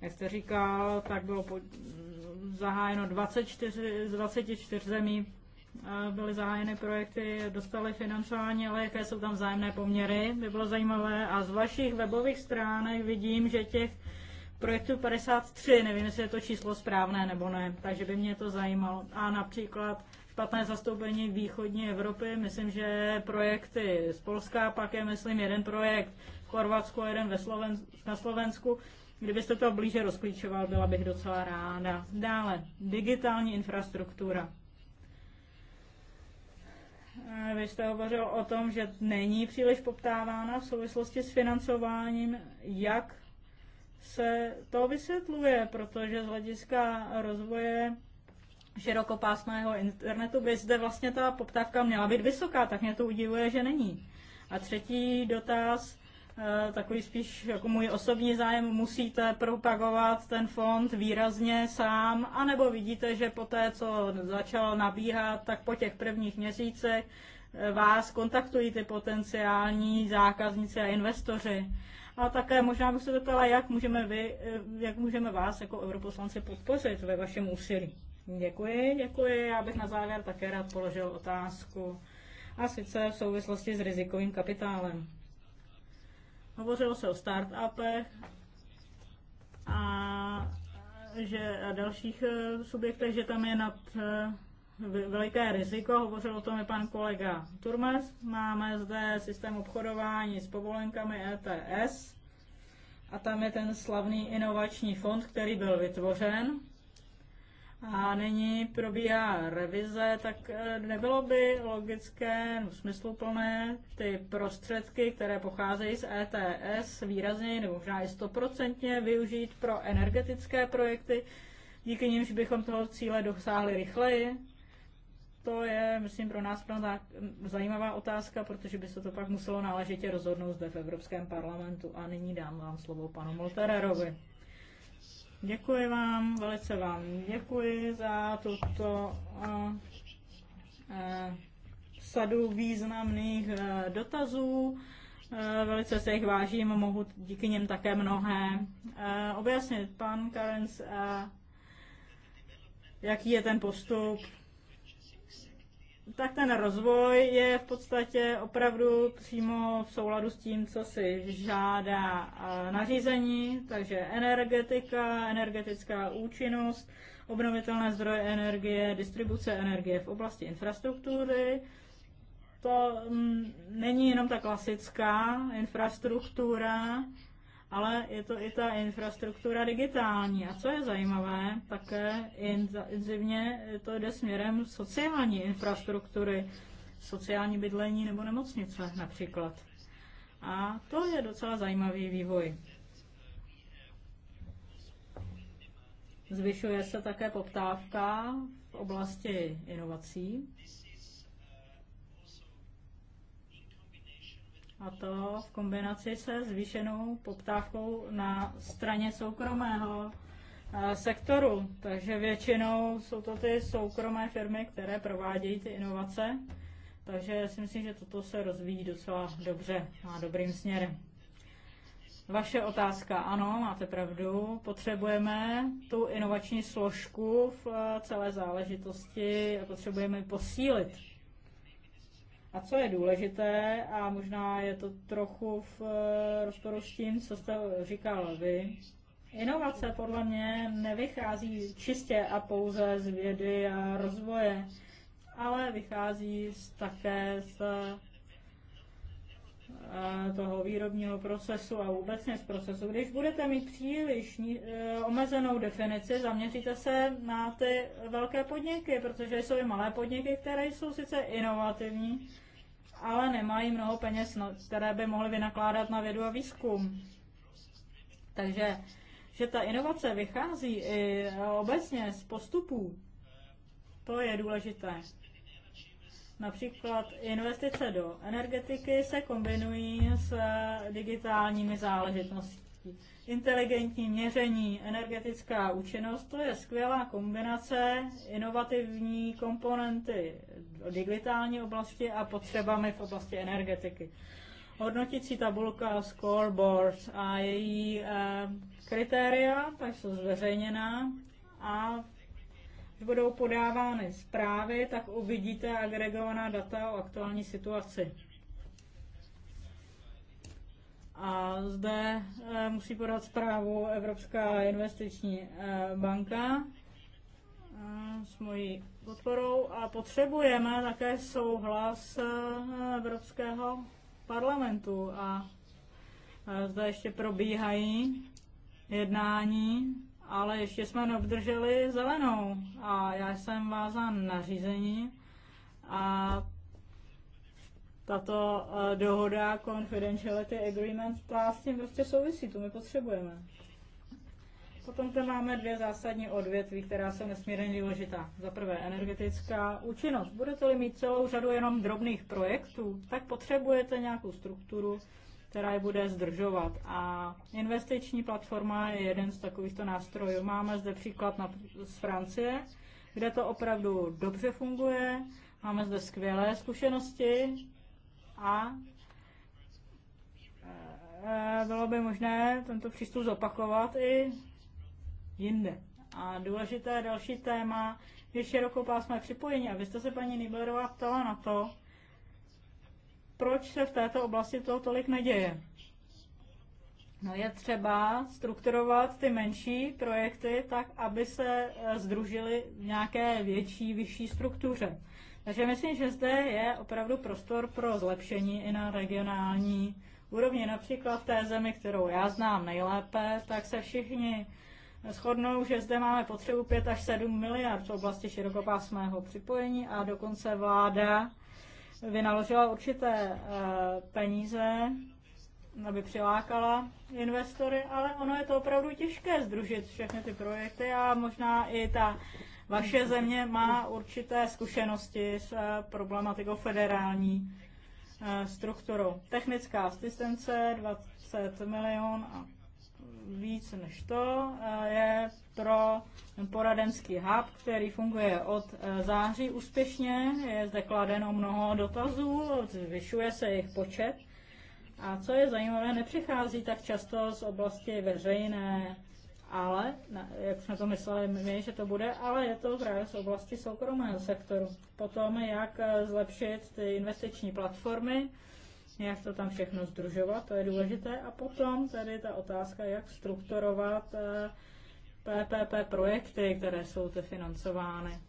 Jak jste říkal, tak bylo po, zahájeno 24, z 24 zemí byly zahájeny projekty, dostaly financování, ale jaké jsou tam vzájemné poměry, by bylo zajímavé. A z vašich webových stránek vidím, že těch projektů 53, nevím, jestli je to číslo správné nebo ne, takže by mě to zajímalo. A například špatné zastoupení východní Evropy, myslím, že projekty z Polska, pak je, myslím, jeden projekt v Chorvatsku, jeden ve Sloven, na Slovensku. Kdybyste to blíže rozklíčoval, byla bych docela ráda. Dále, digitální infrastruktura. Eh, vy jste hovořil o tom, že není příliš poptávána v souvislosti s financováním. Jak se to vysvětluje? Protože z hlediska rozvoje širokopásmého internetu by zde vlastně ta poptávka měla být vysoká, tak mě to udivuje, že není. A třetí dotaz Eh, takový spíš jako můj osobní zájem, musíte propagovat ten fond výrazně sám, anebo vidíte, že po té, co začal nabíhat, tak po těch prvních měsících eh, vás kontaktují ty potenciální zákazníci a investoři. A také možná bych se zeptala, jak můžeme, vy, eh, jak můžeme vás jako europoslanci podpořit ve vašem úsilí. Děkuji, děkuji. Já bych na závěr také rád položil otázku. A sice v souvislosti s rizikovým kapitálem. Hovořilo se o startupech a že a dalších e, subjektech, že tam je nad e, veliké riziko, hovořil o tom i pan kolega Turmes. Máme zde systém obchodování s povolenkami ETS a tam je ten slavný inovační fond, který byl vytvořen a nyní probíhá revize, tak eh, nebylo by logické no, smysluplné ty prostředky, které pocházejí z ETS, výrazně nebo možná i stoprocentně využít pro energetické projekty, díky nimž bychom toho cíle dosáhli rychleji? To je, myslím, pro nás pravda zajímavá otázka, protože by se to pak muselo náležitě rozhodnout zde v Evropském parlamentu. A nyní dám vám slovo panu Moltererovi. Děkuji vám, velice vám děkuji za tuto uh, uh, sadu významných uh, dotazů. E, velice se jich vážím a mohu díky něm také mnohé e, objasnit. Pan Karens, jaký je ten postup tak ten rozvoj je v podstatě opravdu přímo v souladu s tím, co si žádá eh, nařízení, takže energetika, energetická účinnost, obnovitelné zdroje energie, distribuce energie v oblasti infrastruktury. To mm, není jenom ta klasická infrastruktura, ale je to i ta infrastruktura digitální. A co je zajímavé, také intenzivně to jde směrem sociální infrastruktury, sociální bydlení nebo nemocnice například. A to je docela zajímavý vývoj. Zvyšuje se také poptávka v oblasti inovací. A to v kombinaci se zvýšenou poptávkou na straně soukromého eh, sektoru. Takže většinou jsou to ty soukromé firmy, které provádějí ty inovace. Takže si myslím, že toto se rozvíjí docela dobře a dobrým směrem. Vaše otázka, ano, máte pravdu. Potřebujeme tu inovační složku v eh, celé záležitosti a potřebujeme posílit. A co je důležité, a možná je to trochu v eh, rozporu s tím, co jste říkal vy, inovace podle mě nevychází čistě a pouze z vědy a rozvoje, ale vychází z, také z eh, toho výrobního procesu a vůbec z procesu. Když budete mít příliš eh, omezenou definici, zaměříte se na ty velké podniky, protože jsou i malé podniky, které jsou sice inovativní, ale nemají mnoho peněz, no, které by mohly vynakládat na vědu a výzkum. Takže, že ta inovace vychází i e, obecně z postupů, to je důležité. Například investice do energetiky se kombinují s e, digitálními záležitostmi. Inteligentní měření, energetická účinnost, to je skvělá kombinace inovativní komponenty digitální oblasti a potřebami v oblasti energetiky. Hodnotící tabulka scoreboard a její eh, kritéria tak jsou zveřejněná a když budou podávány zprávy, tak uvidíte agregovaná data o aktuální situaci. A zde eh, musí podat zprávu Evropská investiční eh, banka eh, s mojí podporou a potřebujeme také souhlas Evropského parlamentu a zde ještě probíhají jednání, ale ještě jsme neobdrželi zelenou a já jsem vázán na řízení a tato eh, dohoda Confidentiality Agreement, ta s tím prostě souvisí, to my potřebujeme. Potom tam máme dvě zásadní odvětví, která jsou nesmírně důležitá. Za prvé energetická účinnost. Budete-li mít celou řadu jenom drobných projektů, tak potřebujete nějakou strukturu, která je bude zdržovat. A investiční platforma je jeden z takovýchto nástrojů. Máme zde příklad na, z Francie, kde to opravdu dobře funguje. Máme zde skvělé zkušenosti a e, bylo by možné tento přístup zopakovat i jinde. A důležité další téma je širokopásmé připojení. A vy jste se, paní Niblerová, ptala na to, proč se v této oblasti toho tolik neděje. No je třeba strukturovat ty menší projekty tak, aby se združily e, v nějaké větší, vyšší struktuře. Takže myslím, že zde je opravdu prostor pro zlepšení i na regionální úrovni. Například v té zemi, kterou já znám nejlépe, tak se všichni shodnou, že zde máme potřebu 5 až 7 miliard v oblasti širokopásmého připojení a dokonce vláda vynaložila určité eh, peníze, aby přilákala investory, ale ono je to opravdu těžké združit všechny ty projekty a možná i ta vaše země má určité zkušenosti s eh, problematikou federální eh, strukturou. Technická asistence 20 milion a víc než to eh, je pro poradenský hub, který funguje od září úspěšně. Je zde kladeno mnoho dotazů, zvyšuje se jejich počet. A co je zajímavé, nepřichází tak často z oblasti veřejné ale, jak jsme to mysleli my, že to bude, ale je to právě z oblasti soukromého sektoru. Potom, jak eh, zlepšit ty investiční platformy, jak to tam všechno združovat, to je důležité. A potom tady ta otázka, jak strukturovat PPP eh, projekty, které jsou ty financovány.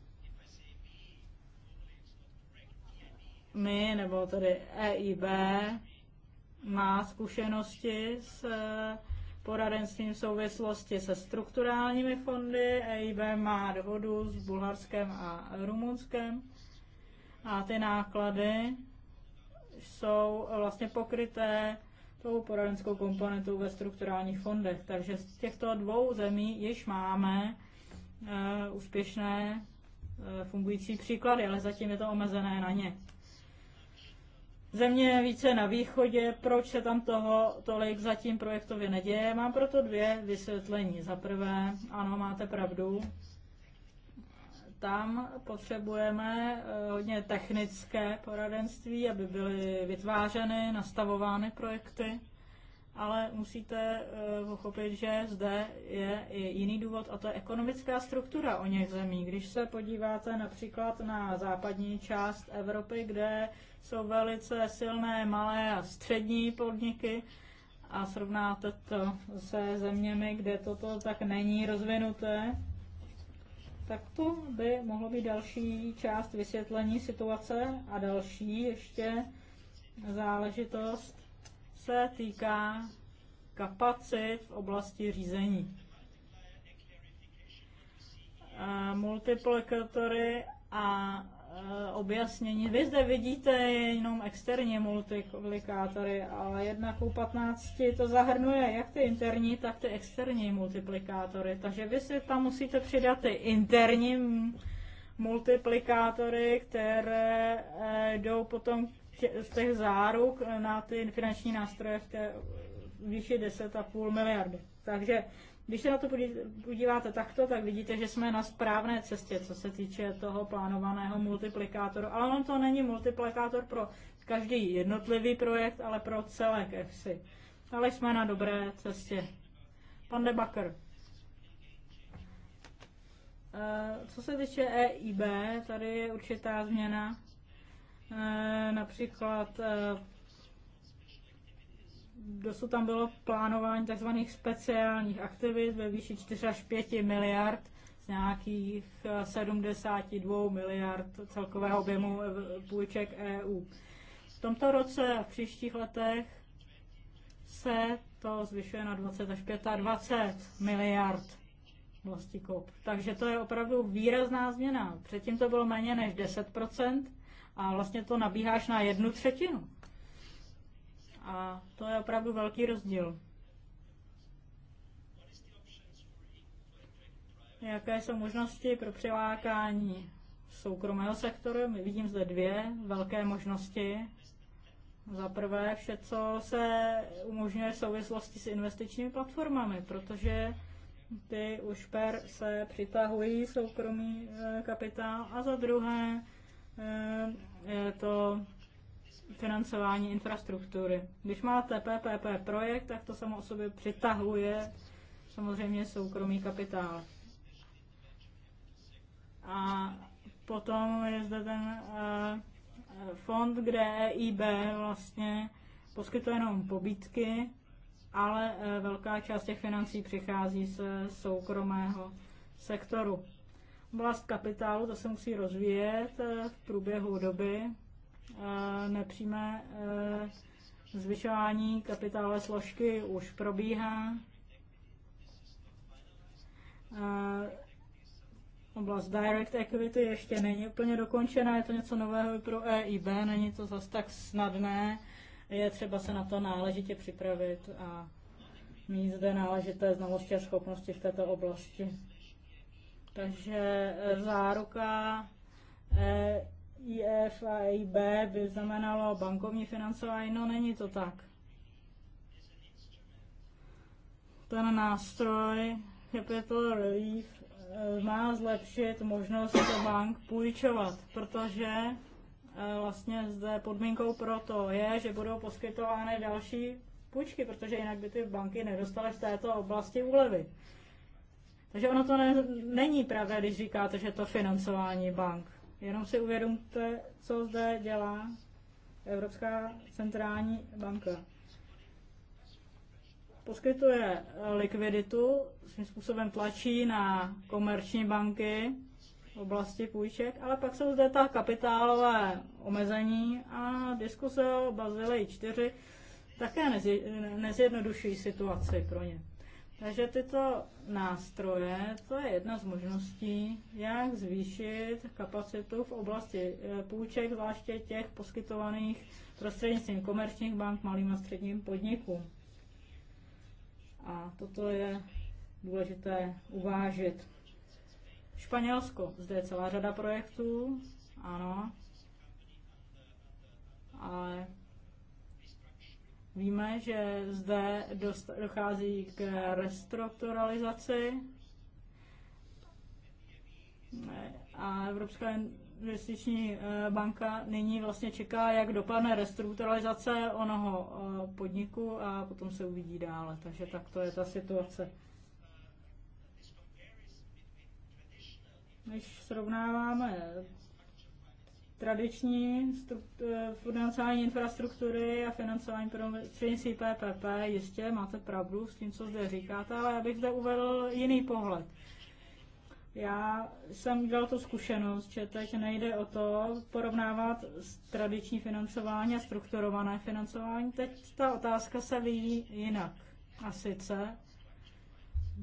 My, nebo tedy EIB, má zkušenosti s eh, poradenstvím v souvislosti se strukturálními fondy. EIB má dohodu s Bulharskem a Rumunskem a ty náklady jsou vlastně pokryté tou poradenskou komponentou ve strukturálních fondech. Takže z těchto dvou zemí již máme e, úspěšné e, fungující příklady, ale zatím je to omezené na ně země více na východě, proč se tam toho tolik zatím projektově neděje. Mám proto dvě vysvětlení. Za prvé, ano, máte pravdu, tam potřebujeme eh, hodně technické poradenství, aby byly vytvářeny, nastavovány projekty ale musíte eh, pochopit, že zde je i jiný důvod a to je ekonomická struktura o něch zemí. Když se podíváte například na západní část Evropy, kde jsou velice silné malé a střední podniky a srovnáte to se zeměmi, kde toto tak není rozvinuté, tak to by mohlo být další část vysvětlení situace a další ještě záležitost se týká kapacit v oblasti řízení. Eh, Multiplikatory a eh, objasnění. Vy zde vidíte jenom externí multiplikátory, ale 1 k 15 to zahrnuje jak ty interní, tak ty externí multiplikátory. Takže vy si tam musíte přidat ty interní multiplikátory, které eh, jdou potom z těch záruk na ty finanční nástroje v té výši 10,5 miliardy. Takže když se na to podíváte takto, tak vidíte, že jsme na správné cestě, co se týče toho plánovaného multiplikátoru. Ale on to není multiplikátor pro každý jednotlivý projekt, ale pro celé EFSI. Ale jsme na dobré cestě. Pan Debakr. Eh, co se týče EIB, tady je určitá změna. Eh, například eh, dosud tam bylo plánování tzv. speciálních aktivit ve výši 4 až 5 miliard z nějakých 72 eh, miliard celkového objemu půjček EU. V tomto roce a v příštích letech se to zvyšuje na 20 až 25 miliard vlastní Takže to je opravdu výrazná změna. Předtím to bylo méně než 10 a vlastně to nabíháš na jednu třetinu. A to je opravdu velký rozdíl. Jaké jsou možnosti pro přilákání soukromého sektoru? My vidím zde dvě velké možnosti. Za prvé vše, co se umožňuje v souvislosti s investičními platformami, protože ty už per se přitahují soukromý eh, kapitál. A za druhé eh, je to financování infrastruktury. Když máte PPP projekt, tak to samo o sobě přitahuje samozřejmě soukromý kapitál. A potom je zde ten uh, fond, kde EIB vlastně poskytuje jenom pobítky, ale uh, velká část těch financí přichází ze soukromého sektoru. Oblast kapitálu, to se musí rozvíjet eh, v průběhu doby. Eh, nepřímé eh, zvyšování kapitálové složky už probíhá. Oblast direct equity ještě není úplně dokončena, je to něco nového pro EIB, není to zas tak snadné. Je třeba se na to náležitě připravit a mít zde náležité znalosti a schopnosti v této oblasti. Takže eh, záruka eh, IF a IB by znamenalo bankovní financování, no není to tak. Ten nástroj Capital Relief eh, má zlepšit možnost bank půjčovat, protože vlastně zde podmínkou pro to je, že budou poskytovány další půjčky, protože jinak by ty banky nedostaly v této oblasti úlevy. Takže ono to ne, není pravda, když říkáte, že to financování bank. Jenom si uvědomte, co zde dělá Evropská centrální banka. Poskytuje likviditu, svým způsobem tlačí na komerční banky v oblasti půjček, ale pak jsou zde ta kapitálové omezení a diskuse o Bazileji 4 také nezjednodušují situaci pro ně. Takže tyto nástroje, to je jedna z možností, jak zvýšit kapacitu v oblasti eh, půjček, zvláště těch poskytovaných prostřednictvím komerčních bank malým a středním podnikům. A toto je důležité uvážit. Španělsko, zde je celá řada projektů, ano, ale Víme, že zde dochází k restrukturalizaci a Evropská investiční eh, banka nyní vlastně čeká, jak dopadne restrukturalizace onoho eh, podniku a potom se uvidí dále. Takže tak to je ta situace. Když srovnáváme Tradiční eh, financování infrastruktury a financování prostřednictví PPP, jistě máte pravdu s tím, co zde říkáte, ale já bych zde uvedl jiný pohled. Já jsem dělal tu zkušenost, že teď nejde o to porovnávat tradiční financování a strukturované financování. Teď ta otázka se vyjí jinak. A sice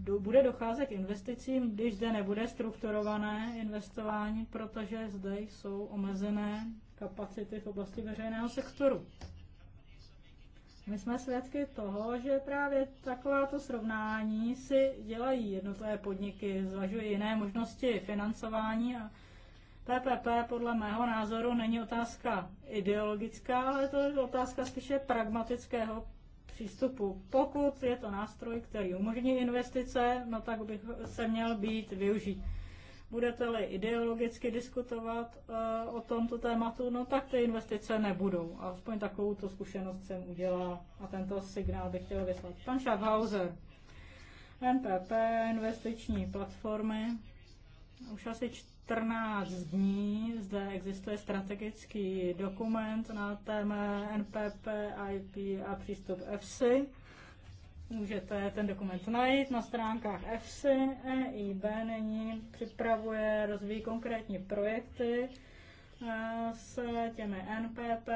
do, bude docházet k investicím, když zde nebude strukturované investování, protože zde jsou omezené kapacity v oblasti veřejného sektoru. My jsme svědky toho, že právě takováto srovnání si dělají jednotlivé podniky, zvažují jiné možnosti financování a PPP podle mého názoru není otázka ideologická, ale to je otázka spíše pragmatického přístupu. Pokud je to nástroj, který umožní investice, no tak bych se měl být využít. Budete-li ideologicky diskutovat e, o tomto tématu, no tak ty investice nebudou. A aspoň takovou to zkušenost jsem udělal a tento signál bych chtěl vyslat. Pan Schaffhauser, NPP, investiční platformy, už asi 14 dní zde existuje strategický dokument na téma NPP, IP a přístup EFSI. Můžete ten dokument najít na stránkách EFSI. EIB není, připravuje, rozvíjí konkrétní projekty e, s těmi NPP.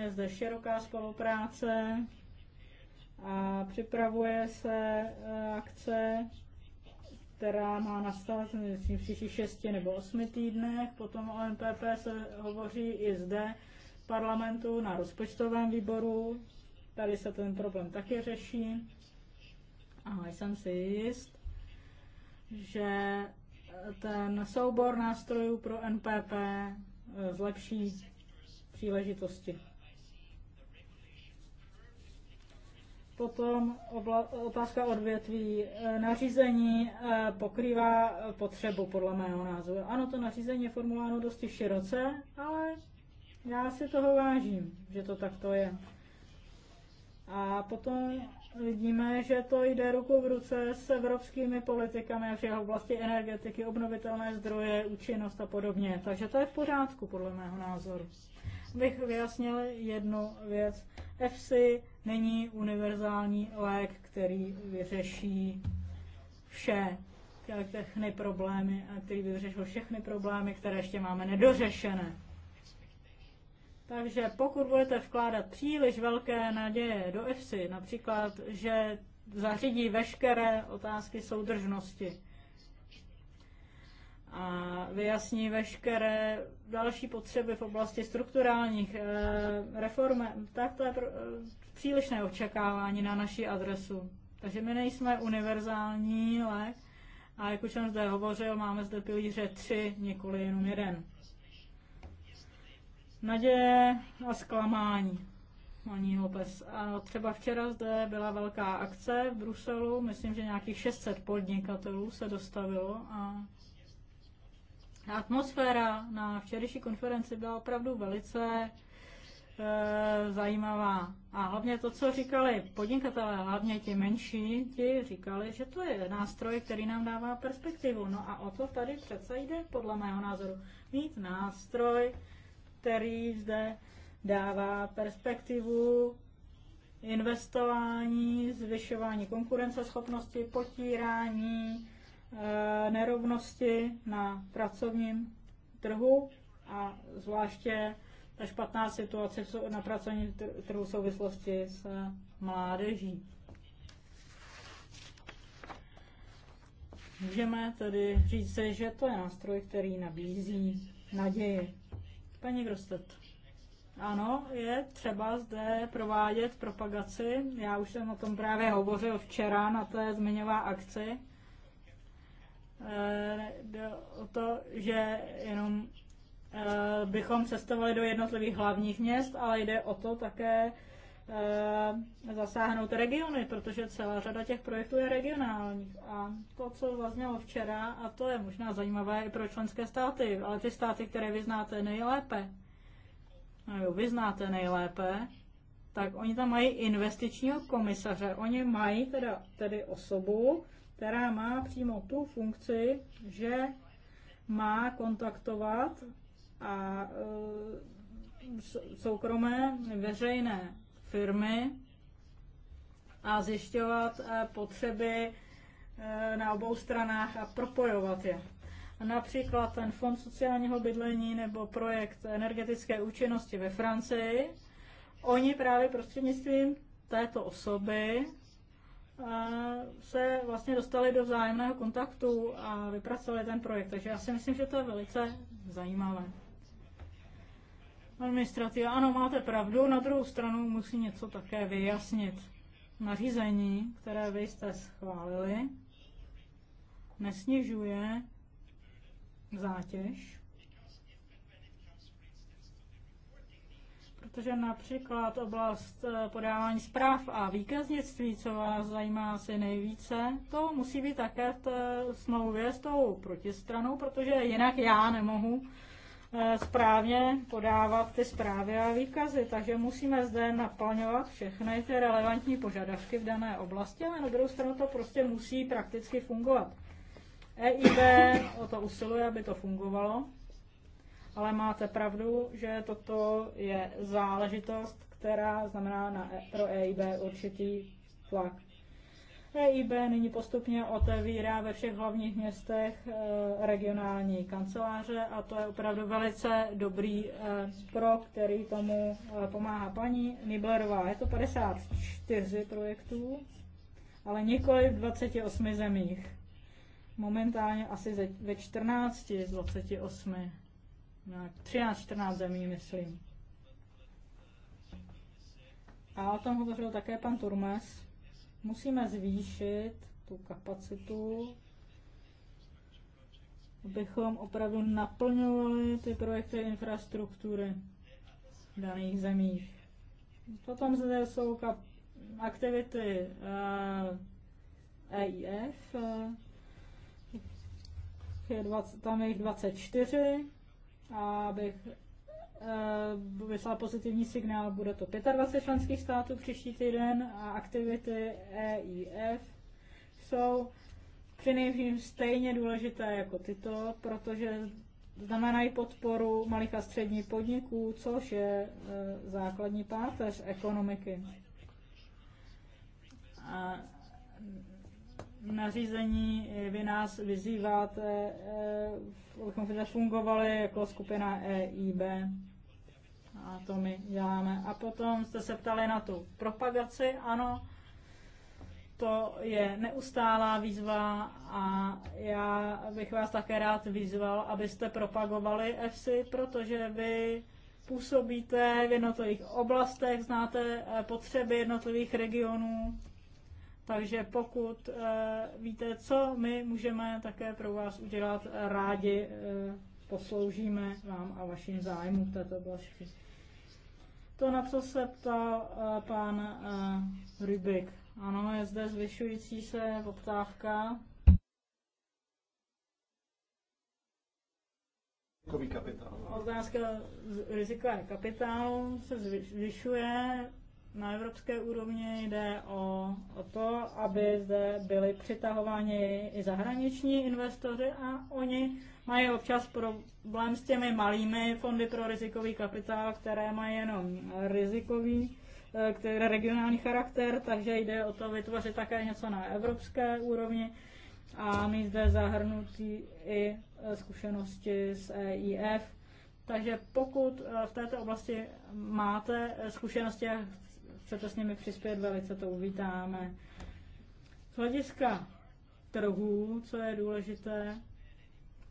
Je zde široká spolupráce a připravuje se e, akce která má nastat myslím, v příštích nebo osmi týdnech. Potom o MPP se hovoří i zde v parlamentu na rozpočtovém výboru. Tady se ten problém taky řeší. A jsem si jist, že ten soubor nástrojů pro NPP zlepší příležitosti. Potom otázka odvětví. E, nařízení e, pokrývá potřebu, podle mého názoru. Ano, to nařízení je formuláno dosti široce, ale já si toho vážím, že to takto je. A potom vidíme, že to jde ruku v ruce s evropskými politikami v jeho oblasti energetiky, obnovitelné zdroje, účinnost a podobně. Takže to je v pořádku, podle mého názoru. Bych vyjasnil jednu věc. EFSI není univerzální lék, který vyřeší vše všechny problémy, a který by vyřešil všechny problémy, které ještě máme nedořešené. Takže pokud budete vkládat příliš velké naděje do EFSI, například, že zařídí veškeré otázky soudržnosti a vyjasní veškeré další potřeby v oblasti strukturálních eh, reform, tak to je přílišné očekávání na naši adresu. Takže my nejsme univerzální lék a jak už jsem zde hovořil, máme zde pilíře tři, nikoli jenom jeden. Naděje a zklamání. Ani pes. Ano, třeba včera zde byla velká akce v Bruselu, myslím, že nějakých 600 podnikatelů se dostavilo a atmosféra na včerejší konferenci byla opravdu velice Eh, zajímavá. A hlavně to, co říkali podnikatelé, hlavně ti menší, ti říkali, že to je nástroj, který nám dává perspektivu. No a o to tady přece jde, podle mého názoru. Mít nástroj, který zde dává perspektivu investování, zvyšování konkurenceschopnosti, potírání e, nerovnosti na pracovním trhu a zvláště špatná situace na pracovním trhu v souvislosti s eh, mládeží. Můžeme tedy říct, že to je nástroj, který nabízí naději. Paní Grostet. Ano, je třeba zde provádět propagaci. Já už jsem o tom právě hovořil včera na té zmiňová akci. E, o to, že jenom Eh, bychom cestovali do jednotlivých hlavních měst, ale jde o to také eh, zasáhnout regiony, protože celá řada těch projektů je regionálních. A to, co zaznělo včera, a to je možná zajímavé i pro členské státy, ale ty státy, které vy znáte nejlépe, nebo vy znáte nejlépe, tak oni tam mají investičního komisaře. Oni mají teda, tedy osobu, která má přímo tu funkci, že má kontaktovat a e, soukromé veřejné firmy a zjišťovat e, potřeby e, na obou stranách a propojovat je. Například ten fond sociálního bydlení nebo projekt energetické účinnosti ve Francii. Oni právě prostřednictvím této osoby se vlastně dostali do vzájemného kontaktu a vypracovali ten projekt. Takže já si myslím, že to je velice zajímavé administrativa. Ano, máte pravdu, na druhou stranu musí něco také vyjasnit. Nařízení, které vy jste schválili, nesnižuje zátěž, protože například oblast eh, podávání zpráv a výkaznictví, co vás zajímá asi nejvíce, to musí být také v té smlouvě s tou protistranou, protože jinak já nemohu Eh, správně podávat ty zprávy a výkazy, takže musíme zde naplňovat všechny ty relevantní požadavky v dané oblasti, ale na druhou stranu to prostě musí prakticky fungovat. EIB o to usiluje, aby to fungovalo, ale máte pravdu, že toto je záležitost, která znamená na, e- pro EIB určitý tlak. EIB nyní postupně otevírá ve všech hlavních městech e, regionální kanceláře a to je opravdu velice dobrý e, krok, který tomu e, pomáhá paní Niblerová. Je to 54 projektů, ale nikoli v 28 zemích. Momentálně asi ve 14 z 28. 13-14 no, zemí, myslím. A o tom hovořil také pan Turmes. Musíme zvýšit tu kapacitu, abychom opravdu naplňovali ty projekty infrastruktury v daných zemích. Potom zde jsou aktivity EIF, eh, e eh, tam je jich 24, a abych Eh, vyslal pozitivní signál, bude to 25 členských států příští týden a aktivity EIF jsou přinejmenším stejně důležité jako tyto, protože znamenají podporu malých a středních podniků, což je eh, základní páteř ekonomiky. A nařízení vy nás vyzýváte, eh, abychom fungovali jako skupina EIB a to my děláme. A potom jste se ptali na tu propagaci, ano, to je neustálá výzva a já bych vás také rád vyzval, abyste propagovali EFSI, protože vy působíte v jednotlivých oblastech, znáte eh, potřeby jednotlivých regionů, takže pokud eh, víte, co my můžeme také pro vás udělat, eh, rádi posloužíme vám a vašim zájmu v této oblasti to, na co se ptal uh, eh, pán uh, eh, Rybik. Ano, je zde zvyšující se poptávka. Rizikový kapitál. Otázka rizika kapitálu se zvyšuje. Na evropské úrovni jde o, o to, aby zde byly přitahováni i zahraniční investoři a oni mají občas problém s těmi malými fondy pro rizikový kapitál, které mají jenom rizikový eh, který regionální charakter, takže jde o to vytvořit také něco na evropské úrovni a mít zde zahrnutí i eh, zkušenosti z EIF. Takže pokud eh, v této oblasti máte zkušenosti a chcete s nimi přispět, velice to uvítáme. Z hlediska trhů, co je důležité,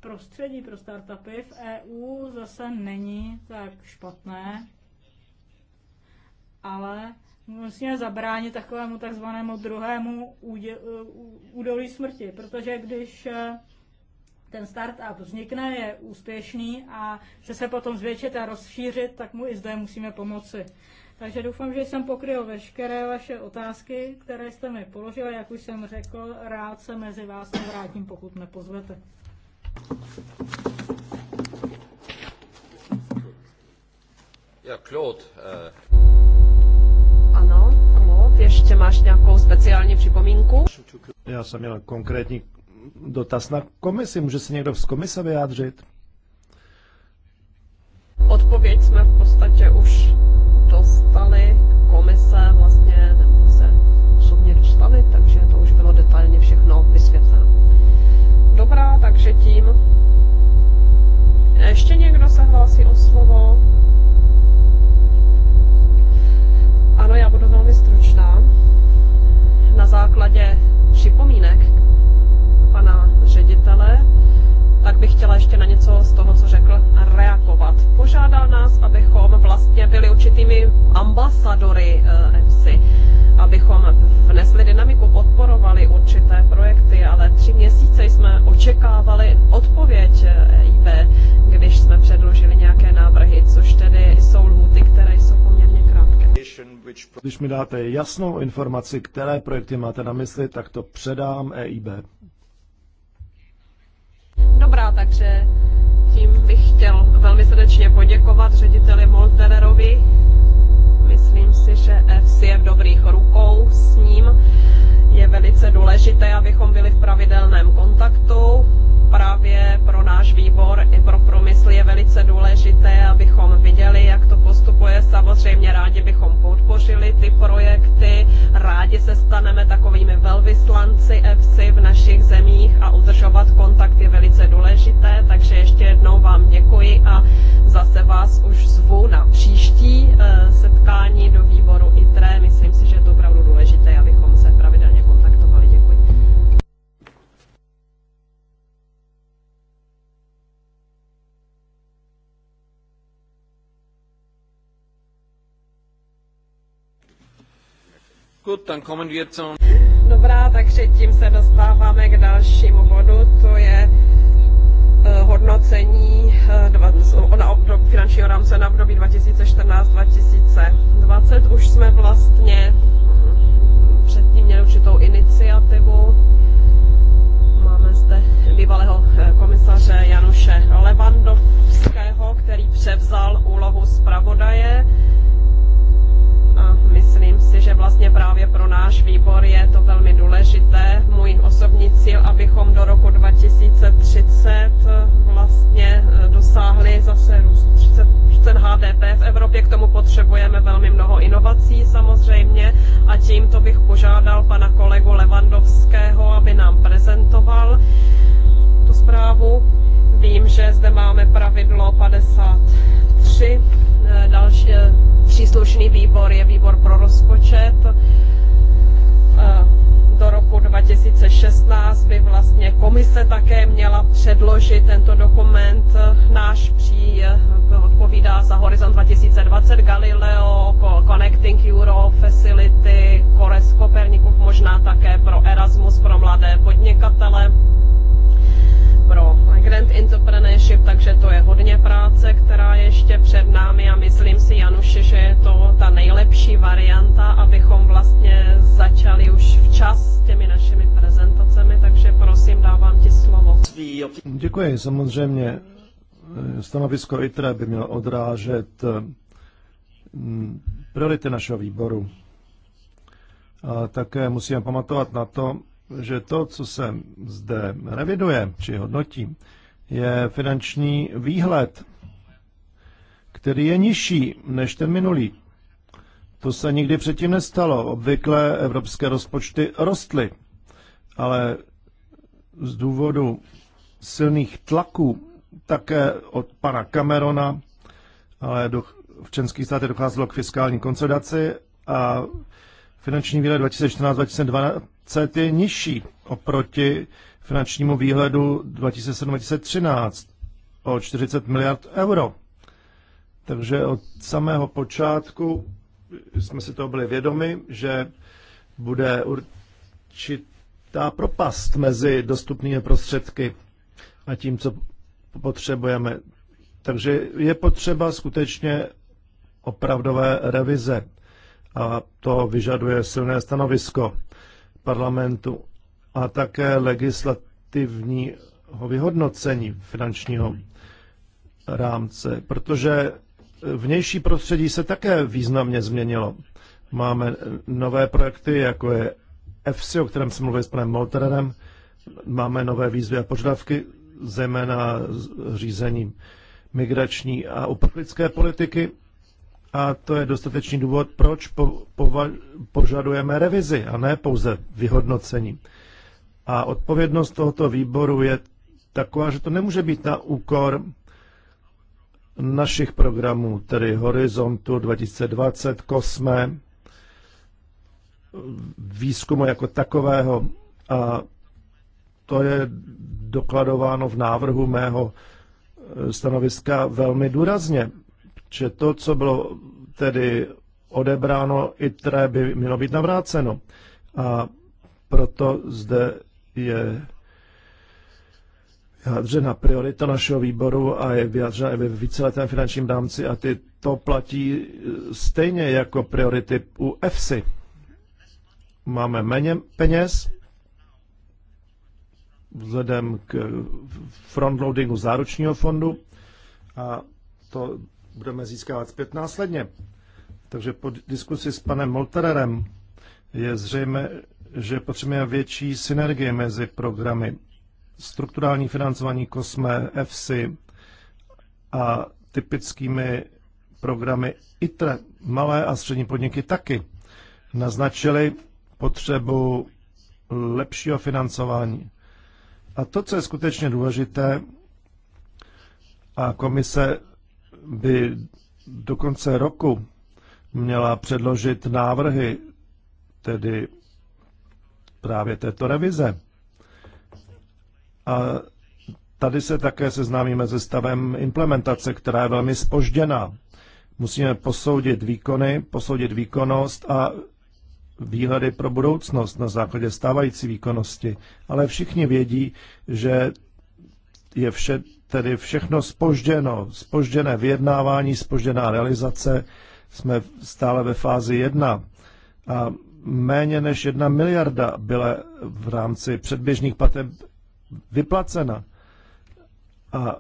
prostředí pro startupy v EU zase není tak špatné, ale musíme zabránit takovému takzvanému druhému údolí smrti, protože když eh, ten startup vznikne, je úspěšný a chce se potom zvětšit a rozšířit, tak mu i zde musíme pomoci. Takže doufám, že jsem pokryl veškeré vaše otázky, které jste mi položili. Jak už jsem řekl, rád se mezi vás vrátím, pokud nepozvete. Ja, Claude, uh... Ano, Claude, ještě máš nějakou speciální připomínku? Já jsem měl konkrétní dotaz na komisi. Může se někdo z komise vyjádřit? Odpověď jsme v podstatě základě připomínek pana ředitele, tak bych chtěla ještě na něco z toho, co řekl, reagovat. Požádal nás, abychom vlastně byli určitými ambasadory EFSI, eh, abychom vnesli dynamiku, podporovali určité projekty, ale tři měsíce jsme očekávali odpověď EIB, eh, když jsme předložili nějaké návrhy, což tedy jsou lhuty, které jsou poměrně když mi dáte jasnou informaci, které projekty máte na mysli, tak to předám EIB. Dobrá, takže tím bych chtěl velmi srdečně poděkovat řediteli Moltererovi. Myslím si, že FC je v dobrých rukou s ním. Je velice důležité, abychom byli v pravidelném kontaktu právě pro náš výbor i pro průmysl je velice důležité, abychom viděli, jak to postupuje. Samozřejmě rádi bychom podpořili ty projekty, rádi se staneme takovými velvyslanci EFSI v našich zemích a udržovat kontakt je velice důležité, takže ještě jednou vám děkuji a zase vás už zvu na příští eh, setkání do výboru ITRE. Myslím si, že to Gut, dann kommen wir Dobrá, takže tím se dostáváme k dalšímu bodu, to je eh, hodnocení eh, na obdob, finančního rámce na období 2014-2020. Už jsme vlastně předtím měli určitou iniciativu. Máme zde bývalého eh, komisaře Januše Levandovského, který převzal úlohu zpravodaje Myslím si, že vlastně právě pro náš výbor je to velmi důležité. Můj osobní cíl, abychom do roku 2030 eh, vlastně eh, dosáhli zase růst 30 HDP v Evropě. K tomu potřebujeme velmi mnoho inovací samozřejmě a tímto bych požádal pana kolegu Levandovského, aby nám prezentoval tu zprávu. Vím, že zde máme pravidlo 53 eh, další příslušný výbor je výbor pro rozpočet. Eh, do roku 2016 by vlastně komise také měla předložit tento dokument. Náš pří eh, odpovídá za Horizon 2020, Galileo, Connecting Euro, Facility, Kores Kopernikov, možná také pro Erasmus, pro mladé podnikatele pro Grand Entrepreneurship, takže to je hodně práce, která je ještě před námi a myslím si, Januši, že je to ta nejlepší varianta, abychom vlastně začali už včas s těmi našimi prezentacemi, takže prosím, dávám ti slovo. Děkuji, samozřejmě eh, stanovisko ITRE by mělo odrážet eh, priority našeho výboru. A také musíme pamatovat na to, že to, co se zde reviduje či hodnotí, je finanční výhled, který je nižší než ten minulý. To se nikdy předtím nestalo. Obvykle evropské rozpočty rostly, ale z důvodu silných tlaků také od pana Camerona, ale do, v českých státech docházelo k fiskální konsolidaci a finanční výhled 2014-2020 je nižší oproti finančnímu výhledu 2007-2013 o 40 miliard euro. Takže od samého počátku jsme si toho byli vědomi, že bude určitá propast mezi dostupnými prostředky a tím, co potřebujeme. Takže je potřeba skutečně opravdové revize a to vyžaduje silné stanovisko parlamentu a také legislativního vyhodnocení finančního rámce, protože vnější prostředí se také významně změnilo. Máme nové projekty, jako je EFSI, o kterém jsem mluvil s panem Molterem, máme nové výzvy a požadavky, zejména řízení migrační a uprchlické politiky a to je dostatečný důvod, proč po, pova, požadujeme revizi a ne pouze vyhodnocení. A odpovědnost tohoto výboru je taková, že to nemůže být na úkor našich programů, tedy Horizontu 2020, Kosme, výzkumu jako takového. A to je dokladováno v návrhu mého stanoviska velmi důrazně že to, co bylo tedy odebráno, i které by mělo být navráceno. A proto zde je vyjádřena priorita našeho výboru a je vyjádřena i ve víceletém finančním rámci a ty to platí stejně jako priority u EFSI. Máme méně peněz, vzhledem k frontloadingu záručního fondu a to budeme získávat zpět následně. Takže po diskusi s panem Molterem je zřejmé, že potřebujeme větší synergie mezi programy strukturální financování COSME, EFSI a typickými programy ITRE, malé a střední podniky taky, naznačili potřebu lepšího financování. A to, co je skutečně důležité, a komise by do konce roku měla předložit návrhy, tedy právě této revize. A tady se také seznámíme se stavem implementace, která je velmi spožděná. Musíme posoudit výkony, posoudit výkonnost a výhledy pro budoucnost na základě stávající výkonnosti. Ale všichni vědí, že je vše tedy všechno spožděno, spožděné vyjednávání, spožděná realizace, jsme stále ve fázi jedna a méně než jedna miliarda byla v rámci předběžných plateb vyplacena. A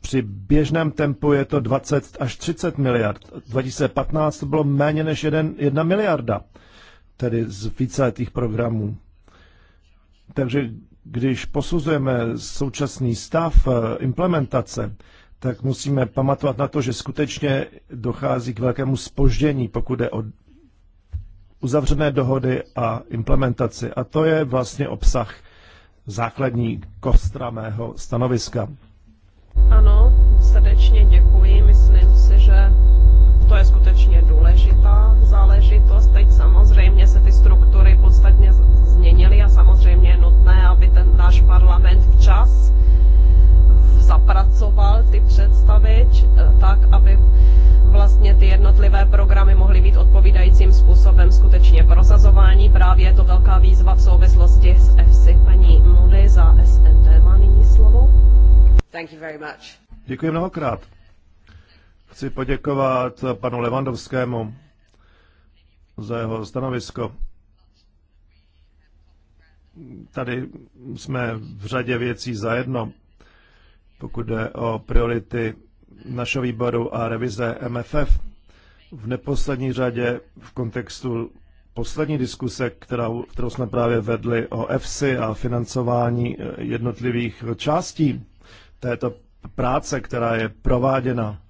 při běžném tempu je to 20 až 30 miliard. 2015 to bylo méně než 1, 1 miliarda, tedy z víceletých programů. Takže když posuzujeme současný stav eh, implementace, tak musíme pamatovat na to, že skutečně dochází k velkému spoždění, pokud je o uzavřené dohody a implementaci. A to je vlastně obsah základní kostra mého stanoviska. Ano, právě je to velká výzva v souvislosti s EFSI. Paní Moody za SND má nyní slovo. Thank you very much. Děkuji mnohokrát. Chci poděkovat panu Levandovskému za jeho stanovisko. Tady jsme v řadě věcí zajedno, pokud jde o priority našeho výboru a revize MFF. V neposlední řadě v kontextu poslední diskuse, kterou, kterou jsme právě vedli o EFSI a financování eh, jednotlivých částí této práce, která je prováděna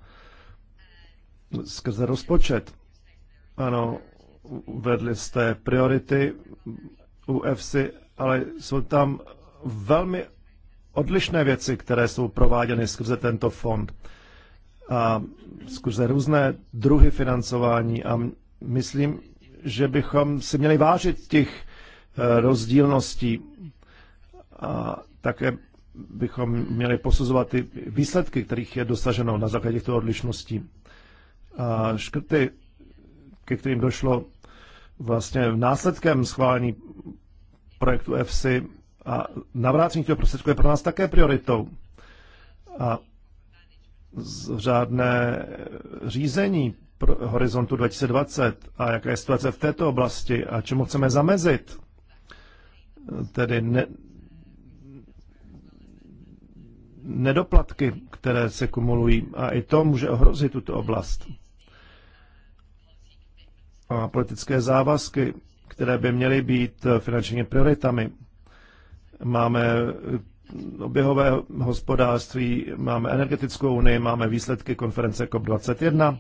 skrze rozpočet. Ano, vedli jste priority u EFSI, ale jsou tam velmi odlišné věci, které jsou prováděny skrze tento fond a skrze různé druhy financování a myslím, že bychom si měli vážit těch eh, rozdílností a také bychom měli posuzovat ty výsledky, kterých je dosaženo na základě těchto odlišností. A škrty, ke kterým došlo vlastně v následkem schválení projektu EFSI a navrácení těchto prostředků je pro nás také prioritou. A řádné řízení horizontu 2020 a jaká je situace v této oblasti a čemu chceme zamezit. Tedy ne, nedoplatky, které se kumulují a i to může ohrozit tuto oblast. A politické závazky, které by měly být finančními prioritami. Máme oběhové hospodářství, máme energetickou unii, máme výsledky konference COP21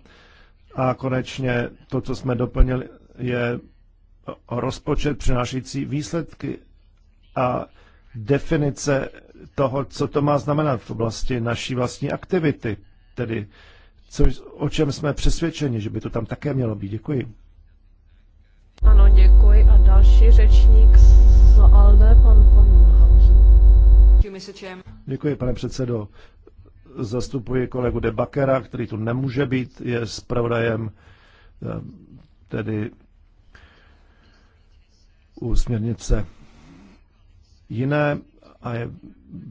a konečně to, co jsme doplnili, je rozpočet přinášející výsledky a definice toho, co to má znamenat v oblasti naší vlastní aktivity, tedy co, o čem jsme přesvědčeni, že by to tam také mělo být. Děkuji. Ano, děkuji. A další řečník z ALDE, pan von Děkuji, pane předsedo zastupuji kolegu De Bakera, který tu nemůže být, je zpravodajem eh, tedy u směrnice jiné a je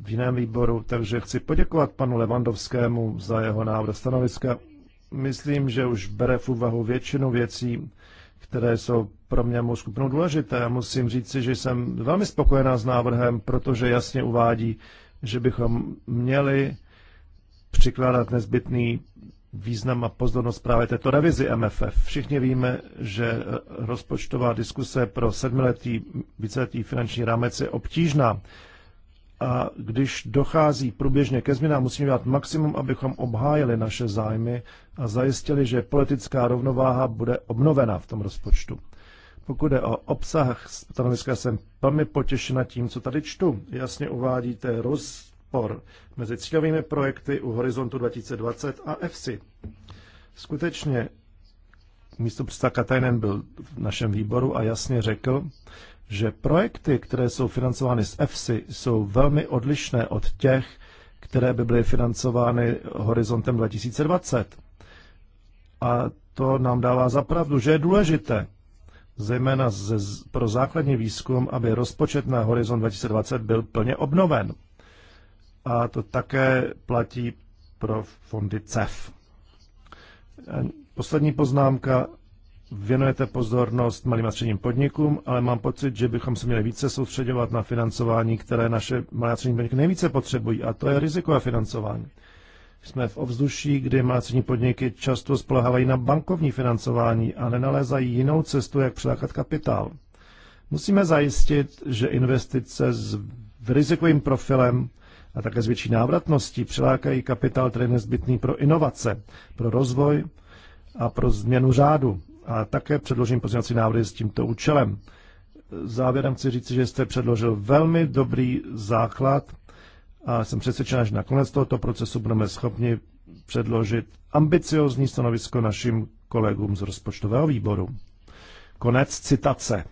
v jiném výboru, takže chci poděkovat panu Levandovskému za jeho návrh stanoviska. Myslím, že už bere v úvahu většinu věcí, které jsou pro mě mou skupinu důležité. Musím říci, že jsem velmi spokojená s návrhem, protože jasně uvádí, že bychom měli přikládat nezbytný význam a pozornost právě této revizi MFF. Všichni víme, že rozpočtová diskuse pro sedmiletý, víceletý finanční rámec je obtížná. A když dochází průběžně ke změnám, musíme dělat maximum, abychom obhájili naše zájmy a zajistili, že politická rovnováha bude obnovena v tom rozpočtu. Pokud je o obsah stanoviska, jsem velmi potěšena tím, co tady čtu. Jasně uvádíte roz, odpor mezi cílovými projekty u Horizontu 2020 a EFSI. Skutečně místo předseda Katajnen byl v našem výboru a jasně řekl, že projekty, které jsou financovány z EFSI, jsou velmi odlišné od těch, které by byly financovány horizontem 2020. A to nám dává zapravdu, že je důležité, zejména ze, pro základní výzkum, aby rozpočet na horizont 2020 byl plně obnoven a to také platí pro fondy CEF. Poslední poznámka. Věnujete pozornost malým a středním podnikům, ale mám pocit, že bychom se měli více soustředovat na financování, které naše malé a střední podniky nejvíce potřebují, a to je rizikové financování. Jsme v ovzduší, kdy malé a střední podniky často spolehávají na bankovní financování a nenalézají jinou cestu, jak přilákat kapitál. Musíme zajistit, že investice s rizikovým profilem a také s větší návratností přilákají kapitál, který je nezbytný pro inovace, pro rozvoj a pro změnu řádu. A také předložím pozměňovací návrhy s tímto účelem. Závěrem chci říct, že jste předložil velmi dobrý základ a jsem přesvědčen, že nakonec tohoto procesu budeme schopni předložit ambiciozní stanovisko našim kolegům z rozpočtového výboru. Konec citace.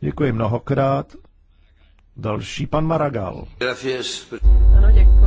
Děkuji mnohokrát Další pan Maragal. Gracias. Ano, děkuji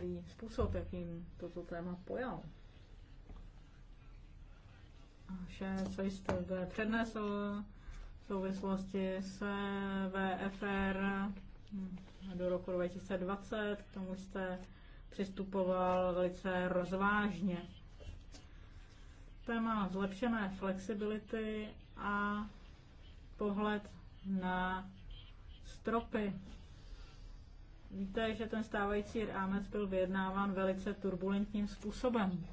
dobrý způsob, jakým toto téma pojal. A vše, co jste zde přednesl v souvislosti s VFR do roku 2020, k tomu jste přistupoval velice rozvážně. Téma zlepšené flexibility a pohled na stropy Víte, že ten stávající rámec byl vyjednáván velice turbulentním způsobem.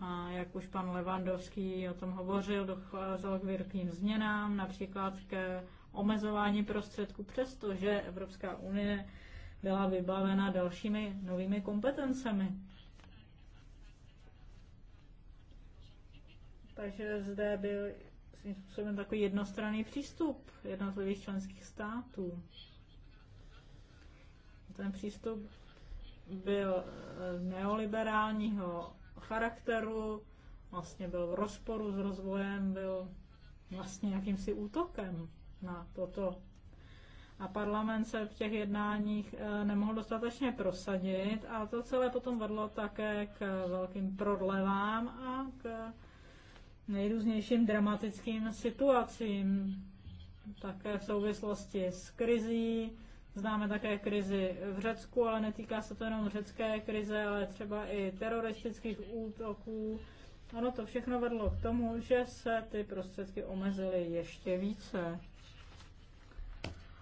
A jak už pan Levandovský o tom hovořil, docházelo k velkým změnám, například ke omezování prostředků, přestože Evropská unie byla vybavena dalšími novými kompetencemi. Takže zde byl svým způsobem takový jednostranný přístup jednotlivých členských států ten přístup byl eh, neoliberálního charakteru, vlastně byl v rozporu s rozvojem, byl vlastně jakýmsi útokem na toto. A parlament se v těch jednáních eh, nemohl dostatečně prosadit a to celé potom vedlo také k velkým prodlevám a k nejrůznějším dramatickým situacím, také v souvislosti s krizí, Známe také krizi v Řecku, ale netýká se to jenom řecké krize, ale třeba i teroristických útoků. Ono to všechno vedlo k tomu, že se ty prostředky omezily ještě více.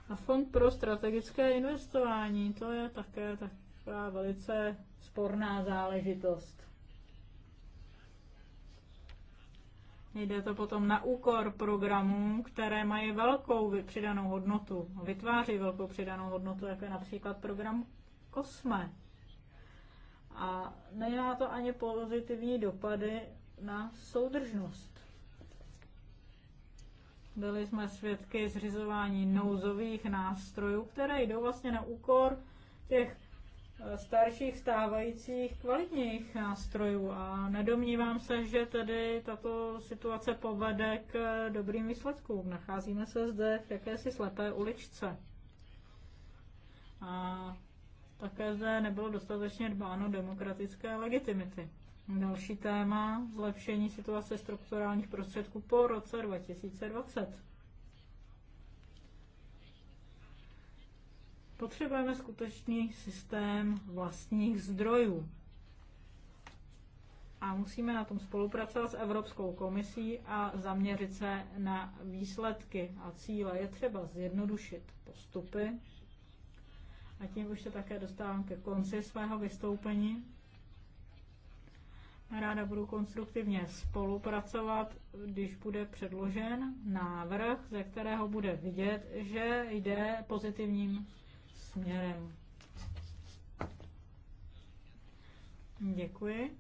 A Fond pro strategické investování, to je také taková velice sporná záležitost. Jde to potom na úkor programů, které mají velkou přidanou hodnotu, vytváří velkou přidanou hodnotu, jako je například program Kosme. A nemá to ani pozitivní dopady na soudržnost. Byli jsme svědky zřizování nouzových nástrojů, které jdou vlastně na úkor těch starších stávajících kvalitních nástrojů a nedomnívám se, že tedy tato situace povede k eh, dobrým výsledkům. Nacházíme se zde v jakési slepé uličce. A také zde nebylo dostatečně dbáno demokratické legitimity. Další téma zlepšení situace strukturálních prostředků po roce 2020. Potřebujeme skutečný systém vlastních zdrojů. A musíme na tom spolupracovat s Evropskou komisí a zaměřit se na výsledky a cíle. Je třeba zjednodušit postupy. A tím už se také dostávám ke konci svého vystoupení. Ráda budu konstruktivně spolupracovat, když bude předložen návrh, ze kterého bude vidět, že jde pozitivním směrem. Děkuji.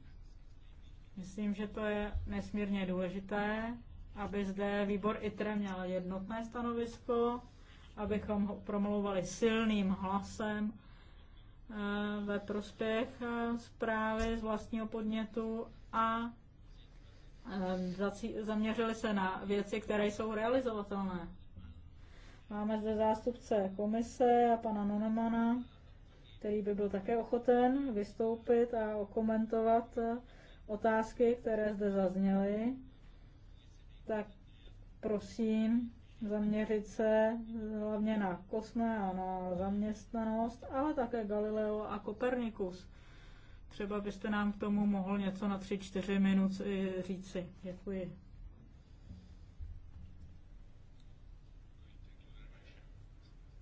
Myslím, že to je nesmírně důležité, aby zde výbor ITRE měl jednotné stanovisko, abychom ho promluvali silným hlasem eh, ve prospěch eh, zprávy z vlastního podnětu a eh, zaměřili se na věci, které jsou realizovatelné. Máme zde zástupce komise a pana Nonemana, který by byl také ochoten vystoupit a okomentovat eh, otázky, které zde zazněly. Tak prosím, zaměřit se eh, hlavně na kosmé a na zaměstnanost, ale také Galileo a Kopernikus. Třeba byste nám k tomu mohl něco na 3-4 minut eh, říci. Děkuji.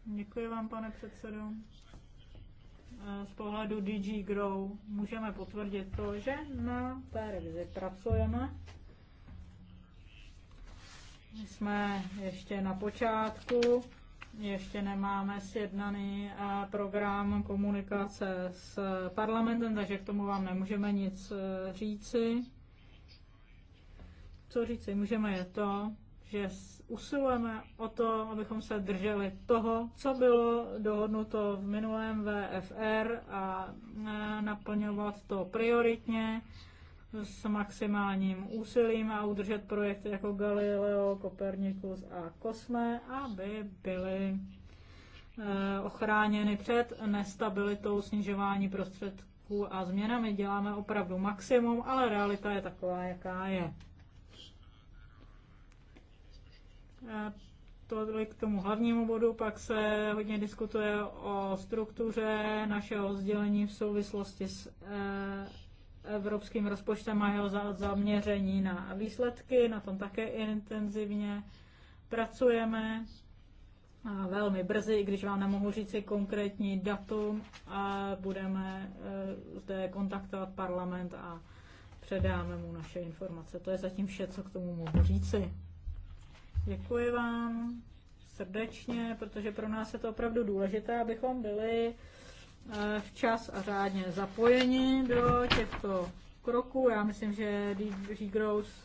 Děkuji vám, pane předsedo. Z pohledu DG Grow můžeme potvrdit to, že na té revizi pracujeme. jsme ještě na počátku, ještě nemáme sjednaný program komunikace s parlamentem, takže k tomu vám nemůžeme nic e, říci. Co říci můžeme je to, že usilujeme o to, abychom se drželi toho, co bylo dohodnuto v minulém VFR a e, naplňovat to prioritně s maximálním úsilím a udržet projekty jako Galileo, Copernicus a Cosme, aby byly e, ochráněny před nestabilitou snižování prostředků a změnami. Děláme opravdu maximum, ale realita je taková, jaká je. Tolik k tomu hlavnímu bodu, pak se hodně diskutuje o struktuře našeho sdělení v souvislosti s eh, evropským rozpočtem a jeho zaměření na výsledky. Na tom také intenzivně pracujeme. A velmi brzy, i když vám nemohu říct konkrétní datum, a budeme eh, zde kontaktovat parlament a předáme mu naše informace. To je zatím vše, co k tomu mohu říci. Děkuji vám srdečně, protože pro nás je to opravdu důležité, abychom byli eh, včas a řádně zapojeni do těchto kroků. Já myslím, že DG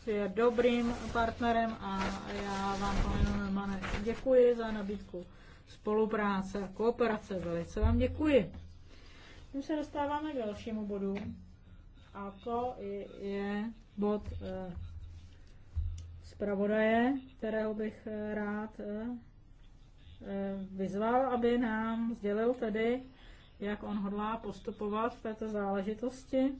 je dobrým partnerem a já vám, pane Mane, děkuji za nabídku spolupráce a kooperace. Velice vám děkuji. Tím se dostáváme k dalšímu bodu a to je bod eh, zpravodaje, kterého bych eh, rád eh, eh, vyzval, aby nám sdělil tedy, jak on hodlá postupovat v této záležitosti.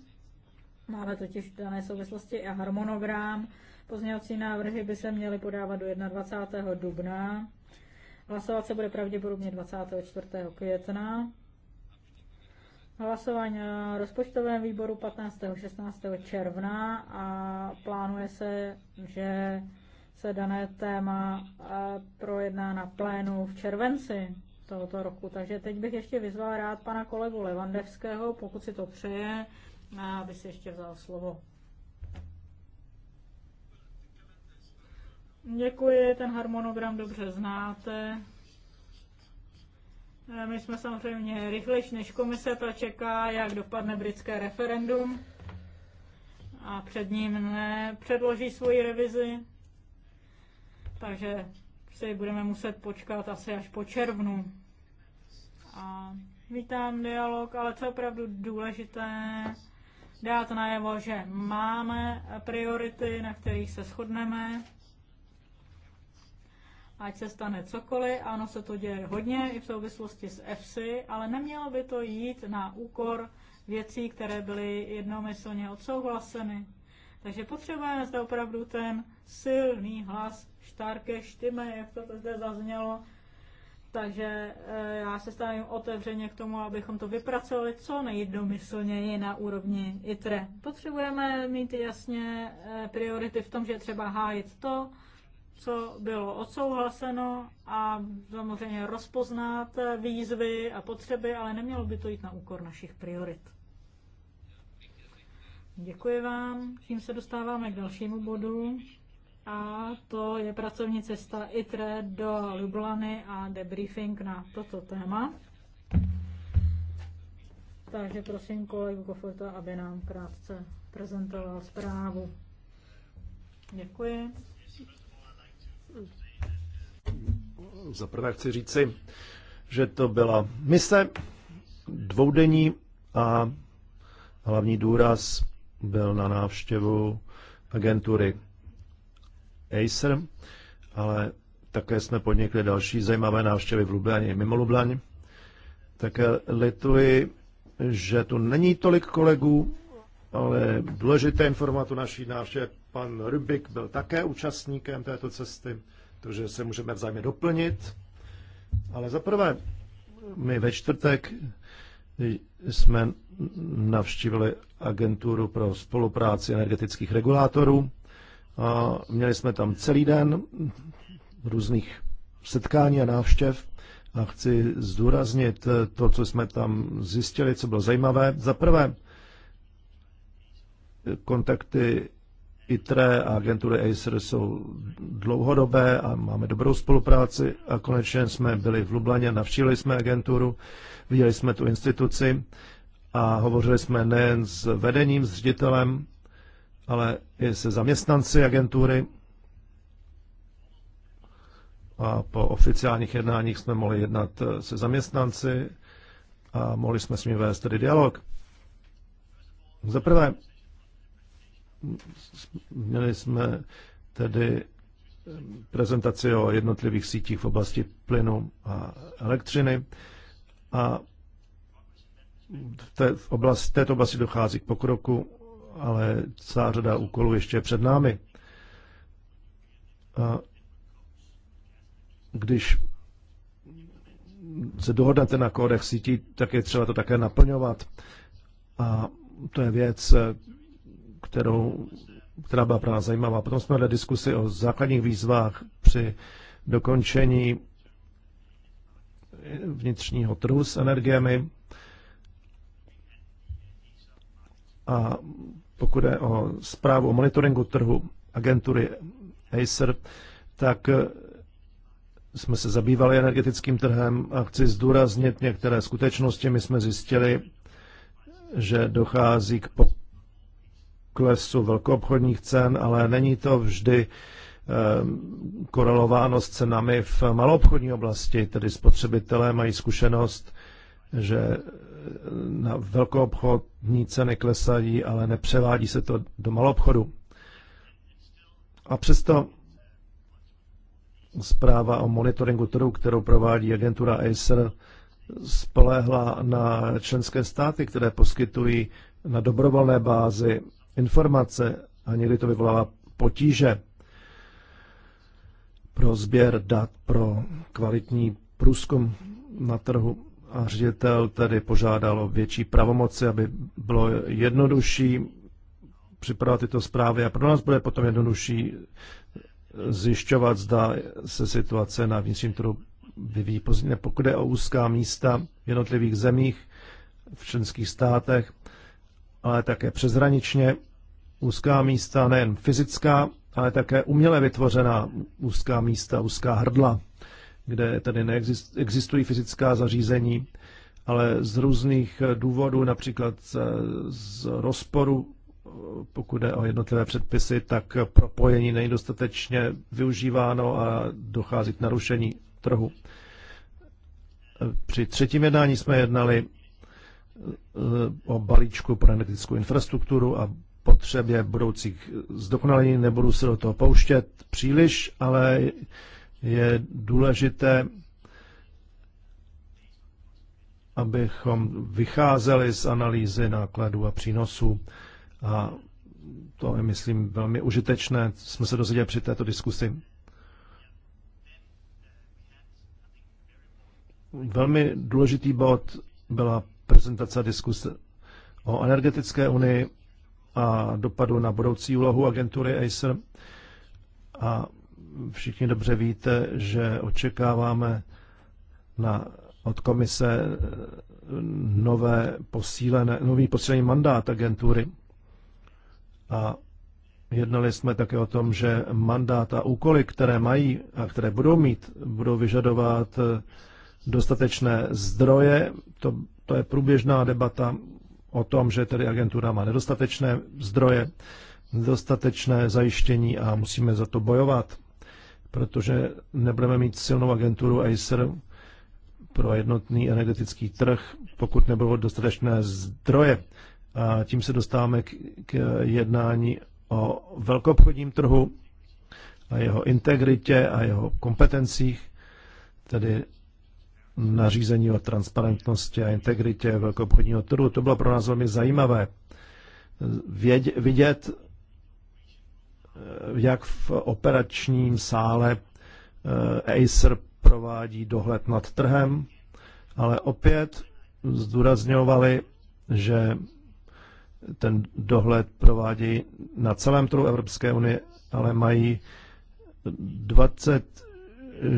Máme totiž v dané souvislosti i harmonogram. Pozměňovací návrhy by se měly podávat do 21. dubna. Hlasovat se bude pravděpodobně 24. května Hlasování na rozpočtovém výboru 15. 16. června a plánuje se, že se dané téma eh, projedná na plénu v červenci tohoto roku. Takže teď bych ještě vyzval rád pana kolegu Levandevského, pokud si to přeje, aby si ještě vzal slovo. Děkuji, ten harmonogram dobře znáte. My jsme samozřejmě rychlejší než komise, ta čeká, jak dopadne britské referendum a před ním nepředloží svoji revizi. Takže si budeme muset počkat asi až po červnu. A vítám dialog, ale co je opravdu důležité, dát najevo, že máme priority, na kterých se shodneme ať se stane cokoliv, ano, se to děje hodně i v souvislosti s EFSI, ale nemělo by to jít na úkor věcí, které byly jednomyslně odsouhlaseny. Takže potřebujeme zde opravdu ten silný hlas štárke štyme, jak to zde zaznělo. Takže eh, já se stavím otevřeně k tomu, abychom to vypracovali co nejjednomyslněji na úrovni ITRE. Potřebujeme mít jasně eh, priority v tom, že třeba hájit to, co bylo odsouhlaseno a samozřejmě rozpoznat výzvy a potřeby, ale nemělo by to jít na úkor našich priorit. Děkuji vám. Tím se dostáváme k dalšímu bodu a to je pracovní cesta ITRE do Lublany a debriefing na toto téma. Takže prosím kolegu Kofota, aby nám krátce prezentoval zprávu. Děkuji. Za prvé chci říci, že to byla mise dvoudenní a hlavní důraz byl na návštěvu agentury Acer, ale také jsme podnikli další zajímavé návštěvy v Lublani i mimo Lublaň. Také lituji, že tu není tolik kolegů, ale důležité informace naší návštěvy. Pan Rybik byl také účastníkem této cesty, takže se můžeme vzájemně doplnit. Ale zaprvé, my ve čtvrtek jsme navštívili agenturu pro spolupráci energetických regulátorů. A měli jsme tam celý den různých setkání a návštěv a chci zdůraznit to, co jsme tam zjistili, co bylo zajímavé. Za prvé, kontakty ITRE a agentury Acer jsou dlouhodobé a máme dobrou spolupráci a konečně jsme byli v Lublaně, navštívili jsme agenturu, viděli jsme tu instituci a hovořili jsme nejen s vedením, s ředitelem, ale i se zaměstnanci agentury. A po oficiálních jednáních jsme mohli jednat se zaměstnanci a mohli jsme s nimi vést tedy dialog. Za prvé, Měli jsme tedy eh, prezentaci o jednotlivých sítích v oblasti plynu a elektřiny a v, té oblasti, této oblasti dochází k pokroku, ale celá řada úkolů ještě je před námi. A když se dohodnete na kódech sítí, tak je třeba to také naplňovat. A to je věc, kterou, která byla pro nás zajímavá. Potom jsme vedli diskusi o základních výzvách při dokončení vnitřního trhu s energiemi. A pokud je o zprávu o monitoringu trhu agentury Acer, tak jsme se zabývali energetickým trhem a chci zdůraznit některé skutečnosti. My jsme zjistili, že dochází k klesu velkoobchodních cen, ale není to vždy eh, korelováno s cenami v maloobchodní oblasti, tedy spotřebitelé mají zkušenost, že eh, na velkoobchodní ceny klesají, ale nepřevádí se to do maloobchodu. A přesto zpráva o monitoringu trhu, kterou provádí agentura Acer, spolehla na členské státy, které poskytují na dobrovolné bázi informace a někdy to vyvolává potíže pro sběr dat, pro kvalitní průzkum na trhu a ředitel tedy požádal o větší pravomoci, aby bylo jednodušší připravovat tyto zprávy a pro nás bude potom jednodušší zjišťovat, zda se situace na vnitřním trhu vyvíjí pozitivně. Pokud je o úzká místa v jednotlivých zemích, v členských státech, ale také přezraničně úzká místa, nejen fyzická, ale také uměle vytvořená úzká místa, úzká hrdla, kde tedy neexistují fyzická zařízení, ale z různých důvodů, například z rozporu, pokud jde o jednotlivé předpisy, tak propojení není dostatečně využíváno a dochází k narušení trhu. Při třetím jednání jsme jednali Eh, o balíčku pro energetickou infrastrukturu a potřebě budoucích zdokonalení. Nebudu se do toho pouštět příliš, ale je důležité, abychom vycházeli z analýzy nákladů a přínosů. A to je, myslím, velmi užitečné. Jsme se dozvěděli při této diskusi. Velmi důležitý bod byla prezentace diskuse o energetické unii a dopadu na budoucí úlohu agentury Acer. A všichni dobře víte, že očekáváme na, od komise eh, nové posílené, nový posílený mandát agentury. A jednali jsme také o tom, že mandát a úkoly, které mají a které budou mít, budou vyžadovat eh, dostatečné zdroje. To, to je průběžná debata o tom, že tedy agentura má nedostatečné zdroje, dostatečné zajištění a musíme za to bojovat, protože nebudeme mít silnou agenturu ACER pro jednotný energetický trh, pokud nebudou dostatečné zdroje. A tím se dostáváme k, k jednání o velkoobchodním trhu a jeho integritě a jeho kompetencích, tedy nařízení o transparentnosti a integritě velkoobchodního trhu. To bylo pro nás velmi zajímavé věd, vidět, eh, jak v operačním sále eh, Acer provádí dohled nad trhem, ale opět zdůrazňovali, že ten dohled provádí na celém trhu Evropské unie, ale mají 20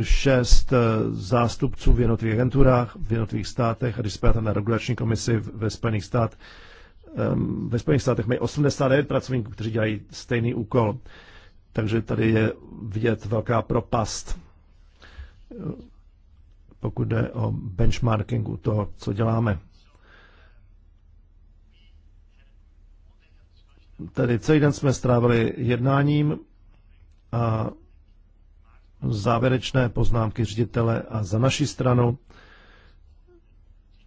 šest eh, zástupců v jednotlivých agenturách, v jednotlivých státech a když se na regulační komisi ve Spojených státech, ve Spojených státech mají 89 pracovníků, kteří dělají stejný úkol. Takže tady je vidět velká propast, eh, pokud jde o benchmarkingu toho, co děláme. Tady celý den jsme strávili jednáním a závěrečné poznámky ředitele a za naší stranu.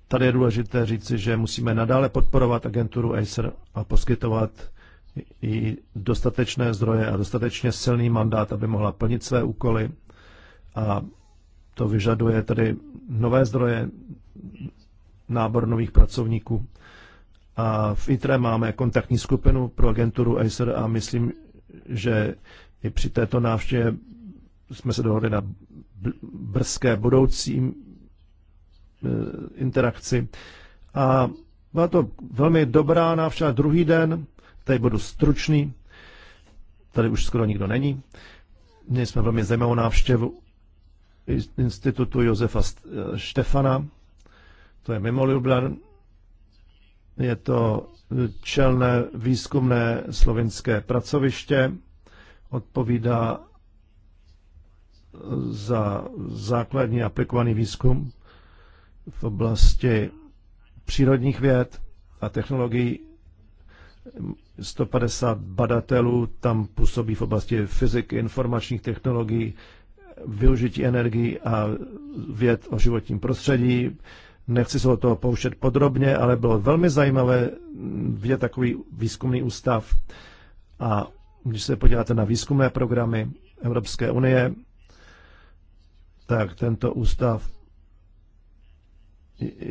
Tady je důležité říci, že musíme nadále podporovat agenturu Acer a poskytovat i dostatečné zdroje a dostatečně silný mandát, aby mohla plnit své úkoly. A to vyžaduje tedy nové zdroje, nábor nových pracovníků. A v ITRE máme kontaktní skupinu pro agenturu Acer a myslím, že i při této návštěvě jsme se dohodli na brzké budoucí e, interakci. A byla to velmi dobrá návštěva. Druhý den, tady budu stručný, tady už skoro nikdo není. Měli jsme velmi zajímavou návštěvu institutu Josefa e, Štefana, to je mimo Ljubljan, je to e, čelné výzkumné slovinské pracoviště, odpovídá za základní aplikovaný výzkum v oblasti přírodních věd a technologií. 150 badatelů tam působí v oblasti fyziky, informačních technologií, využití energií a věd o životním prostředí. Nechci se o toho pouštět podrobně, ale bylo velmi zajímavé vidět takový výzkumný ústav. A když se podíváte na výzkumné programy Evropské unie, tak tento ústav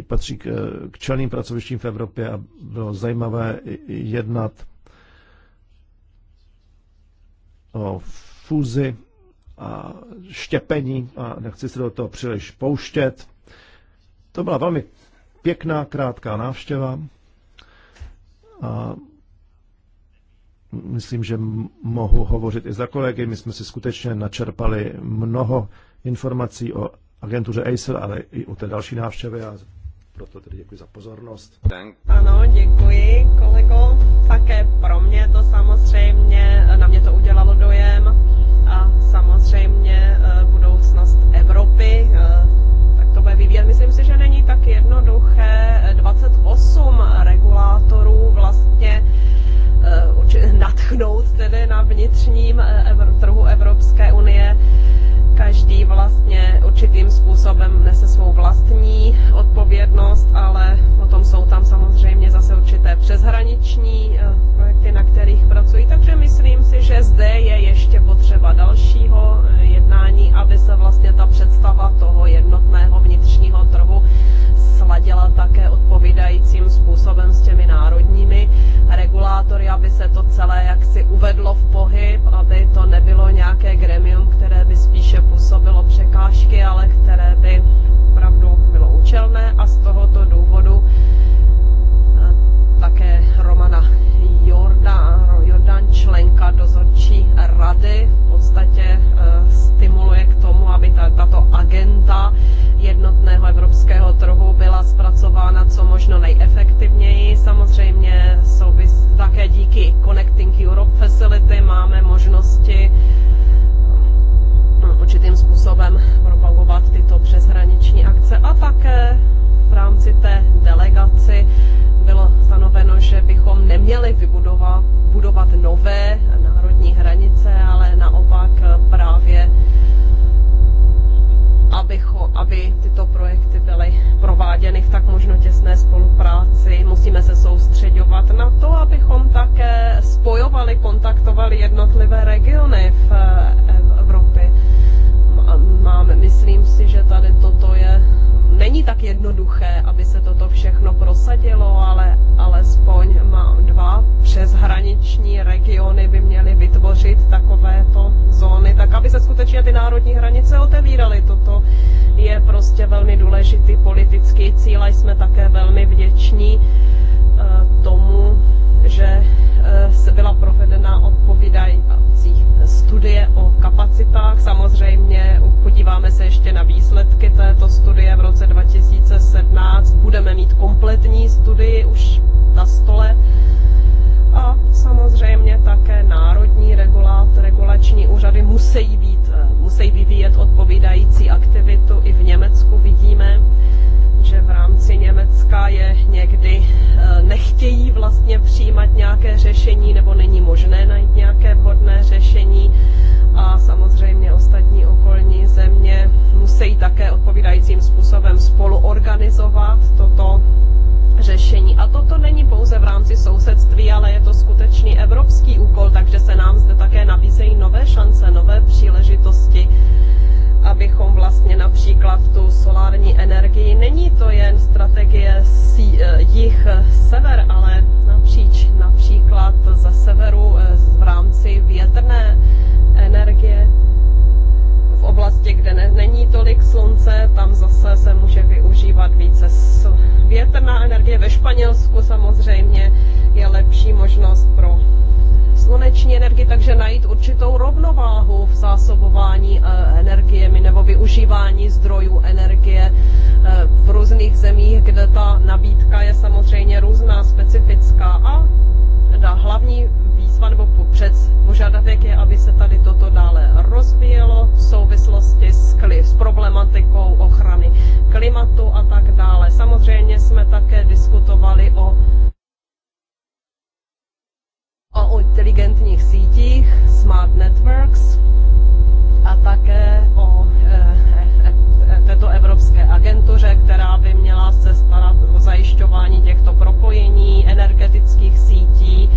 patří k, čelným pracovištím v Evropě a bylo zajímavé jednat o fúzi a štěpení a nechci se do toho příliš pouštět. To byla velmi pěkná, krátká návštěva a myslím, že mohu hovořit i za kolegy. My jsme si skutečně načerpali mnoho informací o agentuře Acer, ale i o té další návštěvě a proto tedy děkuji za pozornost. Ano, děkuji kolego. Také pro mě to samozřejmě, na mě to udělalo dojem a samozřejmě e, budoucnost Evropy e, tak to bude vyvíjet. Myslím si, že není tak jednoduché 28 regulátorů vlastně e, natchnout tedy na vnitřním trhu Evropské unie Každý vlastně určitým způsobem nese svou vlastní odpovědnost, ale potom jsou tam samozřejmě zase určité přeshraniční eh, projekty, na kterých pracují. Takže myslím si, že zde je ještě potřeba dalšího eh, jednání, aby se vlastně ta představa toho jednotného vnitřního trhu sladila také odpovídajícím způsobem s těmi národními regulátory, aby se to celé jaksi uvedlo v pohyb, aby to nebylo nějaké gremium, které by spíše působilo překážky, ale které by opravdu bylo účelné a z tohoto důvodu eh, také Romana Jordan, členka dozorčí rady, v podstatě eh, stimuluje k tomu, aby tato agenda jednotného evropského trhu byla zpracována co možno nejefektivněji. Samozřejmě souvis, také díky Connecting Europe Facility máme možnosti hm, určitým způsobem propagovat tyto přeshraniční akce a také v rámci té delegaci bylo stanoveno, že bychom neměli vybudovat budovat nové národní hranice, ale naopak eh, právě abycho, aby tyto projekty byly prováděny v tak možno těsné spolupráci. Musíme se soustředovat na to, abychom také spojovali, kontaktovali jednotlivé regiony v eh, Evropě. Mám, myslím si, že tady toto je není tak jednoduché, aby se toto všechno prosadilo, ale alespoň má dva přeshraniční regiony by měly vytvořit takovéto zóny, tak aby se skutečně ty národní hranice otevíraly. Toto je prostě velmi důležitý politický cíl a jsme také velmi vděční eh, tomu, že eh, byla provedena odpovídající studie o kapacitách. Samozřejmě podíváme se ještě na výsledky této studie v roce 2017. Budeme mít kompletní studii už na stole zásobování eh, energiemi nebo využívání zdrojů energie eh, v různých zemích, kde ta nabídka je samozřejmě různá, specifická a teda hlavní výzva nebo před požadavek je, aby se tady toto dále rozvíjelo v souvislosti s, kli, s problematikou ochrany klimatu a tak dále. Samozřejmě jsme také diskutovali o o inteligentních sítích, smart networks, a také o eh, eh, eh, této evropské agentuře, která by měla se starat o zajišťování těchto propojení energetických sítí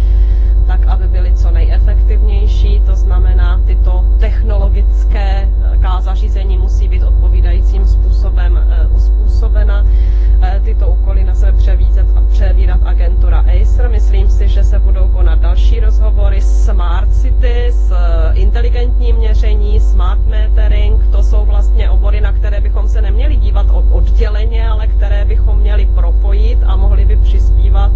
tak aby byly co nejefektivnější, to znamená, tyto technologické eh, zařízení musí být odpovídajícím způsobem eh, uspůsobena. Eh, tyto úkoly na sebe převízet a převírat agentura Acer. Myslím si, že se budou konat další rozhovory Smart City, s inteligentní měření, smart metering, to jsou vlastně obory, na které bychom se neměli dívat odděleně, ale které bychom měli propojit a mohli by přispívat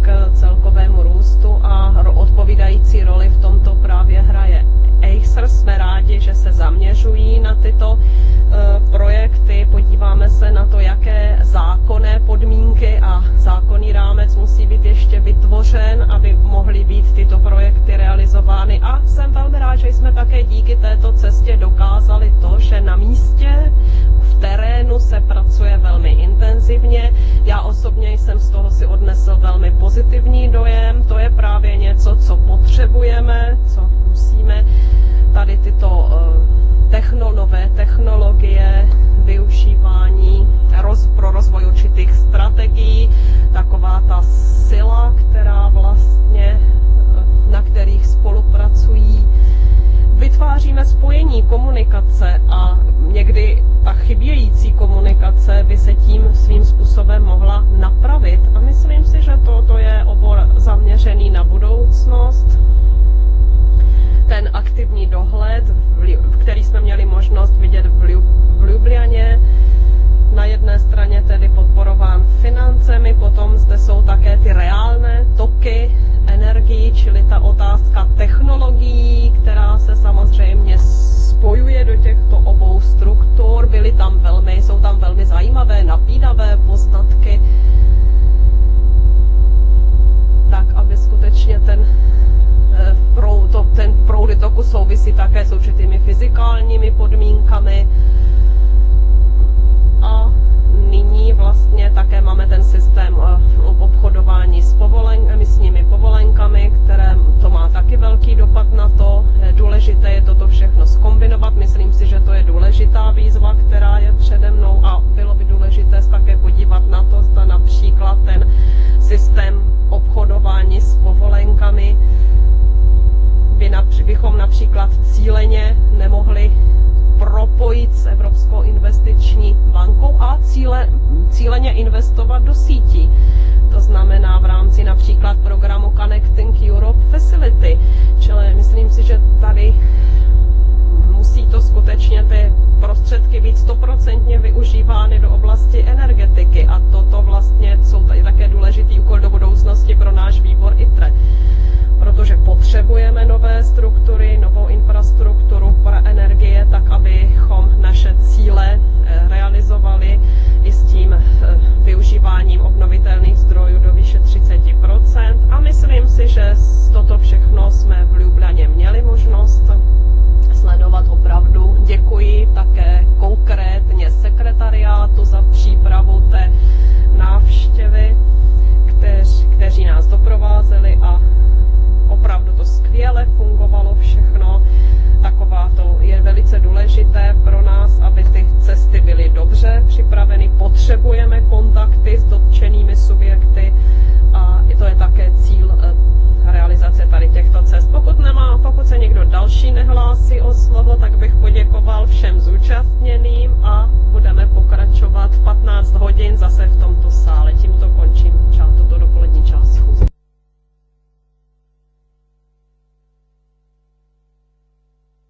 k celkovému růstu a a odpovídající roli v tomto právě hraje Acer. Jsme rádi, že se zaměřují na tyto e, projekty. Podíváme se na to, jaké zákonné podmínky a zákonný rámec musí být ještě vytvořen, aby mohly být tyto projekty realizovány. A jsem velmi rád, že jsme také díky této cestě dokázali to, že na místě v terénu se pracuje velmi intenzivně. Já osobně jsem z toho si odnesl velmi pozitivní dojem. To je právě právě něco, co potřebujeme, co musíme. Tady tyto eh, techno, nové technologie, využívání roz, pro rozvoj určitých strategií, taková ta sila, která vlastně, eh, na kterých spolupracují vytváříme spojení komunikace a někdy ta chybějící komunikace by se tím svým způsobem mohla napravit. A myslím si, že toto je obor zaměřený na budoucnost. Ten aktivní dohled, který jsme měli možnost vidět v Ljubljaně, na jedné straně tedy podporován financemi, potom zde jsou také ty reálné toky energií, čili ta otázka technologií, která se samozřejmě spojuje do těchto obou struktur. Byly tam velmi, jsou tam velmi zajímavé, napínavé poznatky, tak aby skutečně ten eh, proud, ten proudy toku souvisí také s určitými fyzikálními podmínkami a nyní vlastně také máme ten systém eh, obchodování s povolen, eh, nimi povolenkami, které to má taky velký dopad na to. Eh, důležité je toto všechno skombinovat. Myslím si, že to je důležitá výzva, která je přede mnou a bylo by důležité také podívat na to, zda například ten systém obchodování s povolenkami by např- bychom například cíleně nemohli propojit s Evropskou investiční bankou a cíle, cíleně investovat do sítí. To znamená v rámci například programu Connecting Europe Facility. Čili myslím si, že tady musí to skutečně ty prostředky být stoprocentně využívány do oblasti energetiky a toto vlastně jsou tady také důležitý úkol do budoucnosti pro náš výbor ITRE protože potřebujeme nové struktury, novou infrastrukturu pro energie, tak abychom naše cíle eh, realizovali i s tím eh, využíváním obnovitelných zdrojů do výše 30 A myslím si, že toto všechno jsme v Ljubljaně měli možnost sledovat opravdu. Děkuji také konkrétně sekretariátu za přípravu té návštěvy, kteř, kteří nás doprovázeli a opravdu to skvěle fungovalo všechno. Taková to je velice důležité pro nás, aby ty cesty byly dobře připraveny. Potřebujeme kontakty s dotčenými subjekty a to je také cíl eh, realizace tady těchto cest. Pokud, nemá, pokud se někdo další nehlásí o slovo, tak bych poděkoval všem zúčastněným a budeme pokračovat v 15 hodin zase v tomto sále. Tímto končím.